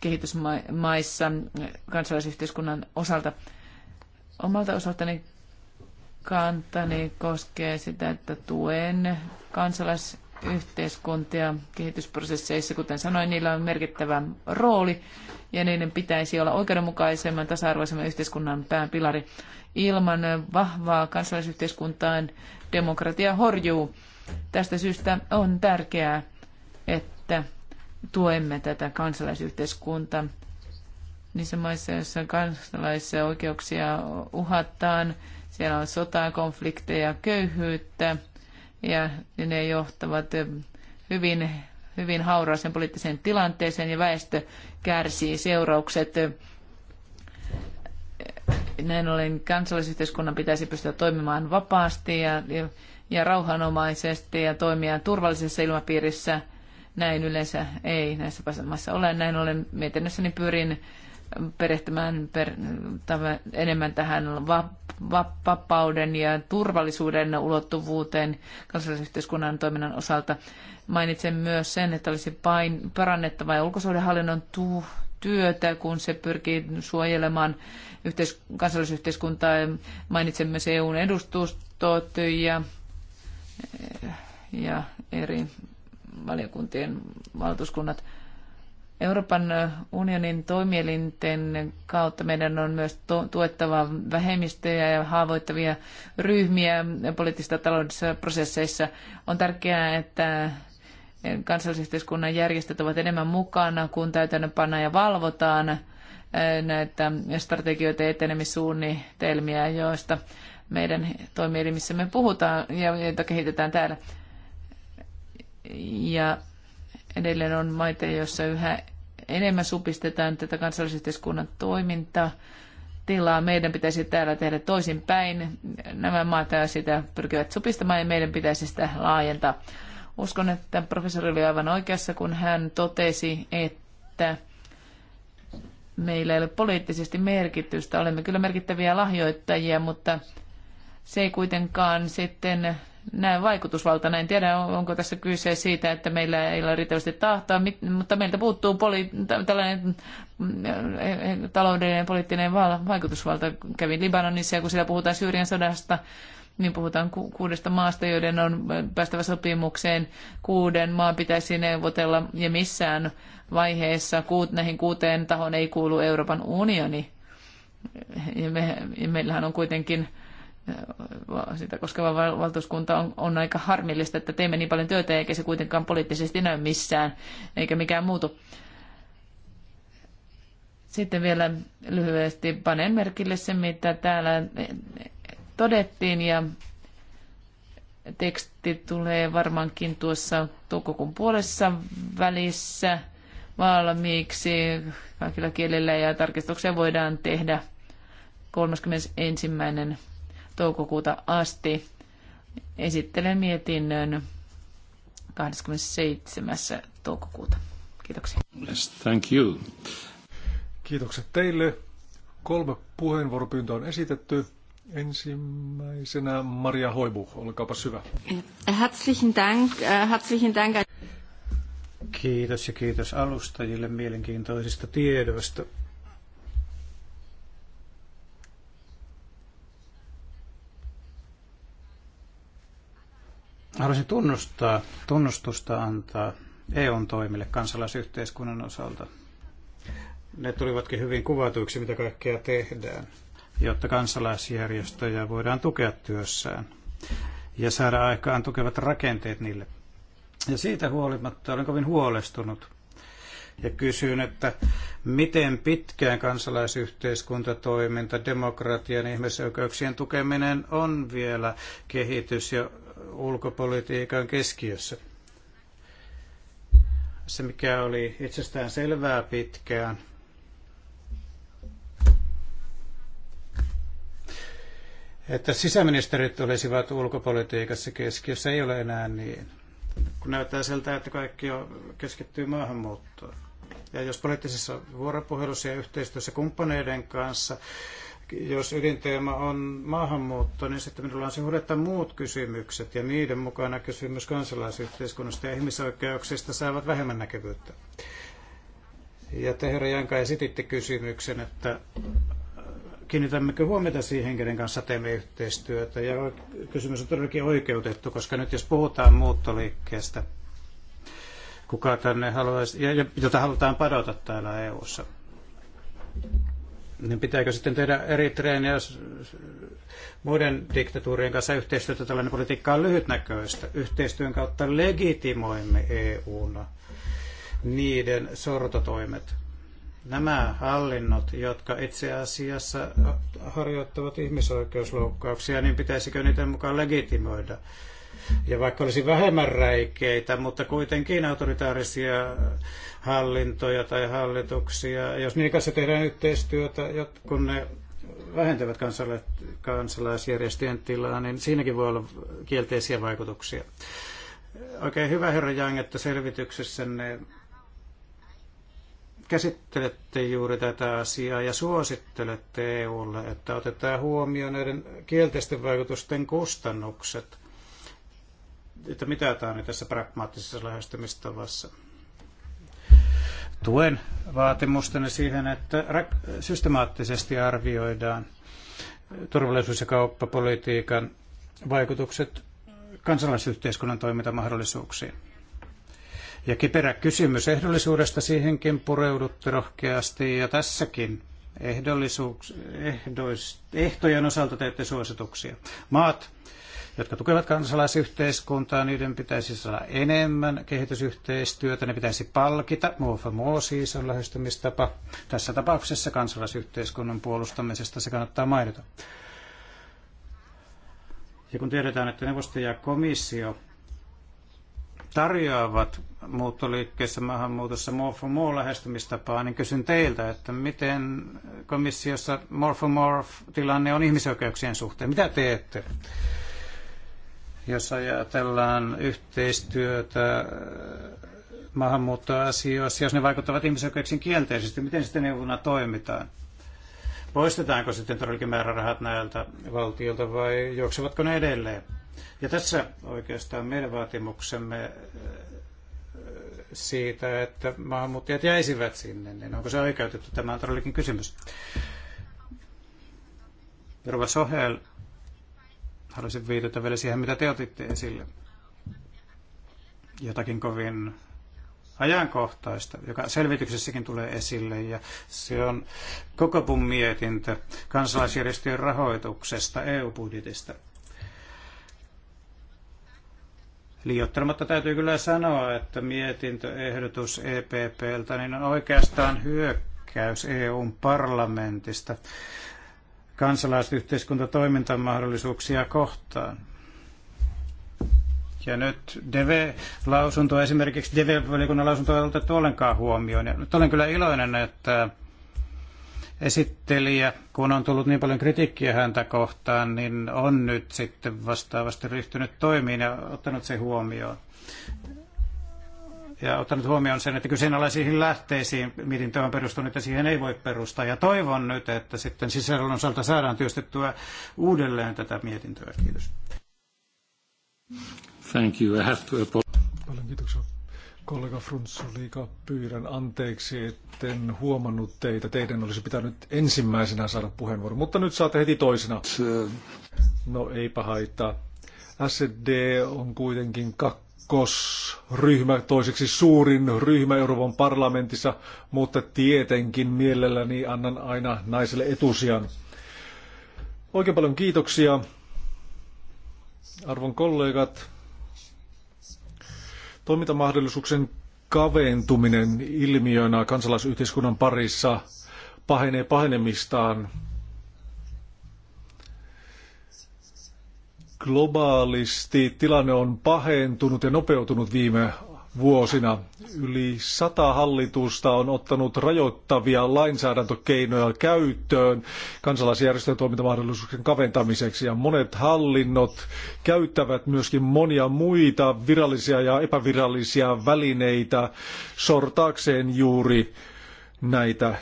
kehitysmaissa mm, kansalaisyhteiskunnan osalta. Omalta osaltani kantani koskee sitä, että tuen kansalais yhteiskuntia kehitysprosesseissa. Kuten sanoin, niillä on merkittävä rooli ja niiden pitäisi olla oikeudenmukaisemman, tasa-arvoisemman yhteiskunnan pääpilari. Ilman vahvaa kansalaisyhteiskuntaan demokratia horjuu. Tästä syystä on tärkeää, että tuemme tätä kansalaisyhteiskuntaa. Niissä maissa, joissa oikeuksia uhataan, siellä on sotaa, konflikteja, köyhyyttä, ja ne johtavat hyvin, hyvin hauraaseen poliittiseen tilanteeseen ja väestö kärsii seuraukset. Näin ollen kansallisyhteiskunnan pitäisi pystyä toimimaan vapaasti ja, ja, ja rauhanomaisesti ja toimia turvallisessa ilmapiirissä. Näin yleensä ei näissä maissa ole. Näin ollen mietinnössäni pyrin perehtymään per, enemmän tähän va, vapauden ja turvallisuuden ulottuvuuteen kansallisyhteiskunnan toiminnan osalta. Mainitsen myös sen, että olisi pain, parannettava ja ulkosuhdehallinnon tu, työtä, kun se pyrkii suojelemaan yhteis- kansallisyhteiskuntaa. Mainitsen myös EUn edustustot ja, ja eri valiokuntien valtuuskunnat. Euroopan unionin toimielinten kautta meidän on myös tuettava vähemmistöjä ja haavoittavia ryhmiä poliittisissa taloudellisissa prosesseissa. On tärkeää, että kansallisyhteiskunnan järjestöt ovat enemmän mukana, kun täytännöpana ja valvotaan näitä strategioita ja etenemissuunnitelmia, joista meidän toimielimissämme puhutaan ja joita kehitetään täällä. Ja Edelleen on maita, joissa yhä enemmän supistetaan tätä kansallisyhteiskunnan toimintaa tilaa. Meidän pitäisi täällä tehdä toisinpäin. Nämä maat sitä pyrkivät supistamaan ja meidän pitäisi sitä laajentaa. Uskon, että professori oli aivan oikeassa, kun hän totesi, että meillä ei ole poliittisesti merkitystä. Olemme kyllä merkittäviä lahjoittajia, mutta se ei kuitenkaan sitten näin vaikutusvaltana. En tiedä, onko tässä kyse siitä, että meillä ei ole riittävästi tahtoa, mutta meiltä puuttuu poli- tällainen eh, eh, taloudellinen ja poliittinen vaikutusvalta. Kävin Libanonissa ja kun siellä puhutaan Syyrian sodasta, niin puhutaan ku- kuudesta maasta, joiden on päästävä sopimukseen. Kuuden maan pitäisi neuvotella ja missään vaiheessa kuut, näihin kuuteen tahoon ei kuulu Euroopan unioni. Ja, me, ja meillähän on kuitenkin sitä koskeva valtuuskunta on, on aika harmillista, että teemme niin paljon työtä eikä se kuitenkaan poliittisesti näy missään eikä mikään muutu. Sitten vielä lyhyesti panen merkille se, mitä täällä todettiin ja teksti tulee varmaankin tuossa toukokuun puolessa välissä valmiiksi kaikilla kielillä ja tarkistuksia voidaan tehdä 31 toukokuuta asti. Esittelen mietinnön 27. toukokuuta. Kiitoksia. Yes, thank you. Kiitokset teille. Kolme puheenvuoropyyntöä on esitetty. Ensimmäisenä Maria Hoibu, olkaapa hyvä. Herzlichen Dank, äh, herzlichen Dank. Kiitos ja kiitos alustajille mielenkiintoisista tiedoista. Haluaisin tunnustaa, tunnustusta antaa EUn toimille kansalaisyhteiskunnan osalta. Ne tulivatkin hyvin kuvatuiksi, mitä kaikkea tehdään, jotta kansalaisjärjestöjä voidaan tukea työssään ja saada aikaan tukevat rakenteet niille. Ja siitä huolimatta olen kovin huolestunut ja kysyn, että miten pitkään kansalaisyhteiskuntatoiminta, demokratian ja ihmisoikeuksien tukeminen on vielä kehitys- ja ulkopolitiikan keskiössä. Se, mikä oli itsestään selvää pitkään, että sisäministerit olisivat ulkopolitiikassa keskiössä, ei ole enää niin. Kun näyttää siltä, että kaikki on, keskittyy maahanmuuttoon. Ja jos poliittisessa vuoropuhelussa ja yhteistyössä kumppaneiden kanssa jos ydinteema on maahanmuutto, niin sitten minulla on se huudetta muut kysymykset ja niiden mukana kysymys kansalaisyhteiskunnasta ja ihmisoikeuksista saavat vähemmän näkyvyyttä. Ja te herra Janka esititte kysymyksen, että äh, kiinnitämmekö huomiota siihen, kenen kanssa teemme yhteistyötä. Ja kysymys on todellakin oikeutettu, koska nyt jos puhutaan muuttoliikkeestä, kuka tänne haluaisi, ja, jota halutaan padota täällä EU-ssa niin pitääkö sitten tehdä eri ja muiden diktatuurien kanssa yhteistyötä? Tällainen politiikka on lyhytnäköistä. Yhteistyön kautta legitimoimme EUna niiden sortotoimet. Nämä hallinnot, jotka itse asiassa harjoittavat ihmisoikeusloukkauksia, niin pitäisikö niiden mukaan legitimoida? Ja vaikka olisi vähemmän räikeitä, mutta kuitenkin autoritaarisia hallintoja tai hallituksia. Jos niiden kanssa tehdään yhteistyötä, kun ne vähentävät kansalaisjärjestöjen tilaa, niin siinäkin voi olla kielteisiä vaikutuksia. Oikein hyvä herra Jang, että selvityksessänne käsittelette juuri tätä asiaa ja suosittelette EUlle, että otetaan huomioon näiden kielteisten vaikutusten kustannukset, että mitä tämä on tässä pragmaattisessa lähestymistavassa tuen vaatimustani siihen, että systemaattisesti arvioidaan turvallisuus- ja kauppapolitiikan vaikutukset kansalaisyhteiskunnan toimintamahdollisuuksiin. Ja kiperä kysymys ehdollisuudesta siihenkin pureudutte rohkeasti ja tässäkin ehdollisuus, ehdois, ehtojen osalta teette suosituksia. Maat jotka tukevat kansalaisyhteiskuntaa, niiden pitäisi saada enemmän kehitysyhteistyötä, ne pitäisi palkita. more siis on lähestymistapa. Tässä tapauksessa kansalaisyhteiskunnan puolustamisesta se kannattaa mainita. Ja kun tiedetään, että neuvosto ja komissio tarjoavat muuttoliikkeessä maahanmuutossa more for more lähestymistapaa, niin kysyn teiltä, että miten komissiossa more for more tilanne on ihmisoikeuksien suhteen? Mitä teette, jos ajatellaan yhteistyötä äh, maahanmuuttoasioissa, jos ne vaikuttavat ihmisoikeuksiin kielteisesti, miten sitten neuvona toimitaan? Poistetaanko sitten todellakin määrärahat näiltä valtiolta vai juoksevatko ne edelleen? Ja tässä oikeastaan meidän vaatimuksemme äh, siitä, että maahanmuuttajat jäisivät sinne, niin onko se oikeutettu? Tämä on todellakin kysymys. Rova Sohel Haluaisin viitata vielä siihen, mitä te otitte esille. Jotakin kovin ajankohtaista, joka selvityksessäkin tulee esille, ja se on koko pun mietintö kansalaisjärjestöjen rahoituksesta EU-budjetista. Liiottelematta täytyy kyllä sanoa, että mietintöehdotus EPPltä niin on oikeastaan hyökkäys EUn parlamentista toimintamahdollisuuksia kohtaan. Ja nyt DEVE-lausunto, esimerkiksi DEVE-valiokunnan lausunto ei otettu ollenkaan huomioon. Ja nyt olen kyllä iloinen, että esittelijä, kun on tullut niin paljon kritiikkiä häntä kohtaan, niin on nyt sitten vastaavasti ryhtynyt toimiin ja ottanut se huomioon ja ottanut huomioon sen, että kyseenalaisiin lähteisiin mietintö on perustunut että siihen ei voi perustaa. Ja toivon nyt, että sitten sisällön osalta saadaan työstettyä uudelleen tätä mietintöä. Kiitos. Thank you. I have to Paljon kiitoksia. Kollega Frunzuliika, pyydän anteeksi, etten huomannut teitä. Teidän olisi pitänyt ensimmäisenä saada puheenvuoro, mutta nyt saatte heti toisena. No eipä haittaa. SD on kuitenkin kaksi. KOS-ryhmä, toiseksi suurin ryhmä Euroopan parlamentissa, mutta tietenkin mielelläni annan aina naiselle etusijan. Oikein paljon kiitoksia, arvon kollegat. Toimintamahdollisuuksien kaventuminen ilmiönä kansalaisyhteiskunnan parissa pahenee pahenemistaan globaalisti tilanne on pahentunut ja nopeutunut viime vuosina. Yli sata hallitusta on ottanut rajoittavia lainsäädäntökeinoja käyttöön kansalaisjärjestöjen toimintamahdollisuuksien kaventamiseksi. Ja monet hallinnot käyttävät myöskin monia muita virallisia ja epävirallisia välineitä sortaakseen juuri näitä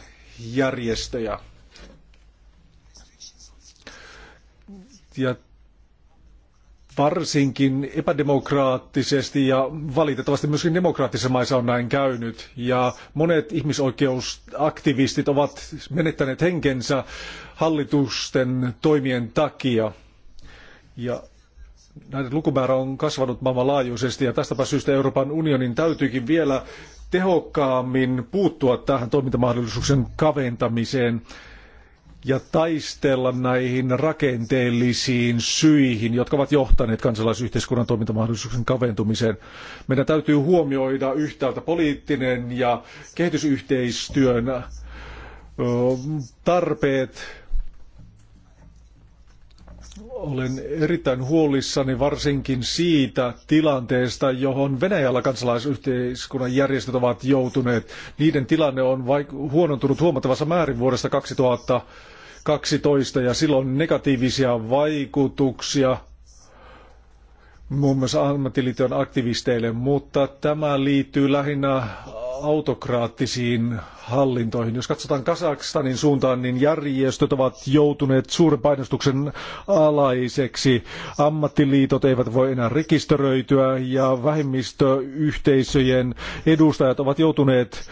järjestöjä. Ja varsinkin epädemokraattisesti ja valitettavasti myöskin demokraattisissa maissa on näin käynyt. Ja monet ihmisoikeusaktivistit ovat menettäneet henkensä hallitusten toimien takia. Ja näiden lukumäärä on kasvanut maailmanlaajuisesti ja tästäpä syystä Euroopan unionin täytyykin vielä tehokkaammin puuttua tähän toimintamahdollisuuksien kaventamiseen ja taistella näihin rakenteellisiin syihin, jotka ovat johtaneet kansalaisyhteiskunnan toimintamahdollisuuksien kaventumiseen. Meidän täytyy huomioida yhtäältä poliittinen ja kehitysyhteistyön tarpeet olen erittäin huolissani varsinkin siitä tilanteesta, johon Venäjällä kansalaisyhteiskunnan järjestöt ovat joutuneet. Niiden tilanne on vaik- huonontunut huomattavassa määrin vuodesta 2012 ja silloin negatiivisia vaikutuksia muun muassa ammattiliiton aktivisteille, mutta tämä liittyy lähinnä autokraattisiin hallintoihin. Jos katsotaan Kazakstanin suuntaan, niin järjestöt ovat joutuneet suuren painostuksen alaiseksi. Ammattiliitot eivät voi enää rekisteröityä ja vähemmistöyhteisöjen edustajat ovat joutuneet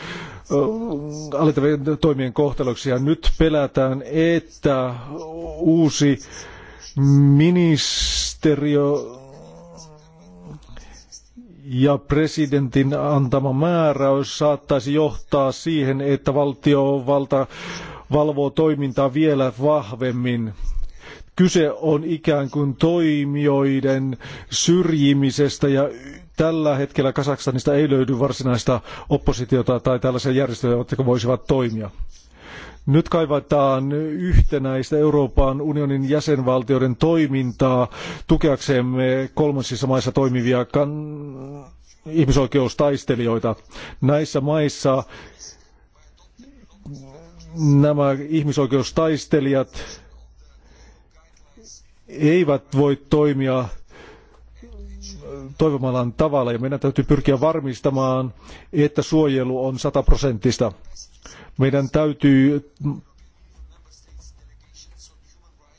alentavien toimien kohtaloksi. Ja nyt pelätään, että uusi ministeriö ja presidentin antama määräys saattaisi johtaa siihen, että valtiovalta valvoo toimintaa vielä vahvemmin. Kyse on ikään kuin toimijoiden syrjimisestä ja tällä hetkellä Kazakstanista ei löydy varsinaista oppositiota tai tällaisia järjestöjä, jotka voisivat toimia. Nyt kaivataan yhtenäistä Euroopan unionin jäsenvaltioiden toimintaa tukeaksemme kolmansissa maissa toimivia kan- ihmisoikeustaistelijoita. Näissä maissa nämä ihmisoikeustaistelijat eivät voi toimia toivomallaan tavalla ja meidän täytyy pyrkiä varmistamaan, että suojelu on sataprosenttista. prosenttista. Meidän täytyy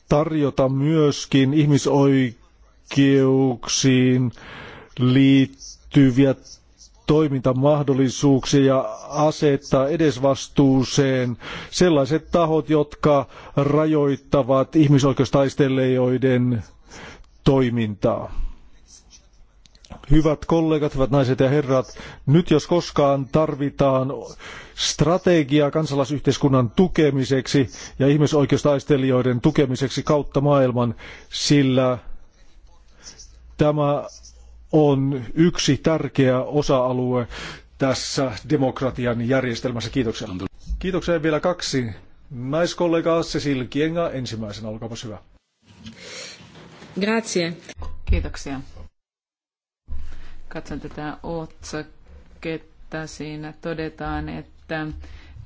tarjota myöskin ihmisoikeuksiin liittyviä toimintamahdollisuuksia ja asettaa edesvastuuseen sellaiset tahot, jotka rajoittavat ihmisoikeustaistelijoiden toimintaa. Hyvät kollegat, hyvät naiset ja herrat, nyt jos koskaan tarvitaan Strategia kansalaisyhteiskunnan tukemiseksi ja ihmisoikeustaistelijoiden tukemiseksi kautta maailman, sillä tämä on yksi tärkeä osa-alue tässä demokratian järjestelmässä. Kiitoksia. Kiitoksia vielä kaksi. Naiskollega Cecil Kienga ensimmäisenä, olkaapas hyvä. Grazie. Kiitoksia. Katson tätä otsaketta. Siinä todetaan, että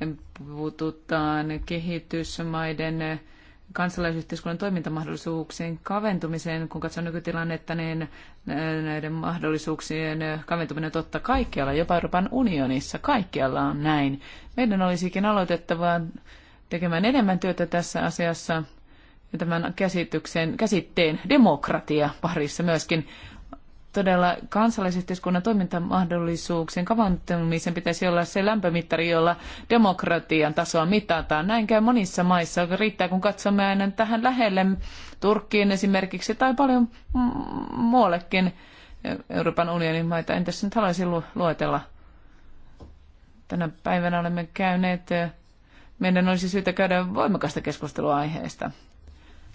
että puututaan kehitysmaiden kansalaisyhteiskunnan toimintamahdollisuuksien kaventumiseen. Kun katsoo nykytilannetta, niin näiden mahdollisuuksien kaventuminen totta kaikkialla, jopa Euroopan unionissa, kaikkialla on näin. Meidän olisikin aloitettava tekemään enemmän työtä tässä asiassa ja tämän käsityksen, käsitteen demokratia parissa myöskin todella kansalaisyhteiskunnan toimintamahdollisuuksien kavantumisen pitäisi olla se lämpömittari, jolla demokratian tasoa mitataan. Näin käy monissa maissa. Riittää, kun katsomme aina tähän lähelle Turkkiin esimerkiksi tai paljon muuallekin Euroopan unionin maita. En tässä nyt haluaisin luetella. Tänä päivänä olemme käyneet, meidän olisi syytä käydä voimakasta keskustelua aiheesta.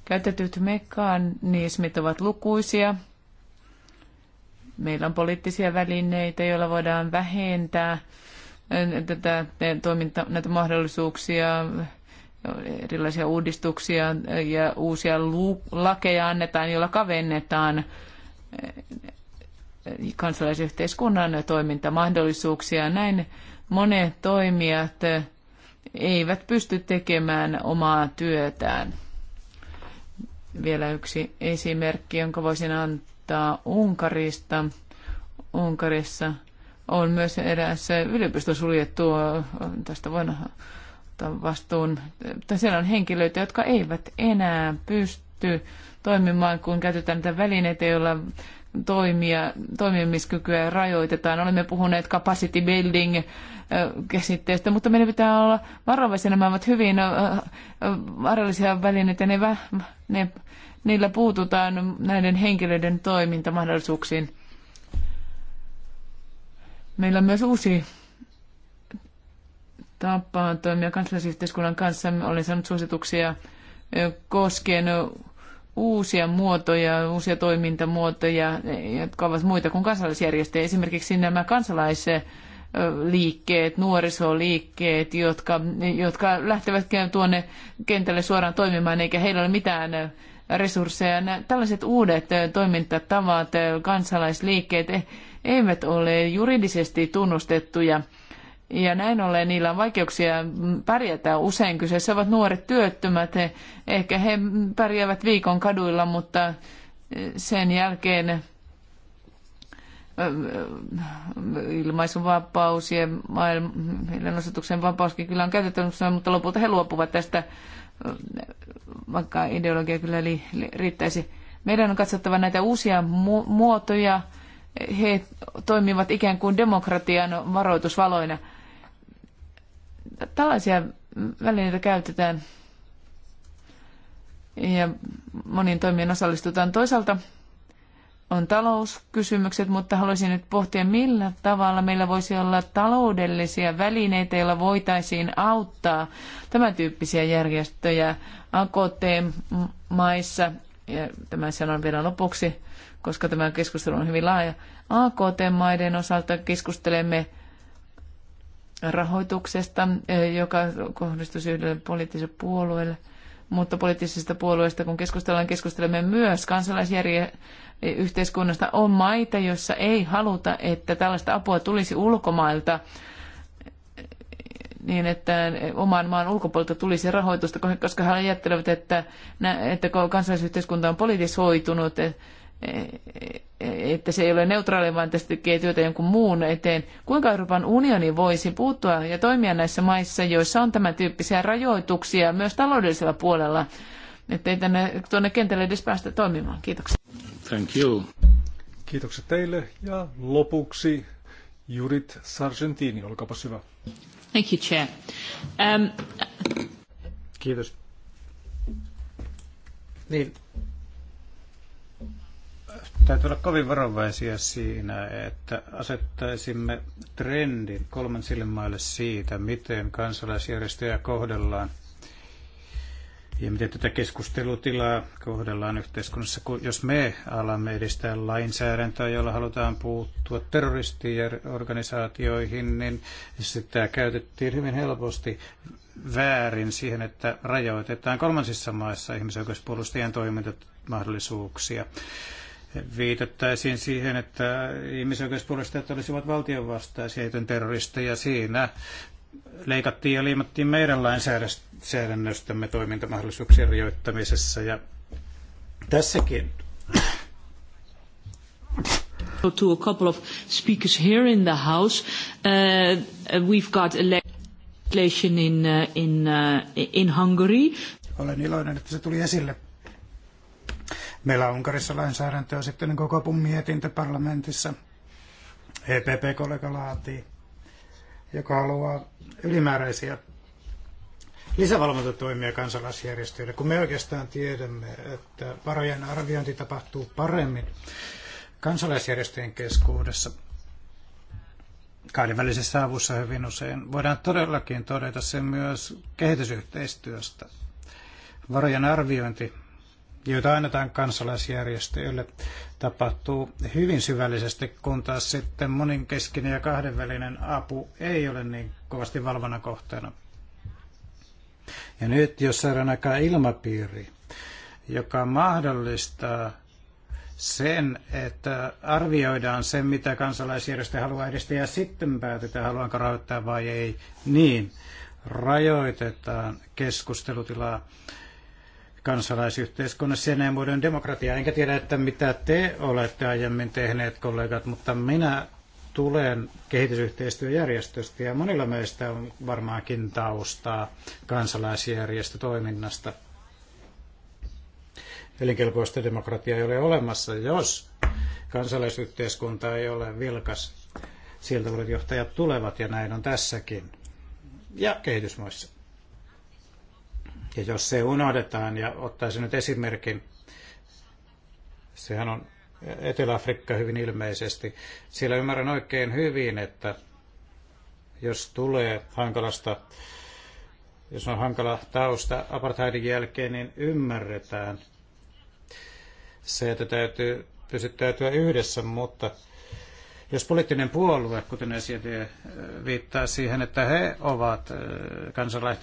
Käytetyt mekanismit ovat lukuisia Meillä on poliittisia välineitä, joilla voidaan vähentää äh, tätä toiminta, näitä mahdollisuuksia, erilaisia uudistuksia äh, ja uusia lakeja annetaan, joilla kavennetaan kansalaisyhteiskunnan toimintamahdollisuuksia. Näin monet toimijat eivät pysty tekemään omaa työtään. Vielä yksi esimerkki, jonka voisin aloittaa Unkarista. Unkarissa on myös eräs yliopisto suljettu, tästä voin vastuun. siellä on henkilöitä, jotka eivät enää pysty toimimaan, kun käytetään näitä välineitä, joilla toimia, toimimiskykyä rajoitetaan. Olemme puhuneet capacity building äh, käsitteestä, mutta meidän pitää olla varovaisia. Nämä ovat hyvin äh, äh, vaarallisia välineitä. Ne, ne niillä puututaan näiden henkilöiden toimintamahdollisuuksiin. Meillä on myös uusi tapa toimia kansalaisyhteiskunnan kanssa. Olen saanut suosituksia koskien uusia muotoja, uusia toimintamuotoja, jotka ovat muita kuin kansalaisjärjestöjä. Esimerkiksi nämä kansalaisliikkeet, nuorisoliikkeet, jotka, jotka lähtevät tuonne kentälle suoraan toimimaan, eikä heillä ole mitään resursseja. Tällaiset uudet toimintatavat, kansalaisliikkeet e, eivät ole juridisesti tunnustettuja. Ja näin ollen niillä on vaikeuksia pärjätä. Usein kyseessä ovat nuoret työttömät. Ehkä he pärjäävät viikon kaduilla, mutta sen jälkeen ilmaisunvapaus ja mielenosoituksen vapauskin kyllä on käytettävissä, mutta lopulta he luopuvat tästä vaikka ideologia kyllä li, li, riittäisi. Meidän on katsottava näitä uusia mu- muotoja. He toimivat ikään kuin demokratian varoitusvaloina. Tällaisia välineitä käytetään ja monin toimiin osallistutaan. Toisaalta on talouskysymykset, mutta haluaisin nyt pohtia, millä tavalla meillä voisi olla taloudellisia välineitä, joilla voitaisiin auttaa tämän tyyppisiä järjestöjä AKT-maissa. Ja tämän sanon vielä lopuksi, koska tämä keskustelu on hyvin laaja. AKT-maiden osalta keskustelemme rahoituksesta, joka kohdistuisi yhdelle poliittiselle puolueelle – mutta poliittisista puolueista, kun keskustellaan, keskustelemme myös kansalaisyhteiskunnasta. On maita, joissa ei haluta, että tällaista apua tulisi ulkomailta niin, että oman maan ulkopuolelta tulisi rahoitusta, koska he ajattelevat, että, että kansalaisyhteiskunta on politisoitunut, E, e, e, että se ei ole neutraali, vaan tästä tekee työtä jonkun muun eteen. Kuinka Euroopan unioni voisi puuttua ja toimia näissä maissa, joissa on tämän tyyppisiä rajoituksia myös taloudellisella puolella, ettei tänne, tuonne kentälle edes päästä toimimaan? Kiitoksia. Thank you. Kiitokset teille ja lopuksi Jurit Sargentini, olkaapa hyvä. Thank you, Chair. Um... Kiitos. Niin, täytyy olla kovin varovaisia siinä, että asettaisimme trendin kolman silmäille siitä, miten kansalaisjärjestöjä kohdellaan ja miten tätä keskustelutilaa kohdellaan yhteiskunnassa, kun jos me alamme edistää lainsäädäntöä, jolla halutaan puuttua terroristiorganisaatioihin, niin sitä käytettiin hyvin helposti väärin siihen, että rajoitetaan kolmansissa maissa ihmisoikeuspuolustajien toimintamahdollisuuksia viitattaisiin siihen, että ihmisoikeuspuolustajat olisivat valtionvastaisia, joten terroristeja siinä leikattiin ja liimattiin meidän lainsäädännöstämme toimintamahdollisuuksien rajoittamisessa. Ja tässäkin to a couple of speakers here in the House. Uh, uh we've got legislation in, uh, in, uh, in Hungary. Olen iloinen, että se tuli esille Meillä on Unkarissa lainsäädäntöä sitten niin koko mietintö parlamentissa. EPP-kollega laatii, joka haluaa ylimääräisiä lisävalvontatoimia kansalaisjärjestöille, kun me oikeastaan tiedämme, että varojen arviointi tapahtuu paremmin kansalaisjärjestöjen keskuudessa. Kahdenvälisessä avussa hyvin usein voidaan todellakin todeta se myös kehitysyhteistyöstä. Varojen arviointi joita annetaan kansalaisjärjestöille, tapahtuu hyvin syvällisesti, kun taas sitten moninkeskinen ja kahdenvälinen apu ei ole niin kovasti valvonnan kohteena. Ja nyt, jos saadaan aika ilmapiiri, joka mahdollistaa sen, että arvioidaan sen, mitä kansalaisjärjestö haluaa edistää, ja sitten päätetään, haluanko rahoittaa vai ei, niin rajoitetaan keskustelutilaa kansalaisyhteiskunnassa ja näin muiden demokratiaa. Enkä tiedä, että mitä te olette aiemmin tehneet, kollegat, mutta minä tulen kehitysyhteistyöjärjestöstä ja monilla meistä on varmaankin taustaa kansalaisjärjestötoiminnasta. Elinkelpoista demokratiaa ei ole olemassa, jos kansalaisyhteiskunta ei ole vilkas. Sieltä uudet johtajat tulevat ja näin on tässäkin ja kehitysmaissa. Ja jos se unohdetaan, ja ottaisin nyt esimerkin, sehän on Etelä-Afrikka hyvin ilmeisesti. Siellä ymmärrän oikein hyvin, että jos tulee hankalasta, jos on hankala tausta apartheidin jälkeen, niin ymmärretään se, että täytyy pysyttäytyä yhdessä, mutta jos poliittinen puolue, kuten SJD, viittaa siihen, että he ovat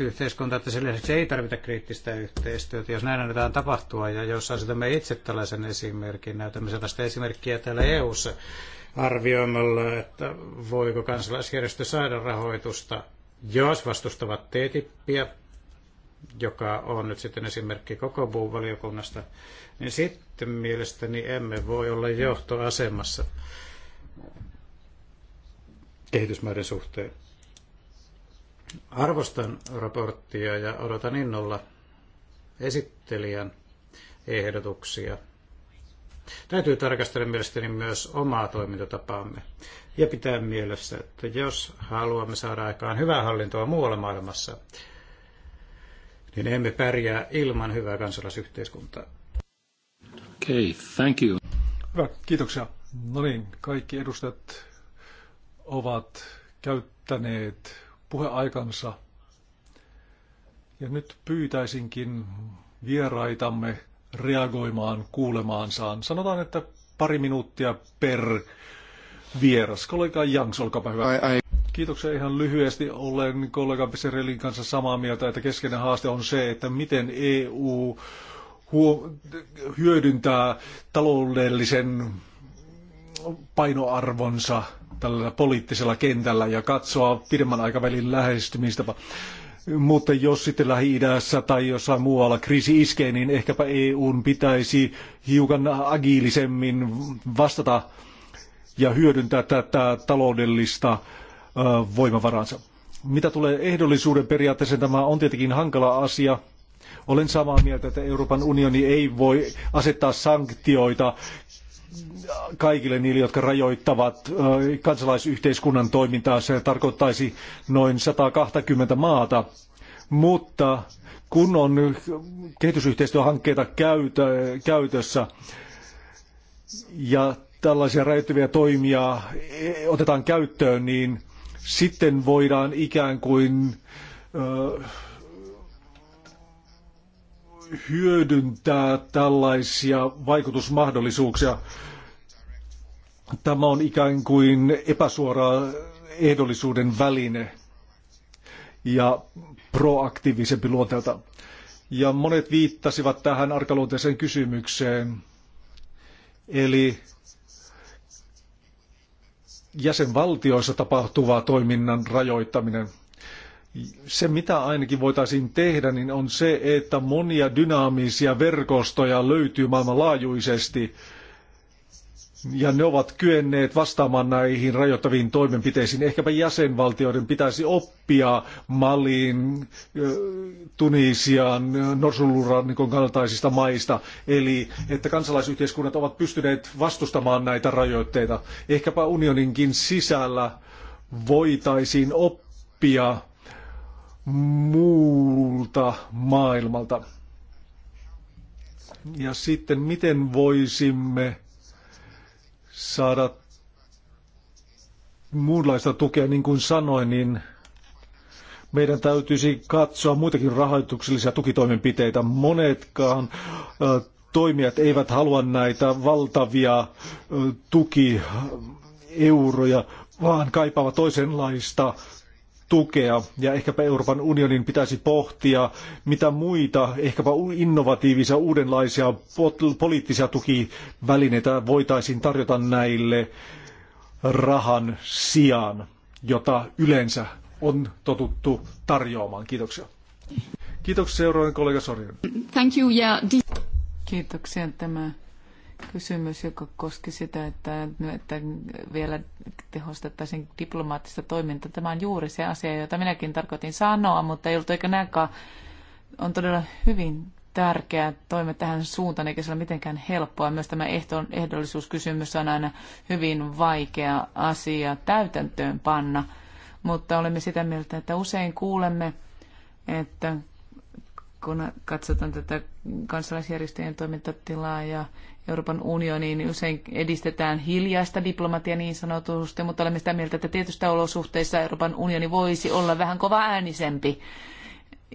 yhteiskunta, että sen lisäksi ei tarvita kriittistä yhteistyötä, jos näin annetaan tapahtua, ja jos asetamme itse tällaisen esimerkin, näytämme sellaista esimerkkiä täällä EU-ssa, arvioimalla, että voiko kansalaisjärjestö saada rahoitusta, jos vastustavat TTIPiä, joka on nyt sitten esimerkki koko muun valiokunnasta, niin sitten mielestäni emme voi olla johtoasemassa kehitysmaiden suhteen. Arvostan raporttia ja odotan innolla esittelijän ehdotuksia. Täytyy tarkastella mielestäni myös omaa toimintatapaamme ja pitää mielessä, että jos haluamme saada aikaan hyvää hallintoa muualla maailmassa, niin emme pärjää ilman hyvää kansalaisyhteiskuntaa. Okay, thank you. Hyvä, kiitoksia. No niin, kaikki edustajat ovat käyttäneet puheaikansa. Ja nyt pyytäisinkin vieraitamme reagoimaan kuulemaansaan. Sanotaan, että pari minuuttia per vieras. Kollega Jans, olkaapa hyvä. Ai, ai. Kiitoksia ihan lyhyesti. Olen kollega Pisserelin kanssa samaa mieltä, että keskeinen haaste on se, että miten EU hyödyntää taloudellisen painoarvonsa tällä poliittisella kentällä ja katsoa pidemmän aikavälin lähestymistapa. Mutta jos sitten Lähi-idässä tai jossain muualla kriisi iskee, niin ehkäpä EUn pitäisi hiukan agiilisemmin vastata ja hyödyntää tätä taloudellista voimavaransa. Mitä tulee ehdollisuuden periaatteeseen, tämä on tietenkin hankala asia. Olen samaa mieltä, että Euroopan unioni ei voi asettaa sanktioita kaikille niille, jotka rajoittavat kansalaisyhteiskunnan toimintaa. Se tarkoittaisi noin 120 maata. Mutta kun on kehitysyhteistyöhankkeita käytö, käytössä ja tällaisia rajoittavia toimia otetaan käyttöön, niin sitten voidaan ikään kuin hyödyntää tällaisia vaikutusmahdollisuuksia. Tämä on ikään kuin epäsuora ehdollisuuden väline ja proaktiivisempi luonteelta. Ja monet viittasivat tähän arkaluonteiseen kysymykseen. Eli jäsenvaltioissa tapahtuvaa toiminnan rajoittaminen. Se, mitä ainakin voitaisiin tehdä, niin on se, että monia dynaamisia verkostoja löytyy maailmanlaajuisesti, ja ne ovat kyenneet vastaamaan näihin rajoittaviin toimenpiteisiin. Ehkäpä jäsenvaltioiden pitäisi oppia Malin, Tunisian, Norsulurannikon kaltaisista maista. Eli että kansalaisyhteiskunnat ovat pystyneet vastustamaan näitä rajoitteita. Ehkäpä unioninkin sisällä voitaisiin oppia muulta maailmalta. Ja sitten miten voisimme saada muunlaista tukea, niin kuin sanoin, niin meidän täytyisi katsoa muitakin rahoituksellisia tukitoimenpiteitä. Monetkaan toimijat eivät halua näitä valtavia tukieuroja, vaan kaipaavat toisenlaista tukea. Ja ehkäpä Euroopan unionin pitäisi pohtia, mitä muita, ehkäpä innovatiivisia, uudenlaisia poliittisia tukivälineitä voitaisiin tarjota näille rahan sijaan, jota yleensä on totuttu tarjoamaan. Kiitoksia. Kiitoksia seuraavan kollega Sorjan. Thank you, yeah. Kiitoksia tämä kysymys, joka koski sitä, että, että vielä tehostettaisiin diplomaattista toimintaa. Tämä on juuri se asia, jota minäkin tarkoitin sanoa, mutta ei ollut eikä näkään. On todella hyvin tärkeää toimia tähän suuntaan, eikä se ole mitenkään helppoa. Myös tämä ehdollisuuskysymys on aina hyvin vaikea asia täytäntöön panna, mutta olemme sitä mieltä, että usein kuulemme, että kun katsotaan tätä kansalaisjärjestöjen toimintatilaa ja Euroopan unioniin niin usein edistetään hiljaista diplomatia niin sanotusti, mutta olemme sitä mieltä, että tietystä olosuhteissa Euroopan unioni voisi olla vähän kova äänisempi.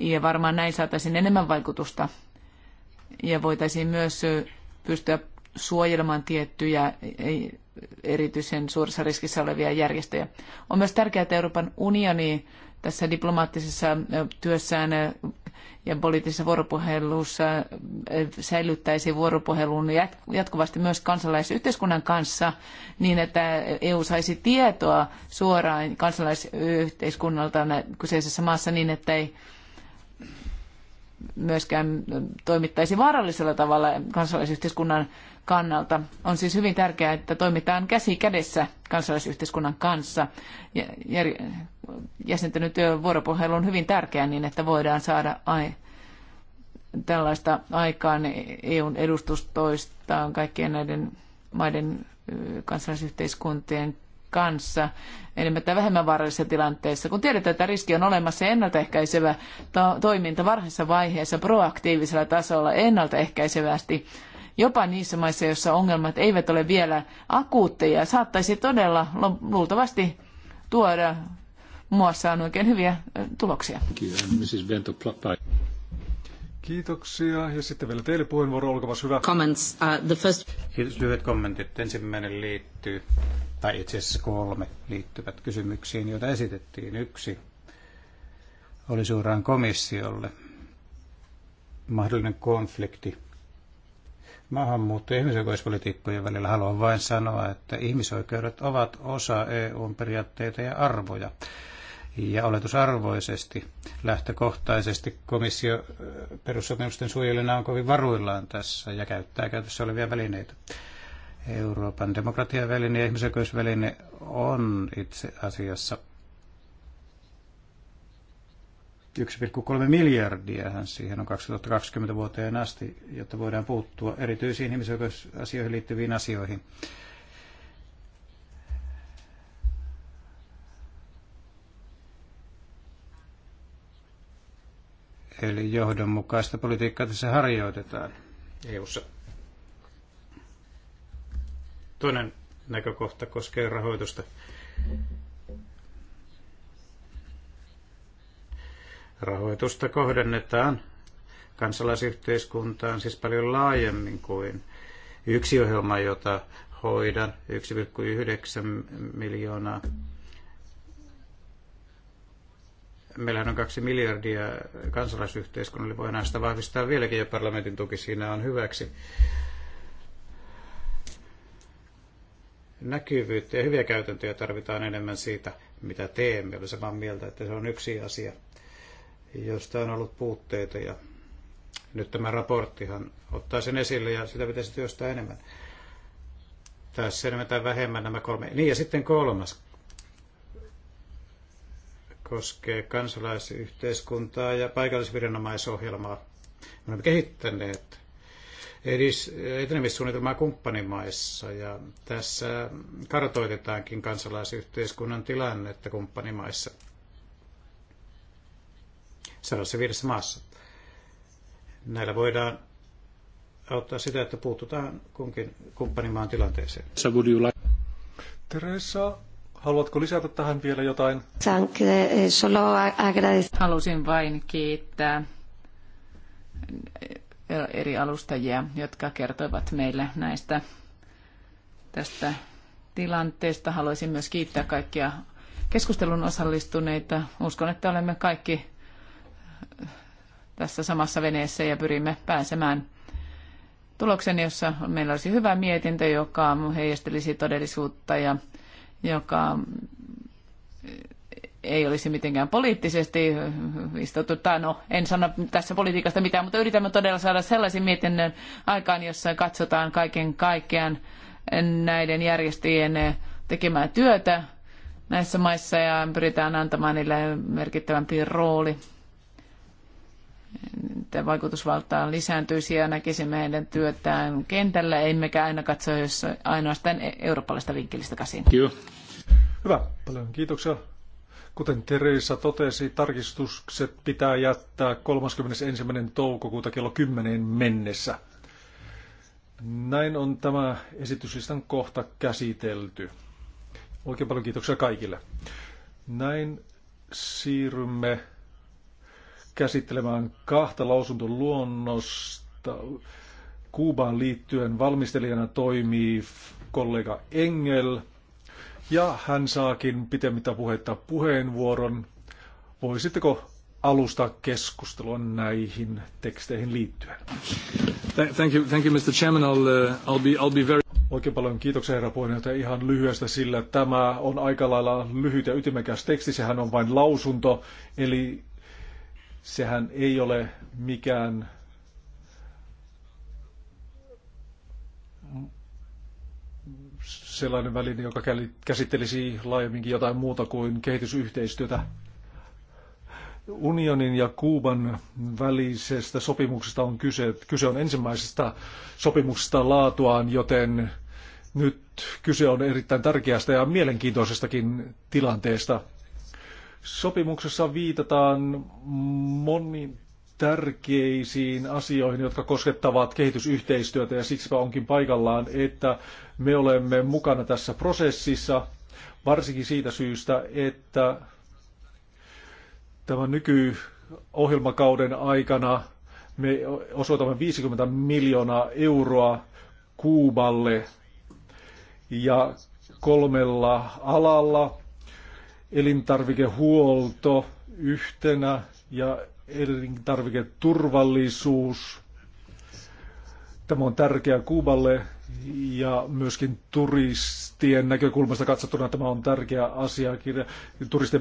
Ja varmaan näin saataisiin enemmän vaikutusta. Ja voitaisiin myös pystyä suojelemaan tiettyjä erityisen suurissa riskissä olevia järjestöjä. On myös tärkeää, että Euroopan unioni tässä diplomaattisessa työssään ja poliittisessa vuoropuhelussa säilyttäisi vuoropuhelun jatkuvasti myös kansalaisyhteiskunnan kanssa niin, että EU saisi tietoa suoraan kansalaisyhteiskunnalta kyseisessä maassa niin, että ei myöskään toimittaisi vaarallisella tavalla kansalaisyhteiskunnan kannalta. On siis hyvin tärkeää, että toimitaan käsi kädessä kansalaisyhteiskunnan kanssa jäsentynyt vuoropuhelu on hyvin tärkeää niin, että voidaan saada ai, tällaista aikaan EUn edustustoistaan kaikkien näiden maiden kansalaisyhteiskuntien kanssa enemmän tai vähemmän vaarallisissa tilanteissa. Kun tiedetään, että riski on olemassa ennaltaehkäisevä to- toiminta varhaisessa vaiheessa proaktiivisella tasolla ennaltaehkäisevästi, jopa niissä maissa, joissa ongelmat eivät ole vielä akuutteja, saattaisi todella luultavasti tuoda muassa on oikein hyviä tuloksia. Kiitoksia. Ja sitten vielä teille puheenvuoro, olkaa hyvä. Comments, uh, the first... Kiitos, lyhyet kommentit. Ensimmäinen liittyy, tai itse asiassa kolme liittyvät kysymyksiin, joita esitettiin. Yksi oli suoraan komissiolle mahdollinen konflikti maahanmuutto- ja ihmisoikeuspolitiikkojen välillä. Haluan vain sanoa, että ihmisoikeudet ovat osa EUn periaatteita ja arvoja. Ja oletusarvoisesti lähtökohtaisesti komissio äh, perussopimusten suojelijana on kovin varuillaan tässä ja käyttää käytössä olevia välineitä. Euroopan demokratiaväline ja ihmisoikeusväline on itse asiassa 1,3 miljardia hän siihen on 2020 vuoteen asti, jotta voidaan puuttua erityisiin ihmisoikeusasioihin liittyviin asioihin. Eli johdonmukaista politiikkaa tässä harjoitetaan EU-ssa. Toinen näkökohta koskee rahoitusta. Rahoitusta kohdennetaan kansalaisyhteiskuntaan siis paljon laajemmin kuin yksi ohjelma, jota hoidan, 1,9 miljoonaa Meillähän on kaksi miljardia kansalaisyhteiskunnalle, voidaan sitä vahvistaa vieläkin ja parlamentin tuki siinä on hyväksi. Näkyvyyttä ja hyviä käytäntöjä tarvitaan enemmän siitä, mitä teemme. Olen samaa mieltä, että se on yksi asia, josta on ollut puutteita ja nyt tämä raporttihan ottaa sen esille ja sitä pitäisi työstää enemmän. Tässä enemmän tai vähemmän nämä kolme. Niin ja sitten kolmas koskee kansalaisyhteiskuntaa ja paikallisviranomaisohjelmaa. Me olemme kehittäneet edis, etenemissuunnitelmaa kumppanimaissa ja tässä kartoitetaankin kansalaisyhteiskunnan tilannetta kumppanimaissa. viidessä maassa. Näillä voidaan auttaa sitä, että puututaan kunkin kumppanimaan tilanteeseen. Teresa, Haluatko lisätä tähän vielä jotain? Eh, Halusin vain kiittää eh, eri alustajia, jotka kertoivat meille näistä tästä tilanteesta. Haluaisin myös kiittää kaikkia keskustelun osallistuneita. Uskon, että olemme kaikki eh, tässä samassa veneessä ja pyrimme pääsemään tuloksen, jossa meillä olisi hyvä mietintö, joka heijastelisi todellisuutta ja joka ei olisi mitenkään poliittisesti istututtaa. No, en sano tässä politiikasta mitään, mutta yritämme todella saada sellaisen mietinnön aikaan, jossa katsotaan kaiken kaikkiaan näiden järjestöjen tekemää työtä näissä maissa ja pyritään antamaan niille merkittävämpi rooli että vaikutusvaltaa lisääntyisi ja näkisimme heidän työtään kentällä, emmekä aina katso jos ainoastaan e- eurooppalaista vinkkelistä käsin. Kiitos. Hyvä, paljon kiitoksia. Kuten Teresa totesi, tarkistukset pitää jättää 31. toukokuuta kello 10 mennessä. Näin on tämä esityslistan kohta käsitelty. Oikein paljon kiitoksia kaikille. Näin siirrymme käsittelemään kahta lausuntoluonnosta. Kuubaan liittyen valmistelijana toimii kollega Engel, ja hän saakin pitemmittä puhetta puheenvuoron. Voisitteko alustaa keskustelua näihin teksteihin liittyen? Thank you, thank you Mr. Chairman. I'll, uh, I'll, be, I'll be very... Oikein paljon kiitoksia herra puheenjohtaja ihan lyhyestä, sillä tämä on aika lailla lyhyt ja ytimekäs teksti. Sehän on vain lausunto, eli Sehän ei ole mikään sellainen väline, joka käsittelisi laajemminkin jotain muuta kuin kehitysyhteistyötä. Unionin ja Kuuban välisestä sopimuksesta on kyse. Kyse on ensimmäisestä sopimuksesta laatuaan, joten nyt kyse on erittäin tärkeästä ja mielenkiintoisestakin tilanteesta. Sopimuksessa viitataan moniin tärkeisiin asioihin, jotka koskettavat kehitysyhteistyötä ja siksipä onkin paikallaan, että me olemme mukana tässä prosessissa, varsinkin siitä syystä, että tämän nykyohjelmakauden aikana me osoitamme 50 miljoonaa euroa Kuuballe ja kolmella alalla elintarvikehuolto yhtenä ja elintarviketurvallisuus. Tämä on tärkeä Kuuballe ja myöskin turistien näkökulmasta katsottuna tämä on tärkeä asiakirja.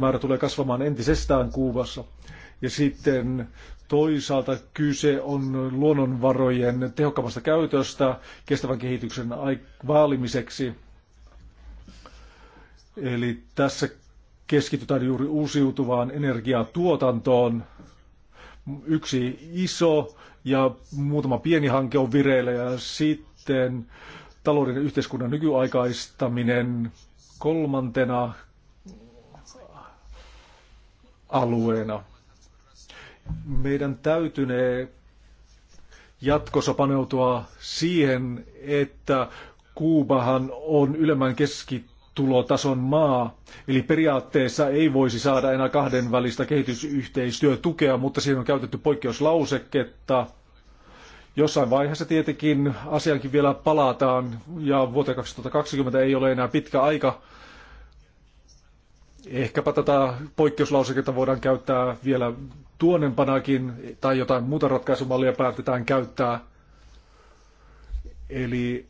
määrä tulee kasvamaan entisestään Kuubassa. Ja sitten toisaalta kyse on luonnonvarojen tehokkaammasta käytöstä kestävän kehityksen vaalimiseksi. Eli tässä keskitytään juuri uusiutuvaan energiatuotantoon. Yksi iso ja muutama pieni hanke on vireillä ja sitten talouden ja yhteiskunnan nykyaikaistaminen kolmantena alueena. Meidän täytynee jatkossa paneutua siihen, että Kuubahan on ylemmän keski tulotason maa. Eli periaatteessa ei voisi saada enää kahdenvälistä kehitysyhteistyötukea, mutta siihen on käytetty poikkeuslauseketta. Jossain vaiheessa tietenkin asiankin vielä palataan ja vuoteen 2020 ei ole enää pitkä aika. Ehkäpä tätä poikkeuslauseketta voidaan käyttää vielä tuonempanakin tai jotain muuta ratkaisumallia päätetään käyttää. Eli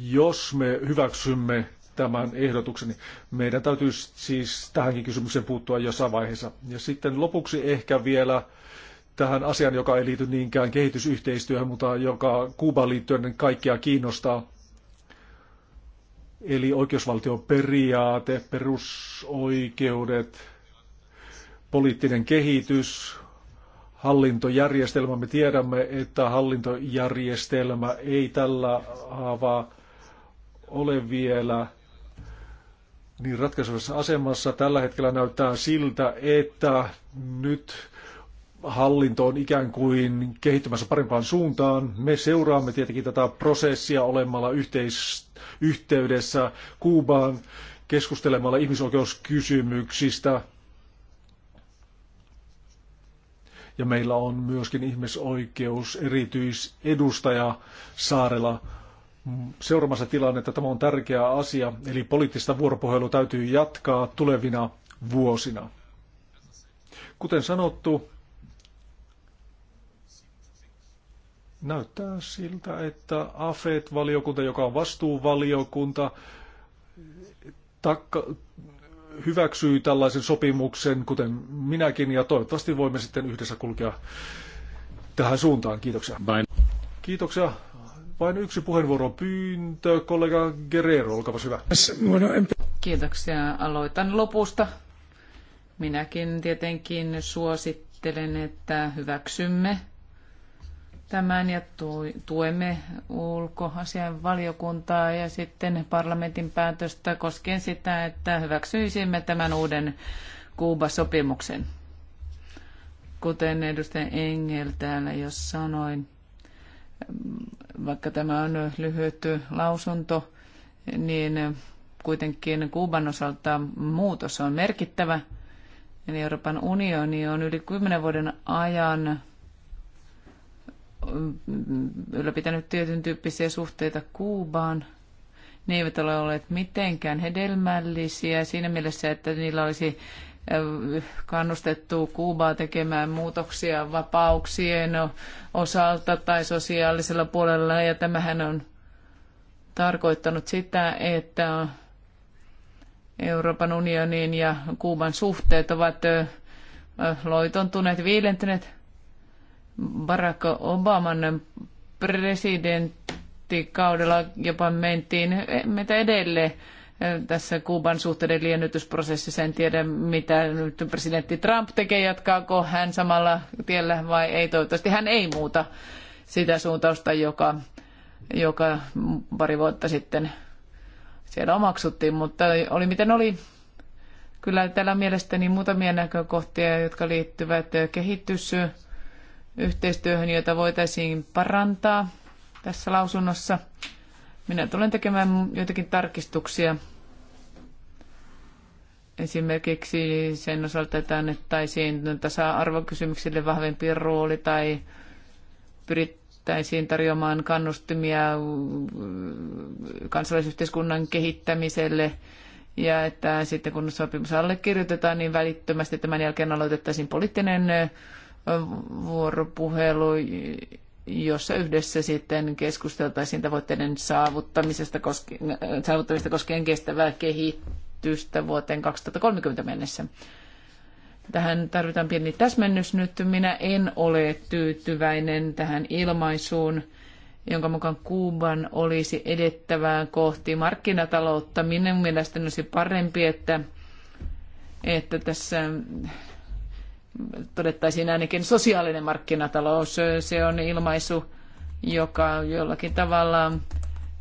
jos me hyväksymme tämän ehdotuksen, niin meidän täytyy siis tähänkin kysymykseen puuttua jossain vaiheessa. Ja sitten lopuksi ehkä vielä tähän asiaan, joka ei liity niinkään kehitysyhteistyöhön, mutta joka Kuuban liittyen kaikkia kiinnostaa. Eli oikeusvaltion periaate, perusoikeudet, poliittinen kehitys, hallintojärjestelmä. Me tiedämme, että hallintojärjestelmä ei tällä haavaa ole vielä niin ratkaisevassa asemassa. Tällä hetkellä näyttää siltä, että nyt hallinto on ikään kuin kehittymässä parempaan suuntaan. Me seuraamme tietenkin tätä prosessia olemalla yhteis- yhteydessä Kuubaan, keskustelemalla ihmisoikeuskysymyksistä. Ja meillä on myöskin ihmisoikeus erityisedustaja saarella seuraamassa tilannetta. Tämä on tärkeä asia, eli poliittista vuoropuhelua täytyy jatkaa tulevina vuosina. Kuten sanottu, näyttää siltä, että AFET-valiokunta, joka on vastuuvaliokunta, takka, hyväksyy tällaisen sopimuksen, kuten minäkin, ja toivottavasti voimme sitten yhdessä kulkea tähän suuntaan. Kiitoksia. Bye. Kiitoksia vain yksi puheenvuoron pyyntö. Kollega Guerrero, olkaa hyvä. Kiitoksia. Aloitan lopusta. Minäkin tietenkin suosittelen, että hyväksymme tämän ja tuemme ulkoasian valiokuntaa ja sitten parlamentin päätöstä koskien sitä, että hyväksyisimme tämän uuden Kuuba-sopimuksen. Kuten edustaja Engel täällä jo sanoin, vaikka tämä on lyhyt lausunto, niin kuitenkin Kuuban osalta muutos on merkittävä. Eli Euroopan unioni on yli kymmenen vuoden ajan ylläpitänyt tietyn tyyppisiä suhteita Kuubaan. Ne eivät ole olleet mitenkään hedelmällisiä siinä mielessä, että niillä olisi kannustettu Kuubaa tekemään muutoksia vapauksien osalta tai sosiaalisella puolella. Ja tämähän on tarkoittanut sitä, että Euroopan unionin ja Kuuban suhteet ovat loitontuneet, viilentyneet. Barack Obaman presidenttikaudella jopa mentiin meitä edelleen tässä Kuuban suhteiden liennytysprosessissa. En tiedä, mitä nyt presidentti Trump tekee, jatkaako hän samalla tiellä vai ei. Toivottavasti hän ei muuta sitä suuntausta, joka, joka pari vuotta sitten siellä omaksuttiin, mutta oli miten oli. Kyllä täällä on mielestäni muutamia näkökohtia, jotka liittyvät kehitysyhteistyöhön, jota voitaisiin parantaa tässä lausunnossa. Minä tulen tekemään joitakin tarkistuksia Esimerkiksi sen osalta, että annettaisiin tasa-arvokysymyksille vahvempi rooli tai pyrittäisiin tarjoamaan kannustimia kansalaisyhteiskunnan kehittämiselle ja että sitten kun sopimus allekirjoitetaan, niin välittömästi tämän jälkeen aloitettaisiin poliittinen vuoropuhelu, jossa yhdessä sitten keskusteltaisiin tavoitteiden saavuttamisesta koskien, saavuttamista koskien kestävää kehittämistä kehitystä vuoteen 2030 mennessä. Tähän tarvitaan pieni täsmennys nyt. Minä en ole tyytyväinen tähän ilmaisuun, jonka mukaan Kuuban olisi edettävää kohti markkinataloutta. Minun mielestäni olisi parempi, että, että tässä todettaisiin ainakin sosiaalinen markkinatalous. Se on ilmaisu, joka jollakin tavalla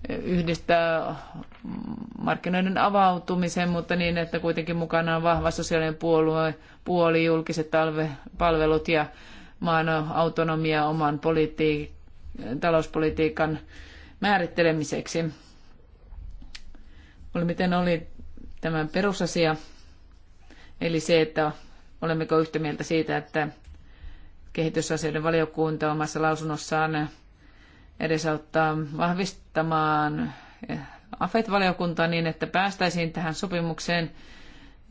yhdistää markkinoiden avautumisen, mutta niin, että kuitenkin mukana on vahva sosiaalinen puolue, puoli, julkiset talve, palvelut ja maan autonomia oman politiik- talouspolitiikan määrittelemiseksi. Oli miten oli tämä perusasia, eli se, että olemmeko yhtä mieltä siitä, että kehitysasioiden valiokunta omassa lausunnossaan edesauttaa vahvistamaan eh, AFET-valiokuntaa niin, että päästäisiin tähän sopimukseen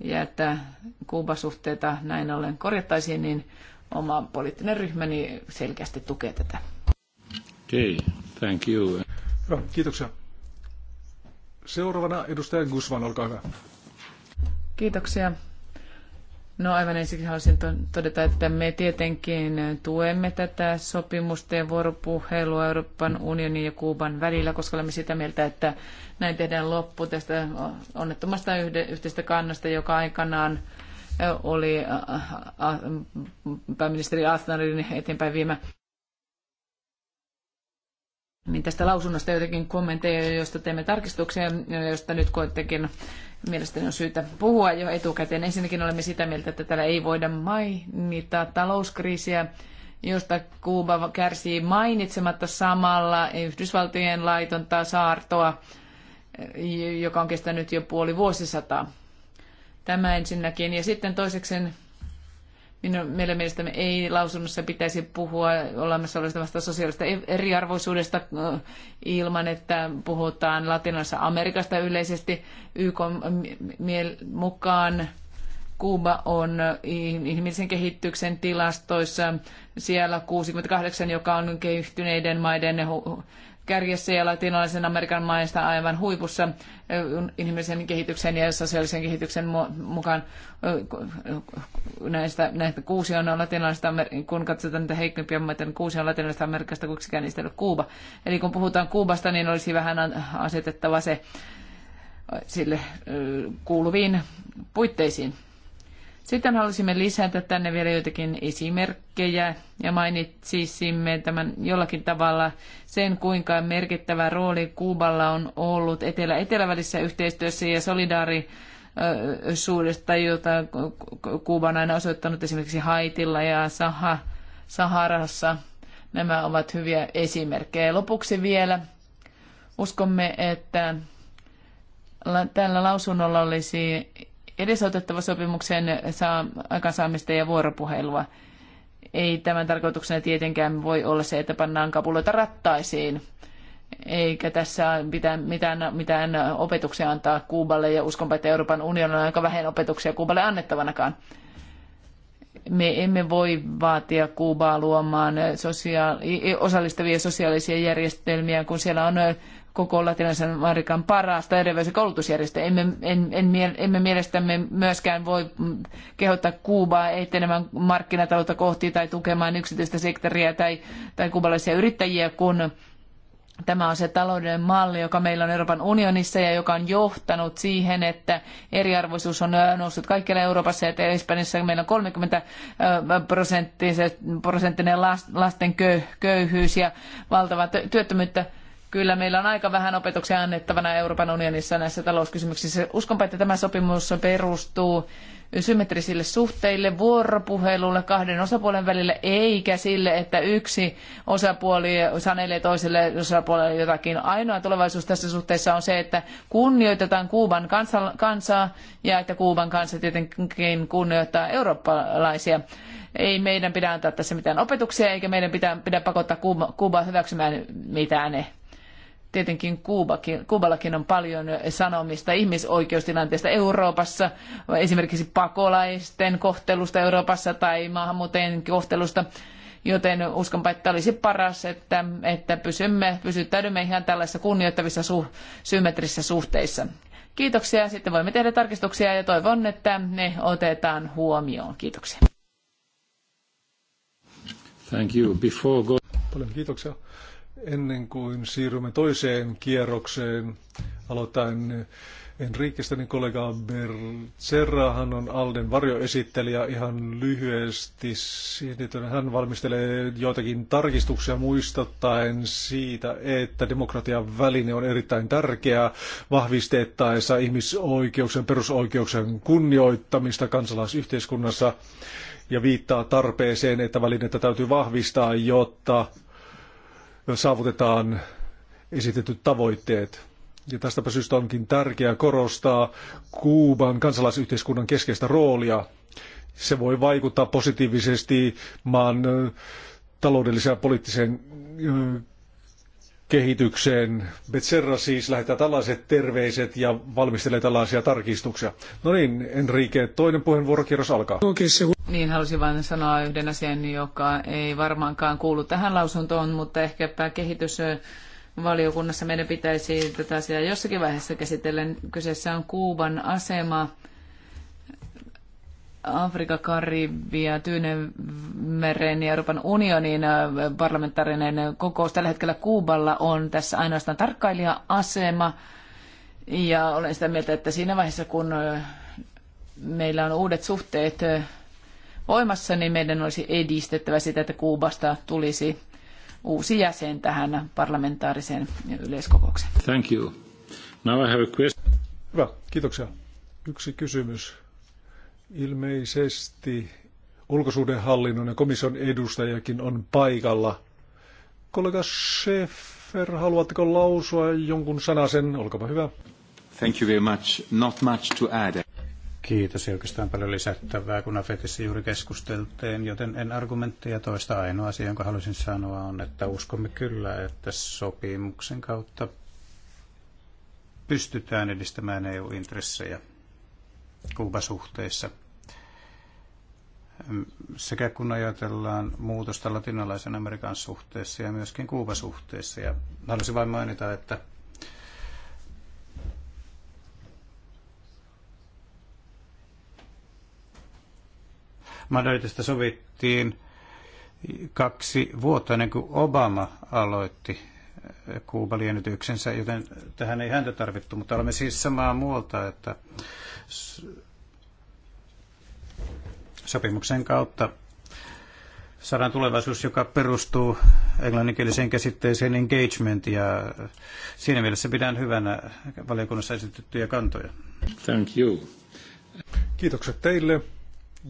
ja että Kuuba-suhteita näin ollen korjattaisiin, niin oma poliittinen ryhmäni selkeästi tukee tätä. Okay, thank you. Hyvä, kiitoksia. Seuraavana edustaja Gusvan, olkaa hyvä. Kiitoksia No aivan ensiksi haluaisin todeta, että me tietenkin tuemme tätä sopimusta ja vuoropuhelua Euroopan unionin ja Kuuban välillä, koska olemme sitä mieltä, että näin tehdään loppu tästä onnettomasta yhteistä kannasta, joka aikanaan oli pääministeri Aznarin eteenpäin viime niin tästä lausunnosta jotenkin kommentteja, joista teemme tarkistuksia, joista nyt kuitenkin mielestäni on syytä puhua jo etukäteen. Ensinnäkin olemme sitä mieltä, että täällä ei voida mainita talouskriisiä, josta Kuuba kärsii mainitsematta samalla Yhdysvaltojen laitonta saartoa, joka on kestänyt jo puoli vuosisataa. Tämä ensinnäkin. Ja sitten toiseksi minun, meidän mielestämme ei lausunnossa pitäisi puhua olemassa olevasta sosiaalista e- eriarvoisuudesta ilman, että puhutaan latinalaisesta Amerikasta yleisesti. YK mukaan Kuuba on ihmisen kehityksen tilastoissa siellä 68, joka on kehittyneiden maiden kärjessä ja latinalaisen Amerikan maista aivan huipussa inhimillisen kehityksen ja sosiaalisen kehityksen mukaan näistä, näistä kuusi on latinalaista, kun katsotaan näitä heikompia maita, niin kuusi on latinalaista Amerikasta, yksikään niistä ei ole Kuuba. Eli kun puhutaan Kuubasta, niin olisi vähän asetettava se sille kuuluviin puitteisiin. Sitten halusimme lisätä tänne vielä joitakin esimerkkejä ja mainitsisimme tämän jollakin tavalla sen, kuinka merkittävä rooli Kuuballa on ollut etelä-etelävälisessä yhteistyössä ja solidaari suudesta, jota Kuuba on aina osoittanut esimerkiksi Haitilla ja Saharassa. Nämä ovat hyviä esimerkkejä. Lopuksi vielä uskomme, että tällä lausunnolla olisi edesautettava sopimuksen saa, aikaansaamista ja vuoropuhelua. Ei tämän tarkoituksena tietenkään voi olla se, että pannaan kapuloita rattaisiin, eikä tässä pitää mitään, mitään opetuksia antaa Kuuballe ja uskonpa, että Euroopan unionilla on aika vähän opetuksia Kuuballe annettavanakaan. Me emme voi vaatia Kuubaa luomaan sosiaali- osallistavia sosiaalisia järjestelmiä, kun siellä on koko latinalaisen Amerikan parasta erilaisen koulutusjärjestöä. Emme, en, en, emme mielestämme myöskään voi kehottaa Kuubaa etenemään markkinataloutta kohti tai tukemaan yksityistä sektoria tai, tai kuubalaisia yrittäjiä, kun tämä on se taloudellinen malli, joka meillä on Euroopan unionissa ja joka on johtanut siihen, että eriarvoisuus on äh, noussut kaikkialla Euroopassa ja Espanjassa meillä on 30 äh, prosenttinen lasten köyhyys ja valtava työttömyyttä Kyllä meillä on aika vähän opetuksia annettavana Euroopan unionissa näissä talouskysymyksissä. Uskonpa, että tämä sopimus perustuu symmetrisille suhteille, vuoropuhelulle kahden osapuolen välillä, eikä sille, että yksi osapuoli sanelee toiselle osapuolelle jotakin. Ainoa tulevaisuus tässä suhteessa on se, että kunnioitetaan Kuuban kansaa ja että Kuuban kansa tietenkin kunnioittaa eurooppalaisia. Ei meidän pidä antaa tässä mitään opetuksia, eikä meidän pidä, pidä pakottaa Kuuba, Kuubaa hyväksymään mitään. Ne Tietenkin Kuubakin, Kuuballakin on paljon sanomista ihmisoikeustilanteesta Euroopassa, esimerkiksi pakolaisten kohtelusta Euroopassa tai maahanmuuttajien kohtelusta joten uskonpa, että olisi paras, että, että pysymme, pysyttäydymme ihan tällaisissa kunnioittavissa su, symmetrisissä suhteissa. Kiitoksia. Sitten voimme tehdä tarkistuksia ja toivon, että ne otetaan huomioon. Kiitoksia. Thank you. Before go- Paljon kiitoksia ennen kuin siirrymme toiseen kierrokseen, aloitan Enriquestä, niin kollega Bercerra, hän on Alden varjoesittelijä ihan lyhyesti. Hän valmistelee joitakin tarkistuksia muistuttaen siitä, että demokratian väline on erittäin tärkeä vahvistettaessa ihmisoikeuksien, perusoikeuksien kunnioittamista kansalaisyhteiskunnassa ja viittaa tarpeeseen, että välinettä täytyy vahvistaa, jotta saavutetaan esitetyt tavoitteet. Ja tästäpä syystä onkin tärkeää korostaa Kuuban kansalaisyhteiskunnan keskeistä roolia. Se voi vaikuttaa positiivisesti maan taloudelliseen ja poliittiseen kehitykseen. Becerra siis lähettää tällaiset terveiset ja valmistelee tällaisia tarkistuksia. No niin, Enrique, toinen puheenvuorokierros alkaa. Niin, halusin vain sanoa yhden asian, joka ei varmaankaan kuulu tähän lausuntoon, mutta ehkäpä kehitys valiokunnassa meidän pitäisi tätä asiaa jossakin vaiheessa käsitellä. Kyseessä on Kuuban asema Afrika, Karibia, Tyynemeren ja Euroopan unionin äh, parlamentaarinen kokous. Tällä hetkellä Kuuballa on tässä ainoastaan tarkkailija-asema. Ja olen sitä mieltä, että siinä vaiheessa, kun äh, meillä on uudet suhteet äh, voimassa, niin meidän olisi edistettävä sitä, että Kuubasta tulisi uusi jäsen tähän parlamentaariseen yleiskokoukseen. Thank you. Now I have a question. Hyvä, kiitoksia. Yksi kysymys Ilmeisesti ulkosuhdehallinnon ja komission edustajakin on paikalla. Kollega Schäfer, haluatteko lausua jonkun sanasen? Olkaapa hyvä. Thank you very much. Not much to add. Kiitos, ei oikeastaan paljon lisättävää, kun Afetissa juuri keskusteltiin, joten en argumentteja toista. Ainoa asia, jonka halusin sanoa, on, että uskomme kyllä, että sopimuksen kautta pystytään edistämään EU-intressejä Kuubasuhteissa. Sekä kun ajatellaan muutosta latinalaisen Amerikan suhteessa ja myöskin Kuubasuhteessa. Ja haluaisin vain mainita, että Madridista sovittiin kaksi vuotta ennen kuin Obama aloitti Kuuba liennytyksensä, joten tähän ei häntä tarvittu, mutta olemme siis samaa muolta, että sopimuksen kautta saadaan tulevaisuus, joka perustuu englanninkieliseen käsitteeseen engagement, ja siinä mielessä pidän hyvänä valiokunnassa esitettyjä kantoja. Thank you. Kiitokset teille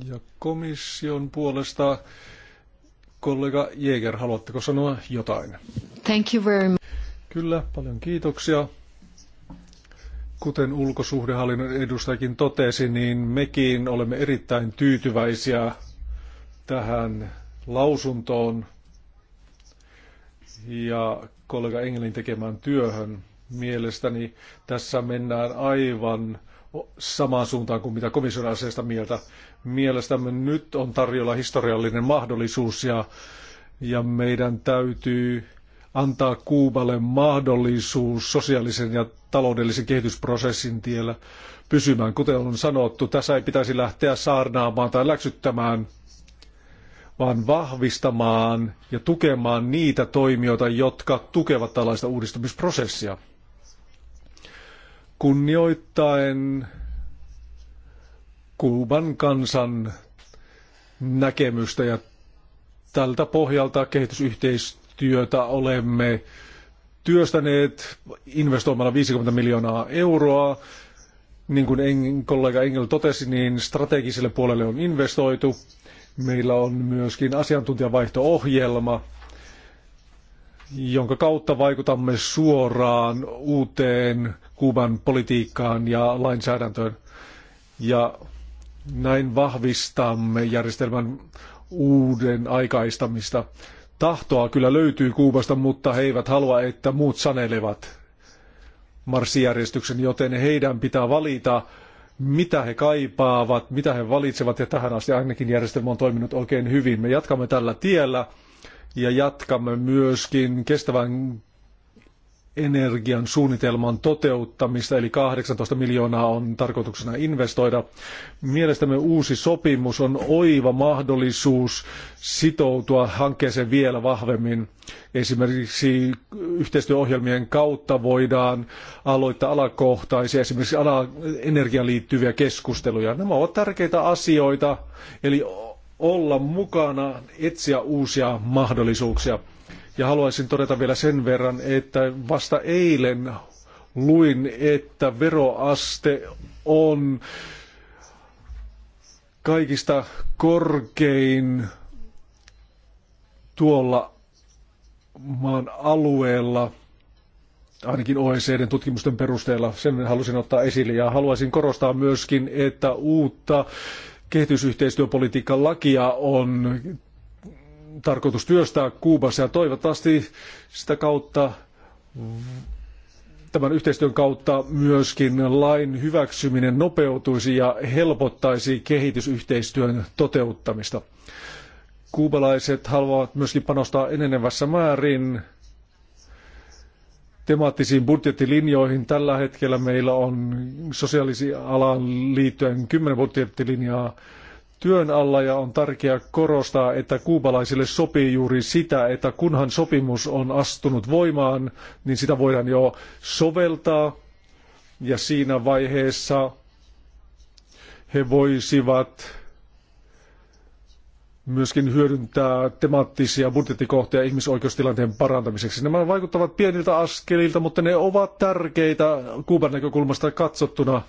ja komission puolesta Kollega Jäger, haluatteko sanoa jotain? Thank you very much. Kyllä, paljon kiitoksia. Kuten ulkosuhdehallinnon edustajakin totesi, niin mekin olemme erittäin tyytyväisiä tähän lausuntoon ja kollega Engelin tekemään työhön. Mielestäni tässä mennään aivan samaan suuntaan kuin mitä komission asiasta mieltä. Mielestämme nyt on tarjolla historiallinen mahdollisuus ja, ja meidän täytyy antaa Kuuballe mahdollisuus sosiaalisen ja taloudellisen kehitysprosessin tiellä pysymään. Kuten on sanottu, tässä ei pitäisi lähteä saarnaamaan tai läksyttämään, vaan vahvistamaan ja tukemaan niitä toimijoita, jotka tukevat tällaista uudistumisprosessia kunnioittaen Kuuban kansan näkemystä ja tältä pohjalta kehitysyhteistyötä olemme työstäneet investoimalla 50 miljoonaa euroa. Niin kuin kollega Engel totesi, niin strategiselle puolelle on investoitu. Meillä on myöskin asiantuntijavaihto-ohjelma, jonka kautta vaikutamme suoraan uuteen Kuuban politiikkaan ja lainsäädäntöön. Ja näin vahvistamme järjestelmän uuden aikaistamista. Tahtoa kyllä löytyy Kuubasta, mutta he eivät halua, että muut sanelevat marssijärjestyksen, joten heidän pitää valita, mitä he kaipaavat, mitä he valitsevat, ja tähän asti ainakin järjestelmä on toiminut oikein hyvin. Me jatkamme tällä tiellä ja jatkamme myöskin kestävän energian suunnitelman toteuttamista, eli 18 miljoonaa on tarkoituksena investoida. Mielestämme uusi sopimus on oiva mahdollisuus sitoutua hankkeeseen vielä vahvemmin. Esimerkiksi yhteistyöohjelmien kautta voidaan aloittaa alakohtaisia, esimerkiksi ala energiaan liittyviä keskusteluja. Nämä ovat tärkeitä asioita, eli olla mukana, etsiä uusia mahdollisuuksia. Ja haluaisin todeta vielä sen verran, että vasta eilen luin, että veroaste on kaikista korkein tuolla maan alueella, ainakin OECDn tutkimusten perusteella. Sen halusin ottaa esille ja haluaisin korostaa myöskin, että uutta kehitysyhteistyöpolitiikan lakia on tarkoitus työstää Kuubassa ja toivottavasti sitä kautta tämän yhteistyön kautta myöskin lain hyväksyminen nopeutuisi ja helpottaisi kehitysyhteistyön toteuttamista. Kuubalaiset haluavat myöskin panostaa enenevässä määrin temaattisiin budjettilinjoihin. Tällä hetkellä meillä on sosiaalisialan liittyen 10 budjettilinjaa työn alla ja on tärkeää korostaa, että kuubalaisille sopii juuri sitä, että kunhan sopimus on astunut voimaan, niin sitä voidaan jo soveltaa ja siinä vaiheessa he voisivat myöskin hyödyntää temaattisia budjettikohtia ihmisoikeustilanteen parantamiseksi. Nämä vaikuttavat pieniltä askelilta, mutta ne ovat tärkeitä Kuuban näkökulmasta katsottuna.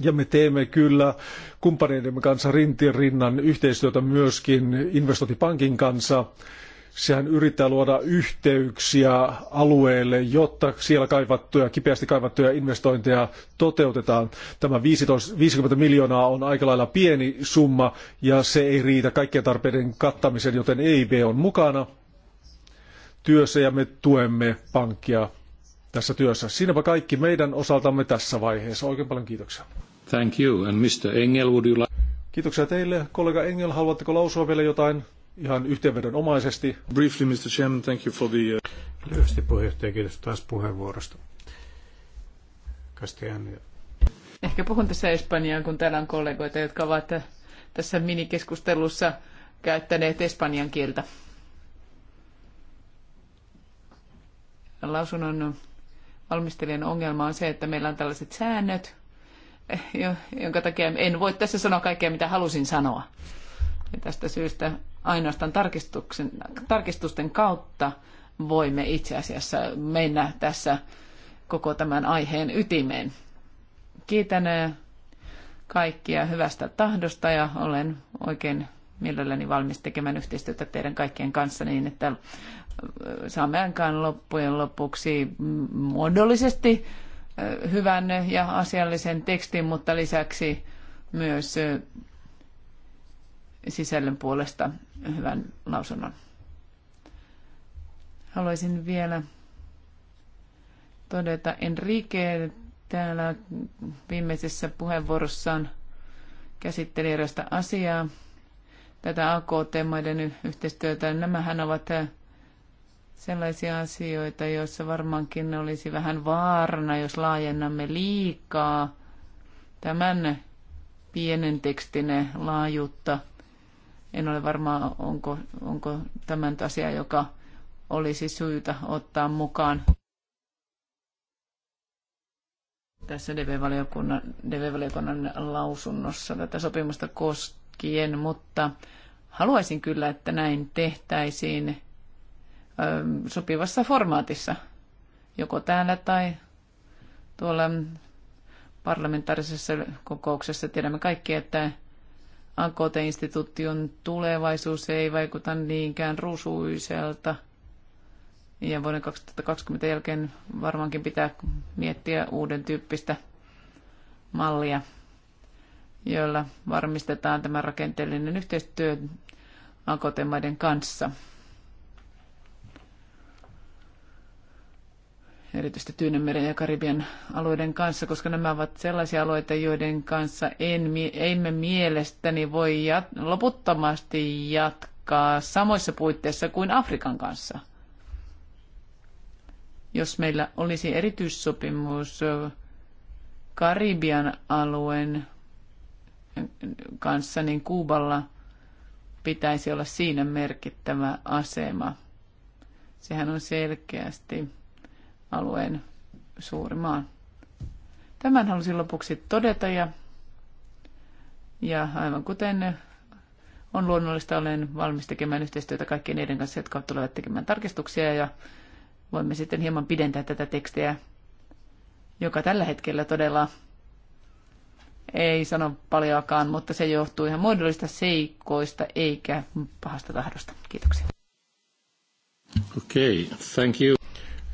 Ja me teemme kyllä kumppaneidemme kanssa rintin rinnan yhteistyötä myöskin investointipankin kanssa sehän yrittää luoda yhteyksiä alueelle, jotta siellä kaivattuja, kipeästi kaivattuja investointeja toteutetaan. Tämä 15, 50 miljoonaa on aika lailla pieni summa ja se ei riitä kaikkien tarpeiden kattamiseen, joten EIB on mukana työssä ja me tuemme pankkia tässä työssä. Siinäpä kaikki meidän osaltamme tässä vaiheessa. Oikein paljon kiitoksia. Thank you. And Mr. Engel, would you like... Kiitoksia teille. Kollega Engel, haluatteko lausua vielä jotain? ihan yhteenvedonomaisesti. Briefly, Mr. Chairman, thank you for the... Uh, Lyhyesti puheenjohtaja, kiitos taas puheenvuorosta. Kastian. Ehkä puhun tässä Espanjaa, kun täällä on kollegoita, jotka ovat tässä minikeskustelussa käyttäneet espanjan kieltä. Lausunnon valmistelijan ongelma on se, että meillä on tällaiset säännöt, jonka takia en voi tässä sanoa kaikkea, mitä halusin sanoa. Ja tästä syystä ainoastaan tarkistuksen, tarkistusten kautta voimme itse asiassa mennä tässä koko tämän aiheen ytimeen. Kiitän eh, kaikkia hyvästä tahdosta ja olen oikein mielelläni valmis tekemään yhteistyötä teidän kaikkien kanssa niin, että eh, saamme aikaan loppujen lopuksi muodollisesti eh, hyvän ja asiallisen tekstin, mutta lisäksi myös sisällön puolesta hyvän lausunnon. Haluaisin vielä todeta Enrique täällä viimeisessä puheenvuorossaan käsitteli erästä asiaa, tätä AKT-maiden yhteistyötä. Nämähän ovat sellaisia asioita, joissa varmaankin olisi vähän vaarana, jos laajennamme liikaa tämän pienen tekstin laajuutta – en ole varma, onko, onko tämän asia, joka olisi syytä ottaa mukaan tässä DV-valiokunnan, DV-valiokunnan lausunnossa tätä sopimusta koskien, mutta haluaisin kyllä, että näin tehtäisiin ähm, sopivassa formaatissa, joko täällä tai tuolla parlamentaarisessa kokouksessa. Tiedämme kaikki, että AKT-instituution tulevaisuus ei vaikuta niinkään rusuiselta. Ja vuoden 2020 jälkeen varmaankin pitää miettiä uuden tyyppistä mallia, joilla varmistetaan tämä rakenteellinen yhteistyö AKT-maiden kanssa. erityisesti Tyynemeren ja Karibian alueiden kanssa, koska nämä ovat sellaisia alueita, joiden kanssa en, emme mielestäni voi jat- loputtomasti jatkaa samoissa puitteissa kuin Afrikan kanssa. Jos meillä olisi erityissopimus Karibian alueen kanssa, niin Kuuballa pitäisi olla siinä merkittävä asema. Sehän on selkeästi alueen suurimaan. Tämän halusin lopuksi todeta ja, ja aivan kuten on luonnollista, olen valmis tekemään yhteistyötä kaikkien niiden kanssa, jotka tulevat tekemään tarkistuksia ja voimme sitten hieman pidentää tätä tekstiä, joka tällä hetkellä todella ei sano paljoakaan, mutta se johtuu ihan muodollista seikoista eikä pahasta tahdosta. Kiitoksia. Okay, thank you.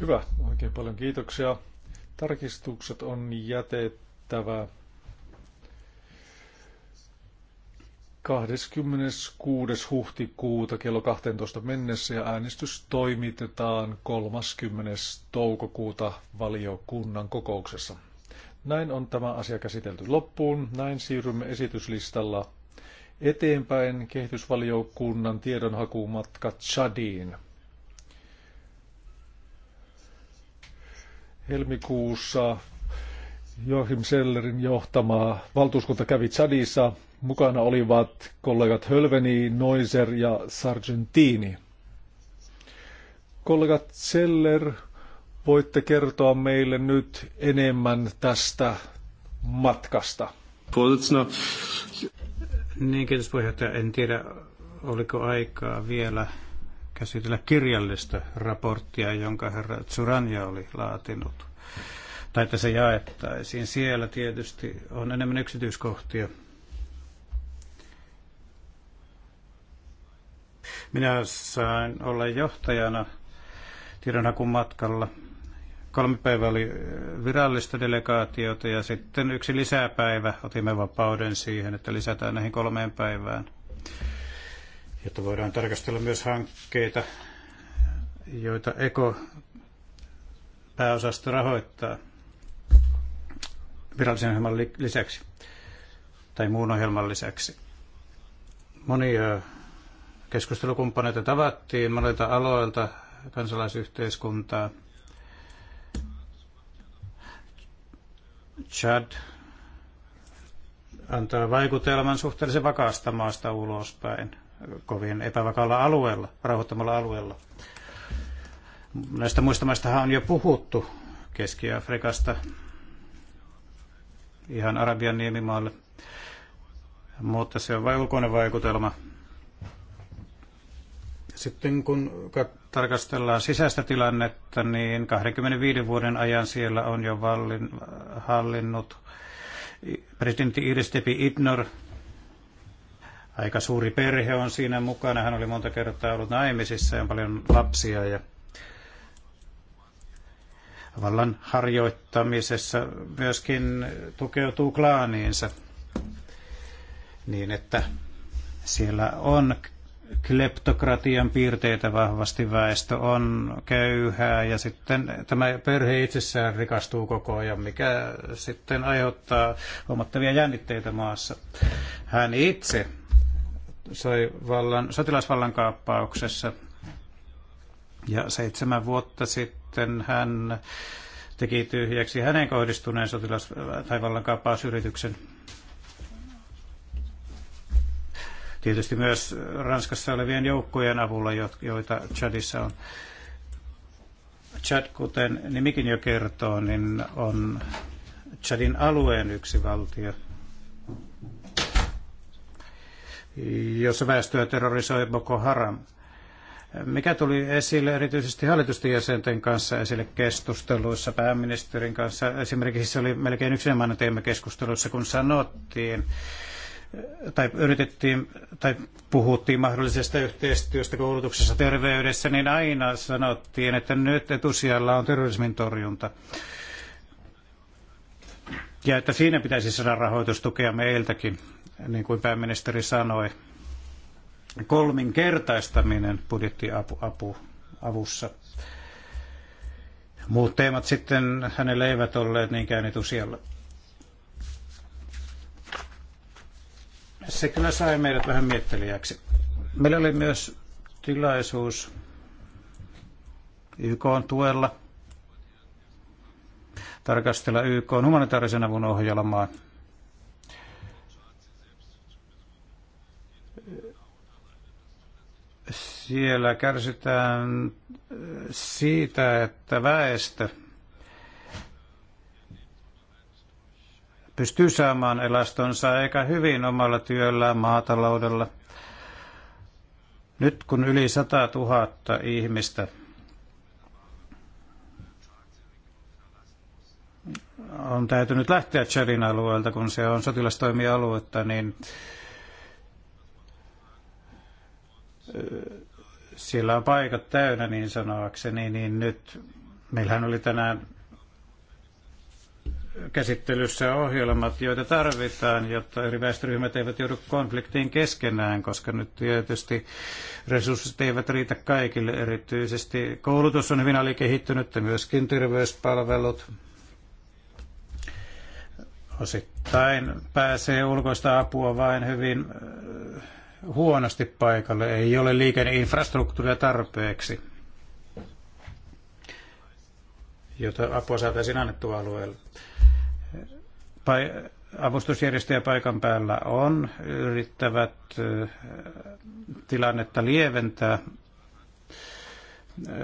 Hyvä, oikein paljon kiitoksia. Tarkistukset on jätettävä 26. huhtikuuta kello 12 mennessä ja äänestys toimitetaan 30. toukokuuta valiokunnan kokouksessa. Näin on tämä asia käsitelty loppuun. Näin siirrymme esityslistalla eteenpäin kehitysvaliokunnan tiedonhakumatka Chadiin. helmikuussa Joachim Sellerin johtama valtuuskunta kävi Chadissa. Mukana olivat kollegat Hölveni, Noiser ja Sargentini. Kollegat Seller, voitte kertoa meille nyt enemmän tästä matkasta. Niin, kiitos puheenjohtaja. En tiedä, oliko aikaa vielä käsitellä kirjallista raporttia, jonka herra Tsuranja oli laatinut, tai että se jaettaisiin. Siellä tietysti on enemmän yksityiskohtia. Minä sain olla johtajana tiedonhakun matkalla. Kolme päivää oli virallista delegaatiota ja sitten yksi lisäpäivä. Otimme vapauden siihen, että lisätään näihin kolmeen päivään jotta voidaan tarkastella myös hankkeita, joita Eko pääosasto rahoittaa virallisen ohjelman lisäksi tai muun ohjelman lisäksi. Monia keskustelukumppaneita tavattiin monilta aloilta kansalaisyhteiskuntaa. Chad antaa vaikutelman suhteellisen vakaasta maasta ulospäin kovin epävakaalla alueella, rauhoittamalla alueella. Näistä muista maistahan on jo puhuttu Keski-Afrikasta ihan Arabian niemimaalle, mutta se on vain ulkoinen vaikutelma. Sitten kun tarkastellaan sisäistä tilannetta, niin 25 vuoden ajan siellä on jo hallinnut presidentti Tepi Itnor, aika suuri perhe on siinä mukana. Hän oli monta kertaa ollut naimisissa ja on paljon lapsia ja vallan harjoittamisessa myöskin tukeutuu klaaniinsa niin, että siellä on kleptokratian piirteitä vahvasti, väestö on köyhää ja sitten tämä perhe itsessään rikastuu koko ajan, mikä sitten aiheuttaa huomattavia jännitteitä maassa. Hän itse sai vallan, sotilasvallan kaappauksessa. Ja seitsemän vuotta sitten hän teki tyhjäksi hänen kohdistuneen sotilas- tai vallankaappausyrityksen. Tietysti myös Ranskassa olevien joukkojen avulla, joita Chadissa on. Chad, kuten nimikin jo kertoo, niin on Chadin alueen yksi valtio, jossa väestöä terrorisoi Boko Haram. Mikä tuli esille erityisesti hallitusten jäsenten kanssa esille keskusteluissa, pääministerin kanssa? Esimerkiksi se oli melkein yksinomainen teema keskusteluissa, kun sanottiin, tai yritettiin, tai puhuttiin mahdollisesta yhteistyöstä koulutuksessa, terveydessä, niin aina sanottiin, että nyt etusijalla on terrorismin torjunta. Ja että siinä pitäisi saada rahoitustukea meiltäkin niin kuin pääministeri sanoi, kolminkertaistaminen budjettiavussa. Muut teemat sitten hänelle eivät olleet niinkään etusijalla. Se kyllä sai meidät vähän miettelijäksi. Meillä oli myös tilaisuus YK on tuella tarkastella YK on humanitaarisen avun ohjelmaa – Siellä kärsitään äh, siitä, että väestö pystyy saamaan elastonsa eikä hyvin omalla työllään maataloudella. Nyt kun yli 100 000 ihmistä on täytynyt lähteä Chadin alueelta, kun se on sotilastoimialuetta, niin siellä on paikat täynnä niin sanoakseni, niin nyt meillähän oli tänään käsittelyssä ohjelmat, joita tarvitaan, jotta eri väestöryhmät eivät joudu konfliktiin keskenään, koska nyt tietysti resurssit eivät riitä kaikille erityisesti. Koulutus on hyvin alikehittynyt ja myöskin terveyspalvelut. Osittain pääsee ulkoista apua vain hyvin huonosti paikalle, ei ole liikenneinfrastruktuuria tarpeeksi, jota apua saataisiin annettua alueelle. Pa- avustusjärjestöjä paikan päällä on, yrittävät tilannetta lieventää,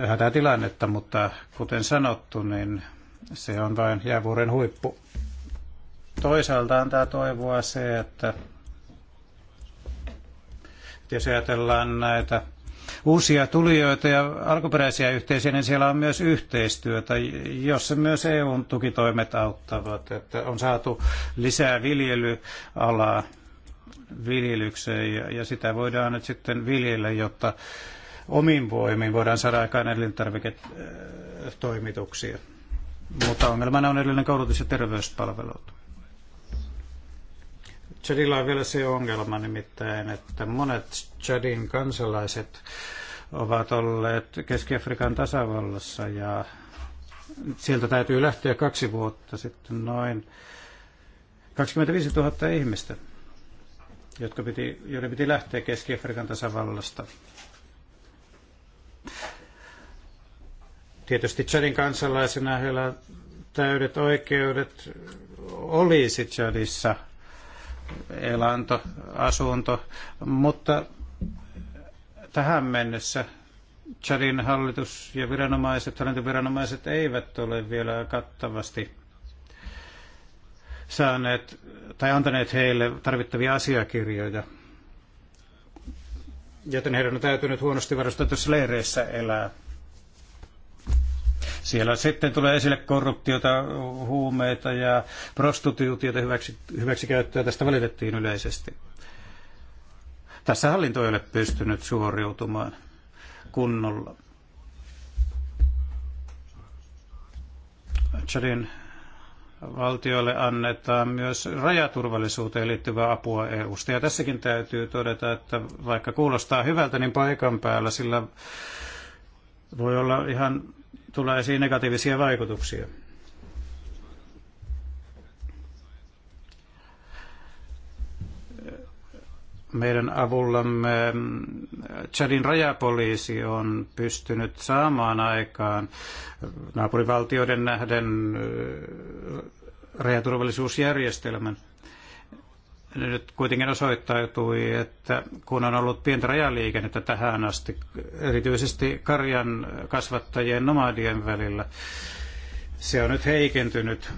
hätätilannetta, mutta kuten sanottu, niin se on vain jäävuoren huippu. Toisaalta antaa toivoa se, että jos ajatellaan näitä uusia tulijoita ja alkuperäisiä yhteisöjä, niin siellä on myös yhteistyötä, jossa myös EUn tukitoimet auttavat. Että on saatu lisää viljelyalaa viljelykseen ja, ja sitä voidaan nyt sitten viljellä, jotta omin voimin voidaan saada aikaan elintarviketoimituksia. Mutta ongelmana on edelleen koulutus- ja terveyspalvelut. Chadilla on vielä se ongelma nimittäin, että monet Chadin kansalaiset ovat olleet Keski-Afrikan tasavallassa ja sieltä täytyy lähteä kaksi vuotta sitten noin 25 000 ihmistä, jotka piti, joiden piti lähteä Keski-Afrikan tasavallasta. Tietysti Chadin kansalaisena heillä täydet oikeudet olisi Chadissa – elanto, asunto, mutta tähän mennessä Chadin hallitus ja viranomaiset, hallintoviranomaiset eivät ole vielä kattavasti saaneet tai antaneet heille tarvittavia asiakirjoja. Joten heidän on täytynyt huonosti varustetussa leireissä elää. Siellä sitten tulee esille korruptiota, huumeita ja prostituutiota hyväksi, hyväksikäyttöä. Tästä valitettiin yleisesti. Tässä hallinto ei ole pystynyt suoriutumaan kunnolla. Chadin valtioille annetaan myös rajaturvallisuuteen liittyvää apua EUsta. Ja tässäkin täytyy todeta, että vaikka kuulostaa hyvältä, niin paikan päällä sillä voi olla ihan tulee esiin negatiivisia vaikutuksia. meidän avullamme Chadin rajapoliisi on pystynyt saamaan aikaan naapurivaltioiden nähden rajaturvallisuusjärjestelmän, nyt kuitenkin osoittautui, että kun on ollut pientä rajaliikennettä tähän asti, erityisesti karjan kasvattajien nomadien välillä, se on nyt heikentynyt.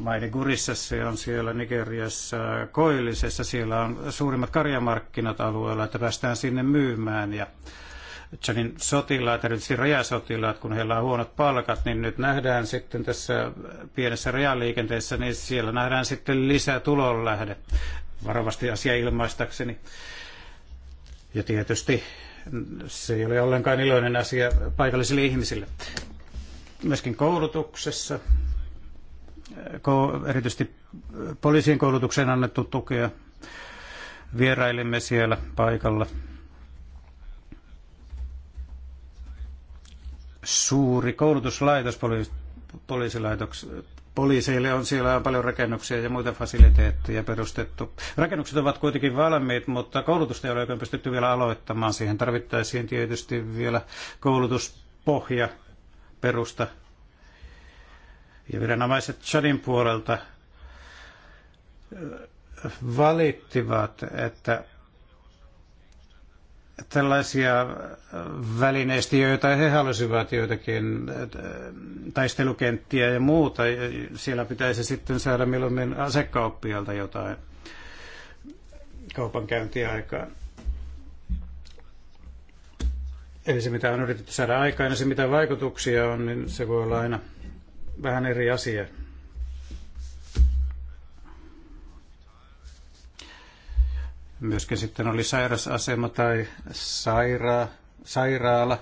Mainigurissa se on siellä Nigeriassa, Koillisessa, siellä on suurimmat karjamarkkinat alueella, että päästään sinne myymään ja Tsenin sotilaat, erityisesti rajasotilaat, kun heillä on huonot palkat, niin nyt nähdään sitten tässä pienessä rajaliikenteessä, niin siellä nähdään sitten lisää tulonlähde. Varovasti asia ilmaistakseni. Ja tietysti se ei ole ollenkaan iloinen asia paikallisille ihmisille. Myöskin koulutuksessa, erityisesti poliisien koulutukseen annettu tukea. Vierailimme siellä paikalla suuri koulutuslaitos poliisille on. Siellä on paljon rakennuksia ja muita fasiliteetteja perustettu. Rakennukset ovat kuitenkin valmiit, mutta koulutusta ei ole oikein pystytty vielä aloittamaan. Siihen tarvittaisiin tietysti vielä koulutuspohja, perusta. Ja viranomaiset Chadin puolelta valittivat, että tällaisia äh, välineistä, joita he halusivat, joitakin äh, taistelukenttiä ja muuta. Siellä pitäisi sitten saada milloin asekauppialta jotain kaupankäyntiaikaan. Eli se, mitä on yritetty saada aikaan ja se, mitä vaikutuksia on, niin se voi olla aina vähän eri asia Myöskin sitten oli sairasasema tai saira, sairaala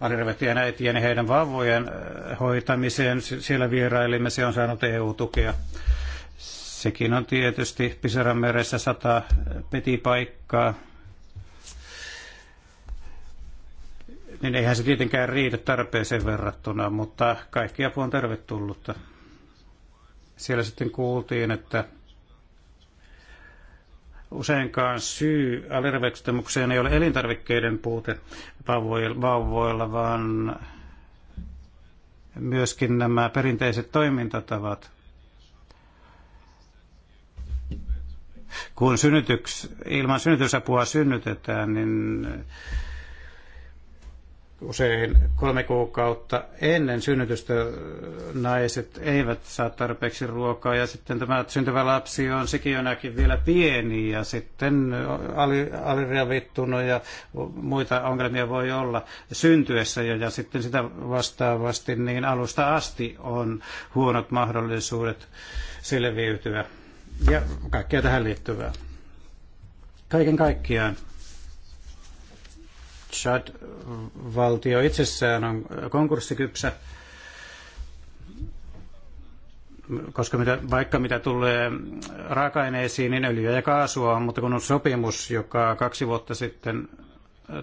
alirevettien äitien ja heidän vauvojen äh, hoitamiseen. Siellä vierailimme, se on saanut EU-tukea. Sekin on tietysti meressä sata äh, petipaikkaa. Niin eihän se tietenkään riitä tarpeeseen verrattuna, mutta kaikki apu on tervetullutta. Siellä sitten kuultiin, että Useinkaan syy allergiaväksymykseen ei ole elintarvikkeiden puute vauvoilla, vaan myöskin nämä perinteiset toimintatavat. Kun synnytyks, ilman synnytysapua synnytetään, niin usein kolme kuukautta ennen synnytystä naiset eivät saa tarpeeksi ruokaa ja sitten tämä syntyvä lapsi on sikiönäkin vielä pieni ja sitten aliravittunut ja muita ongelmia voi olla syntyessä jo ja sitten sitä vastaavasti niin alusta asti on huonot mahdollisuudet selviytyä ja kaikkea tähän liittyvää. Kaiken kaikkiaan Chad-valtio itsessään on konkurssikypsä, koska mitä, vaikka mitä tulee raaka-aineisiin, niin öljyä ja kaasua on, mutta kun on sopimus, joka kaksi vuotta sitten,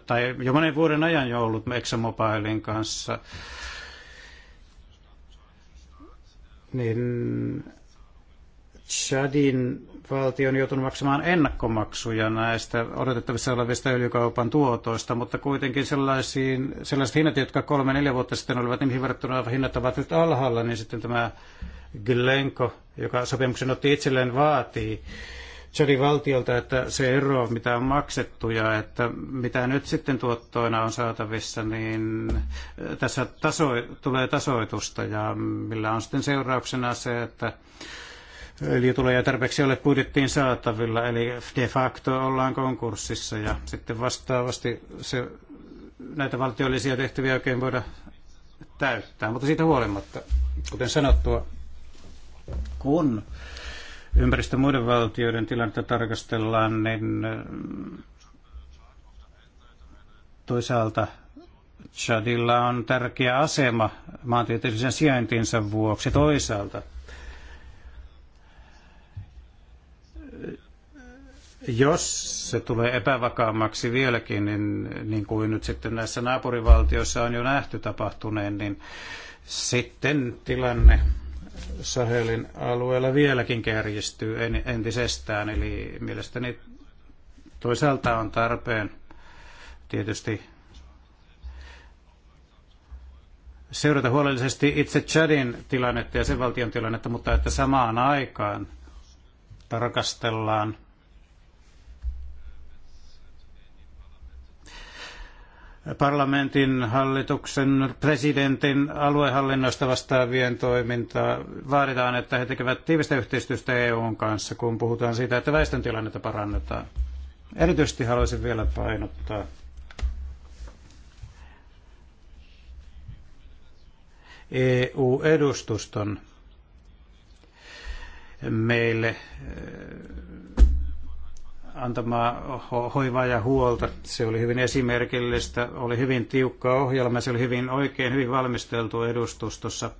tai jo monen vuoden ajan jo ollut ExxonMobilin kanssa, niin Chadin valtio on joutunut maksamaan ennakkomaksuja näistä odotettavissa olevista öljykaupan tuotoista, mutta kuitenkin sellaisiin, sellaiset hinnat, jotka kolme neljä vuotta sitten olivat niin verrattuna hinnat ovat nyt alhaalla, niin sitten tämä Glenko, joka sopimuksen otti itselleen, vaatii Tsadin valtiolta, että se ero, mitä on maksettu ja että mitä nyt sitten tuottoina on saatavissa, niin äh, tässä taso, tulee tasoitusta ja millä on sitten seurauksena se, että öljytuloja tarpeeksi ole budjettiin saatavilla, eli de facto ollaan konkurssissa ja sitten vastaavasti se, näitä valtiollisia tehtäviä oikein voida täyttää. Mutta siitä huolimatta, kuten sanottua, kun ympäristö muiden valtioiden tilannetta tarkastellaan, niin äh, toisaalta Chadilla on tärkeä asema maantieteellisen sijaintinsa vuoksi toisaalta – Jos se tulee epävakaammaksi vieläkin, niin, niin kuin nyt sitten näissä naapurivaltioissa on jo nähty tapahtuneen, niin sitten tilanne Sahelin alueella vieläkin kärjistyy entisestään. Eli mielestäni toisaalta on tarpeen tietysti seurata huolellisesti itse Chadin tilannetta ja sen valtion tilannetta, mutta että samaan aikaan tarkastellaan parlamentin, hallituksen, presidentin, aluehallinnosta vastaavien toimintaa. Vaaditaan, että he tekevät tiivistä yhteistyötä EUn kanssa, kun puhutaan siitä, että väestön tilannetta parannetaan. Erityisesti haluaisin vielä painottaa EU-edustuston meille antamaa hoivaa ja huolta. Se oli hyvin esimerkillistä, oli hyvin tiukka ohjelma, se oli hyvin oikein, hyvin valmisteltu edustustossa.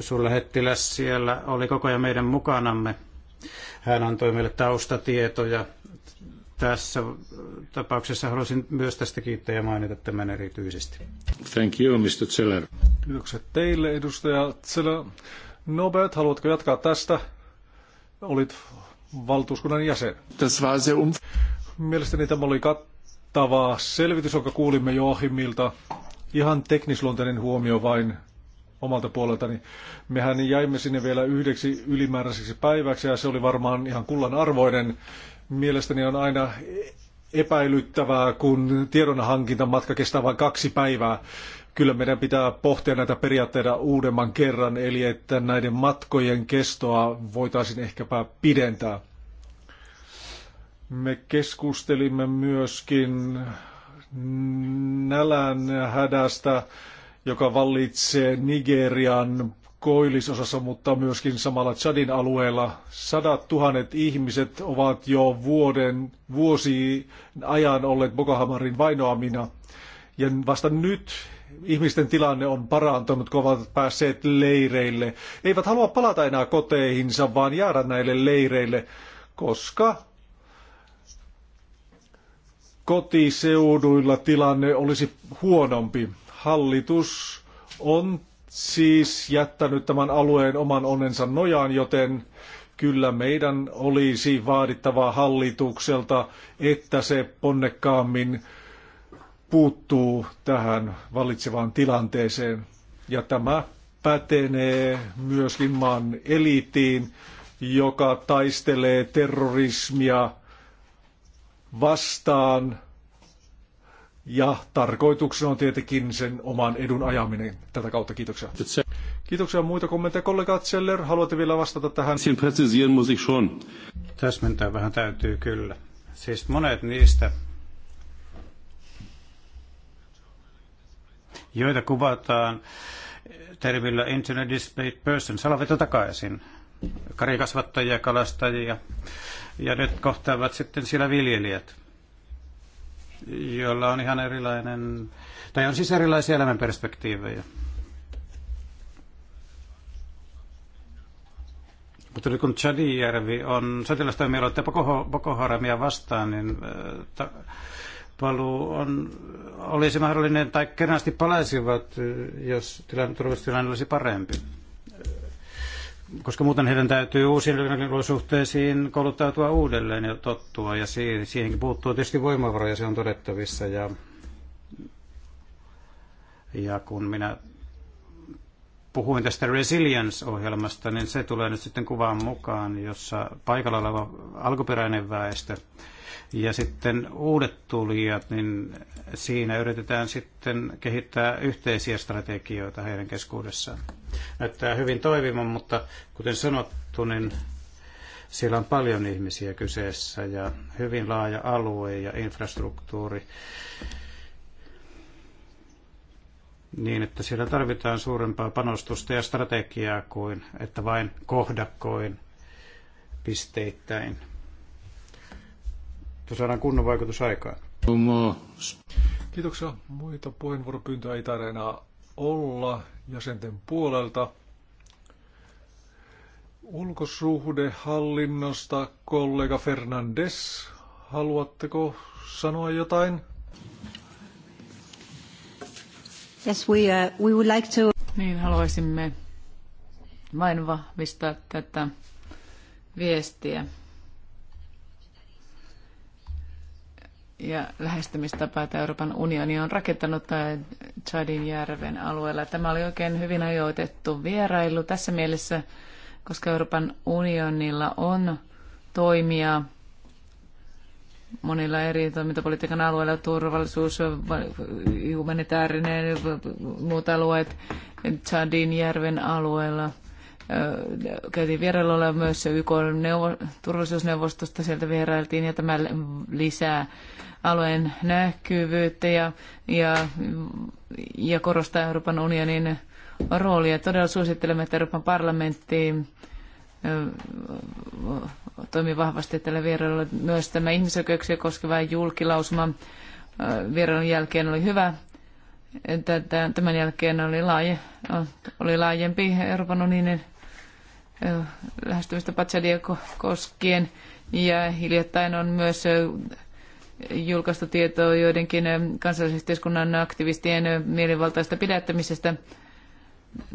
Suurlähettiläs siellä oli koko ajan meidän mukanamme. Hän antoi meille taustatietoja. Tässä tapauksessa haluaisin myös tästä kiittää ja mainita tämän erityisesti. Thank you, Mr. Zeller. Kiitokset teille, edustaja Zeller. Nobert, haluatko jatkaa tästä? Olit valtuuskunnan jäsen. Um- Mielestäni tämä oli kattava selvitys, jonka kuulimme Joachimilta. Ihan teknisluonteinen huomio vain omalta puoleltani. Mehän jäimme sinne vielä yhdeksi ylimääräiseksi päiväksi ja se oli varmaan ihan kullan arvoinen. Mielestäni on aina epäilyttävää, kun tiedonhankintamatka matka kestää vain kaksi päivää kyllä meidän pitää pohtia näitä periaatteita uudemman kerran, eli että näiden matkojen kestoa voitaisiin ehkäpä pidentää. Me keskustelimme myöskin nälän hädästä, joka vallitsee Nigerian koillisosassa, mutta myöskin samalla Chadin alueella. Sadat tuhannet ihmiset ovat jo vuoden, vuosi ajan olleet Bokahamarin vainoamina. Ja vasta nyt ihmisten tilanne on parantunut, kun ovat päässeet leireille. Eivät halua palata enää koteihinsa, vaan jäädä näille leireille, koska kotiseuduilla tilanne olisi huonompi. Hallitus on siis jättänyt tämän alueen oman onnensa nojaan, joten kyllä meidän olisi vaadittava hallitukselta, että se ponnekkaammin puuttuu tähän vallitsevaan tilanteeseen. Ja tämä pätenee myöskin maan eliitiin, joka taistelee terrorismia vastaan. Ja tarkoituksena on tietenkin sen oman edun ajaminen. Tätä kautta kiitoksia. Kiitoksia muita kommentteja. Kollega Zeller, haluatte vielä vastata tähän? Täsmentää vähän täytyy kyllä. Siis monet niistä joita kuvataan termillä Internet Displayed Person, salveto tota takaisin, karikasvattajia, kalastajia, ja nyt kohtaavat sitten siellä viljelijät, joilla on ihan erilainen, tai on siis erilaisia elämänperspektiivejä. Mutta nyt kun Chadijärvi on sotilastoimialoitteen Boko Haramia vastaan, niin äh, paluu on, olisi mahdollinen tai kenästi palaisivat, jos tilanne, turvallisuustilanne olisi parempi. Koska muuten heidän täytyy uusiin olosuhteisiin kouluttautua uudelleen ja tottua, ja siihenkin puuttuu tietysti voimavaroja, se on todettavissa. Ja, ja kun minä puhuin tästä Resilience-ohjelmasta, niin se tulee nyt sitten kuvaan mukaan, jossa paikalla oleva alkuperäinen väestö – ja sitten uudet tulijat, niin siinä yritetään sitten kehittää yhteisiä strategioita heidän keskuudessaan. Näyttää hyvin toimivan, mutta kuten sanottu, niin siellä on paljon ihmisiä kyseessä ja hyvin laaja alue ja infrastruktuuri niin, että siellä tarvitaan suurempaa panostusta ja strategiaa kuin että vain kohdakoin pisteittäin että saadaan kunnon vaikutus aikaan. Kiitoksia. Muita puheenvuoropyyntöjä ei taida enää olla jäsenten puolelta. Ulkosuhdehallinnosta kollega Fernandes, haluatteko sanoa jotain? Yes, we, uh, we would like to... Niin, haluaisimme vain vahvistaa tätä viestiä ja lähestymistapa, että Euroopan unioni on rakentanut Chadin järven alueella. Tämä oli oikein hyvin ajoitettu vierailu tässä mielessä, koska Euroopan unionilla on toimia monilla eri toimintapolitiikan alueilla, turvallisuus, humanitaarinen, muut alueet, Chadin järven alueella – käytiin ole myös YK turvallisuusneuvostosta, sieltä vierailtiin ja tämä lisää alueen näkyvyyttä ja, ja, ja korostaa Euroopan unionin roolia. Todella suosittelemme, että Euroopan parlamentti toimii vahvasti tällä vierailla Myös tämä ihmisoikeuksia koskeva julkilausuma vierailun jälkeen oli hyvä tämän jälkeen oli, laaje, oli laajempi Euroopan unionin lähestymistä patsadia koskien. Ja hiljattain on myös julkaistu tietoa joidenkin kansallisyhteiskunnan aktivistien mielivaltaista pidättämisestä.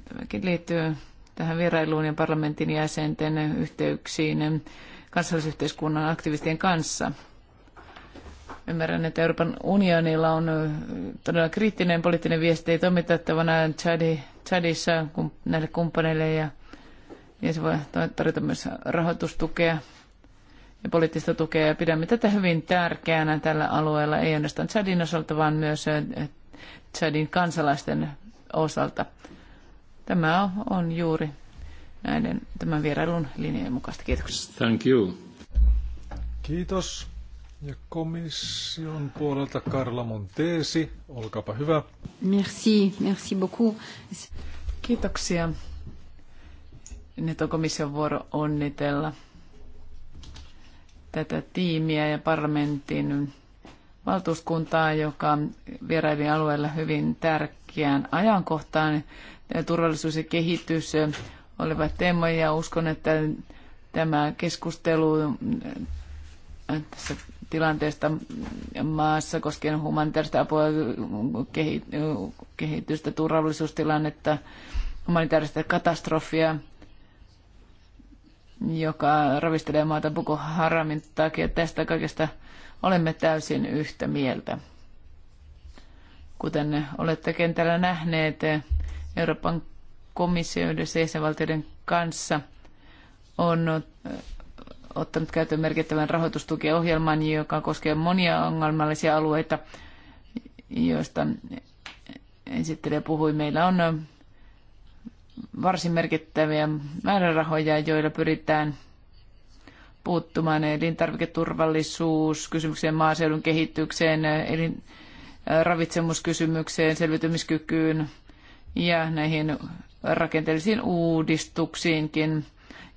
Tämäkin liittyy tähän vierailuun ja parlamentin jäsenten yhteyksiin kansallisyhteiskunnan aktivistien kanssa. Ymmärrän, että Euroopan unionilla on todella kriittinen poliittinen viesti toimitettavana Chadissa näille kumppaneille ja ja se voi tarjota myös rahoitustukea ja poliittista tukea ja pidämme tätä hyvin tärkeänä tällä alueella, ei ainoastaan Chadin osalta, vaan myös Chadin eh, kansalaisten osalta. Tämä on juuri näiden tämän vierailun linjojen mukaista. Kiitoksia. Thank you. Kiitos. Ja komission puolelta Karla Monteesi, olkaapa hyvä. Merci, merci beaucoup. Kiitoksia. Nyt on komission vuoro onnitella tätä tiimiä ja parlamentin valtuuskuntaa, joka vieraili alueella hyvin tärkeään ajankohtaan. Turvallisuus ja kehitys olivat teemoja ja uskon, että tämä keskustelu äh, tässä tilanteesta maassa koskien humanitaarista apua, kehitystä, turvallisuustilannetta, humanitaarista katastrofia – joka ravistelee maata Boko Haramin takia. Tästä kaikesta olemme täysin yhtä mieltä. Kuten olette kentällä nähneet, Euroopan komissio yhdessä jäsenvaltioiden kanssa on ottanut käyttöön merkittävän rahoitustukiohjelman, joka koskee monia ongelmallisia alueita, joista esittelijä puhui. Meillä on varsin merkittäviä määrärahoja, joilla pyritään puuttumaan elintarviketurvallisuus, kysymykseen maaseudun kehitykseen, elin, ravitsemuskysymykseen, selviytymiskykyyn ja näihin rakenteellisiin uudistuksiinkin,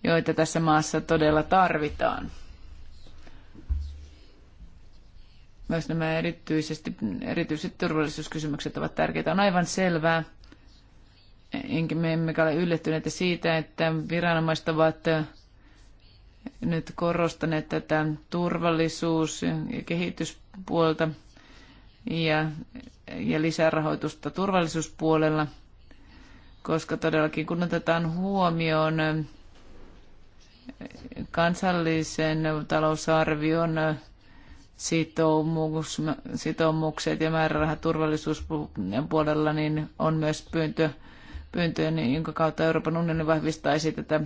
joita tässä maassa todella tarvitaan. Myös nämä erityisesti, erityiset turvallisuuskysymykset ovat tärkeitä. On aivan selvää, enkä me emme ole yllättyneitä siitä, että viranomaiset ovat äh, nyt korostaneet tätä turvallisuus- ja kehityspuolta ja, ja lisärahoitusta turvallisuuspuolella, koska todellakin kun otetaan huomioon äh, kansallisen talousarvion äh, sitoumus, sitoumukset ja määräraha turvallisuuspuolella, niin on myös pyyntö pyyntöjä, niin jonka kautta Euroopan unioni vahvistaisi tätä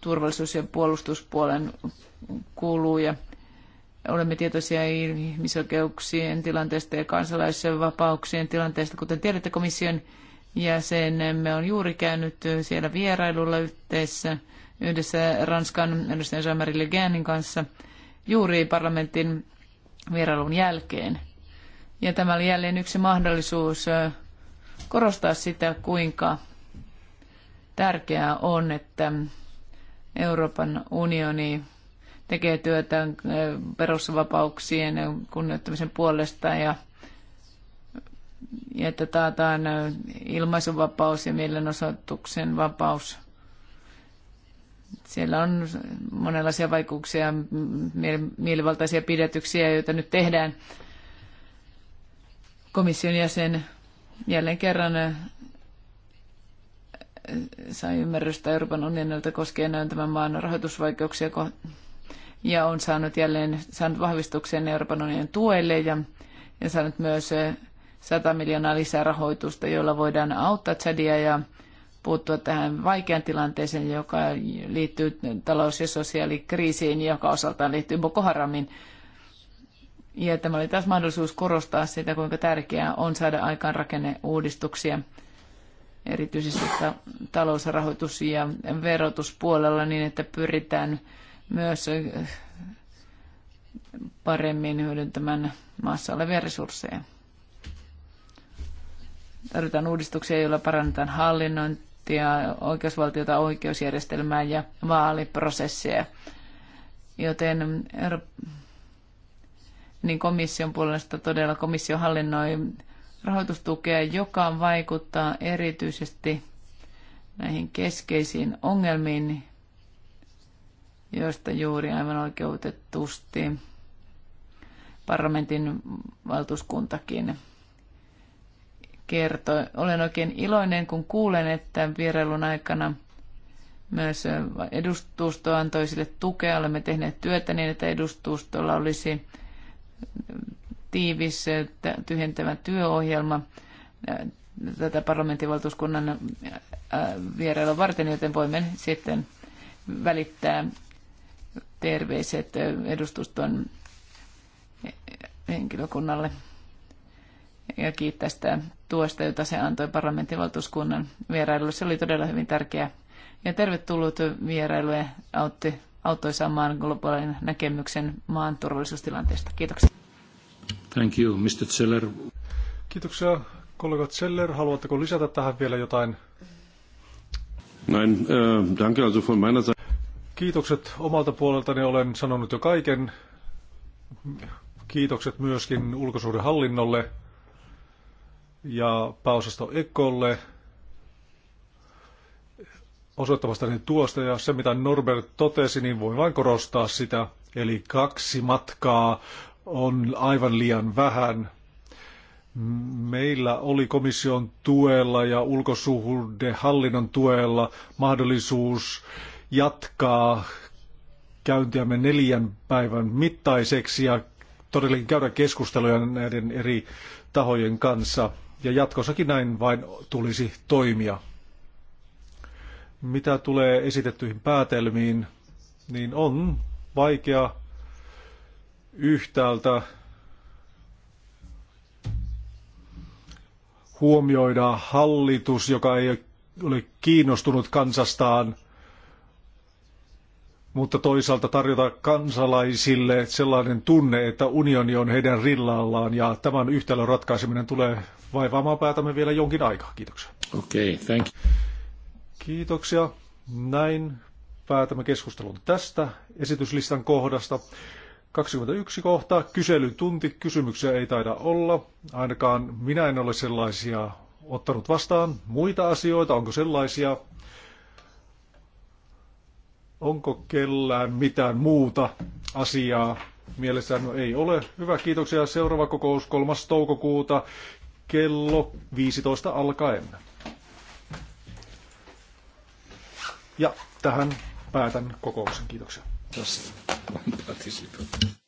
turvallisuus- ja puolustuspuolen kuuluu ja Olemme tietoisia ihmisoikeuksien tilanteesta ja kansalaisen vapauksien tilanteesta. Kuten tiedätte, komission jäsenemme on juuri käynyt siellä vierailulla yhteensä yhdessä Ranskan edustajan Jean-Marie Le kanssa juuri parlamentin vierailun jälkeen. Ja tämä oli jälleen yksi mahdollisuus äh, korostaa sitä, kuinka Tärkeää on, että Euroopan unioni tekee työtä äh, perusvapauksien kunnioittamisen puolesta ja, ja että taataan äh, ilmaisuvapaus ja mielenosoituksen vapaus. Siellä on monenlaisia vaikutuksia, mielivaltaisia pidätyksiä, joita nyt tehdään. Komission jäsen jälleen kerran äh, sai ymmärrystä Euroopan unionilta koskien tämän maan rahoitusvaikeuksia ja on saanut jälleen saanut vahvistuksen Euroopan unionin tuelle ja, ja saanut myös 100 eh, miljoonaa lisää rahoitusta, jolla voidaan auttaa Chadia ja puuttua tähän vaikean tilanteeseen, joka liittyy talous- ja sosiaalikriisiin, joka osaltaan liittyy Boko Haramin. Ja tämä oli taas mahdollisuus korostaa sitä, kuinka tärkeää on saada aikaan rakenneuudistuksia. uudistuksia erityisesti talousrahoitus- ja verotuspuolella niin, että pyritään myös eh, paremmin hyödyntämään maassa olevia resursseja. Tarvitaan uudistuksia, joilla parannetaan hallinnointia, oikeusvaltiota, oikeusjärjestelmää ja vaaliprosesseja. Joten niin komission puolesta todella komissio hallinnoi rahoitustukea, joka vaikuttaa erityisesti näihin keskeisiin ongelmiin, joista juuri aivan oikeutetusti parlamentin valtuuskuntakin kertoi. Olen oikein iloinen, kun kuulen, että vierailun aikana myös edustusto antoi sille tukea. Olemme tehneet työtä niin, että edustustolla olisi tiivis tyhjentävä työohjelma tätä parlamentin valtuuskunnan vierailua varten, joten voimme sitten välittää terveiset edustuston henkilökunnalle ja kiittää sitä tuosta, jota se antoi parlamentin valtuuskunnan vierailulle. Se oli todella hyvin tärkeä ja tervetullut vierailu ja autti, auttoi saamaan globaalin näkemyksen maan turvallisuustilanteesta. Kiitoksia. Thank you, Mr. Zeller. Kiitoksia, kollega Zeller. Haluatteko lisätä tähän vielä jotain? Nein, äh, danke also von meiner Seite. Kiitokset omalta puoleltani, olen sanonut jo kaiken. Kiitokset myöskin ulkosuhdehallinnolle ja pääosasto Ekolle osoittamastani tuosta ja se mitä Norbert totesi, niin voin vain korostaa sitä. Eli kaksi matkaa on aivan liian vähän. Meillä oli komission tuella ja ulkosuhdehallinnon tuella mahdollisuus jatkaa käyntiämme neljän päivän mittaiseksi ja todellakin käydä keskusteluja näiden eri tahojen kanssa. Ja jatkossakin näin vain tulisi toimia. Mitä tulee esitettyihin päätelmiin, niin on vaikea yhtäältä huomioida hallitus, joka ei ole kiinnostunut kansastaan, mutta toisaalta tarjota kansalaisille sellainen tunne, että unioni on heidän rillallaan ja tämän yhtälön ratkaiseminen tulee vaivaamaan päätämme vielä jonkin aikaa. Kiitoksia. Okei, okay, thank you. Kiitoksia. Näin päätämme keskustelun tästä esityslistan kohdasta. 21 kohta. kyselyn tunti, kysymyksiä ei taida olla. Ainakaan minä en ole sellaisia ottanut vastaan. Muita asioita, onko sellaisia? Onko kellään mitään muuta asiaa? Mielestäni no ei ole. Hyvä, kiitoksia. Seuraava kokous 3. toukokuuta kello 15 alkaen. Ja tähän päätän kokouksen. Kiitoksia. Just one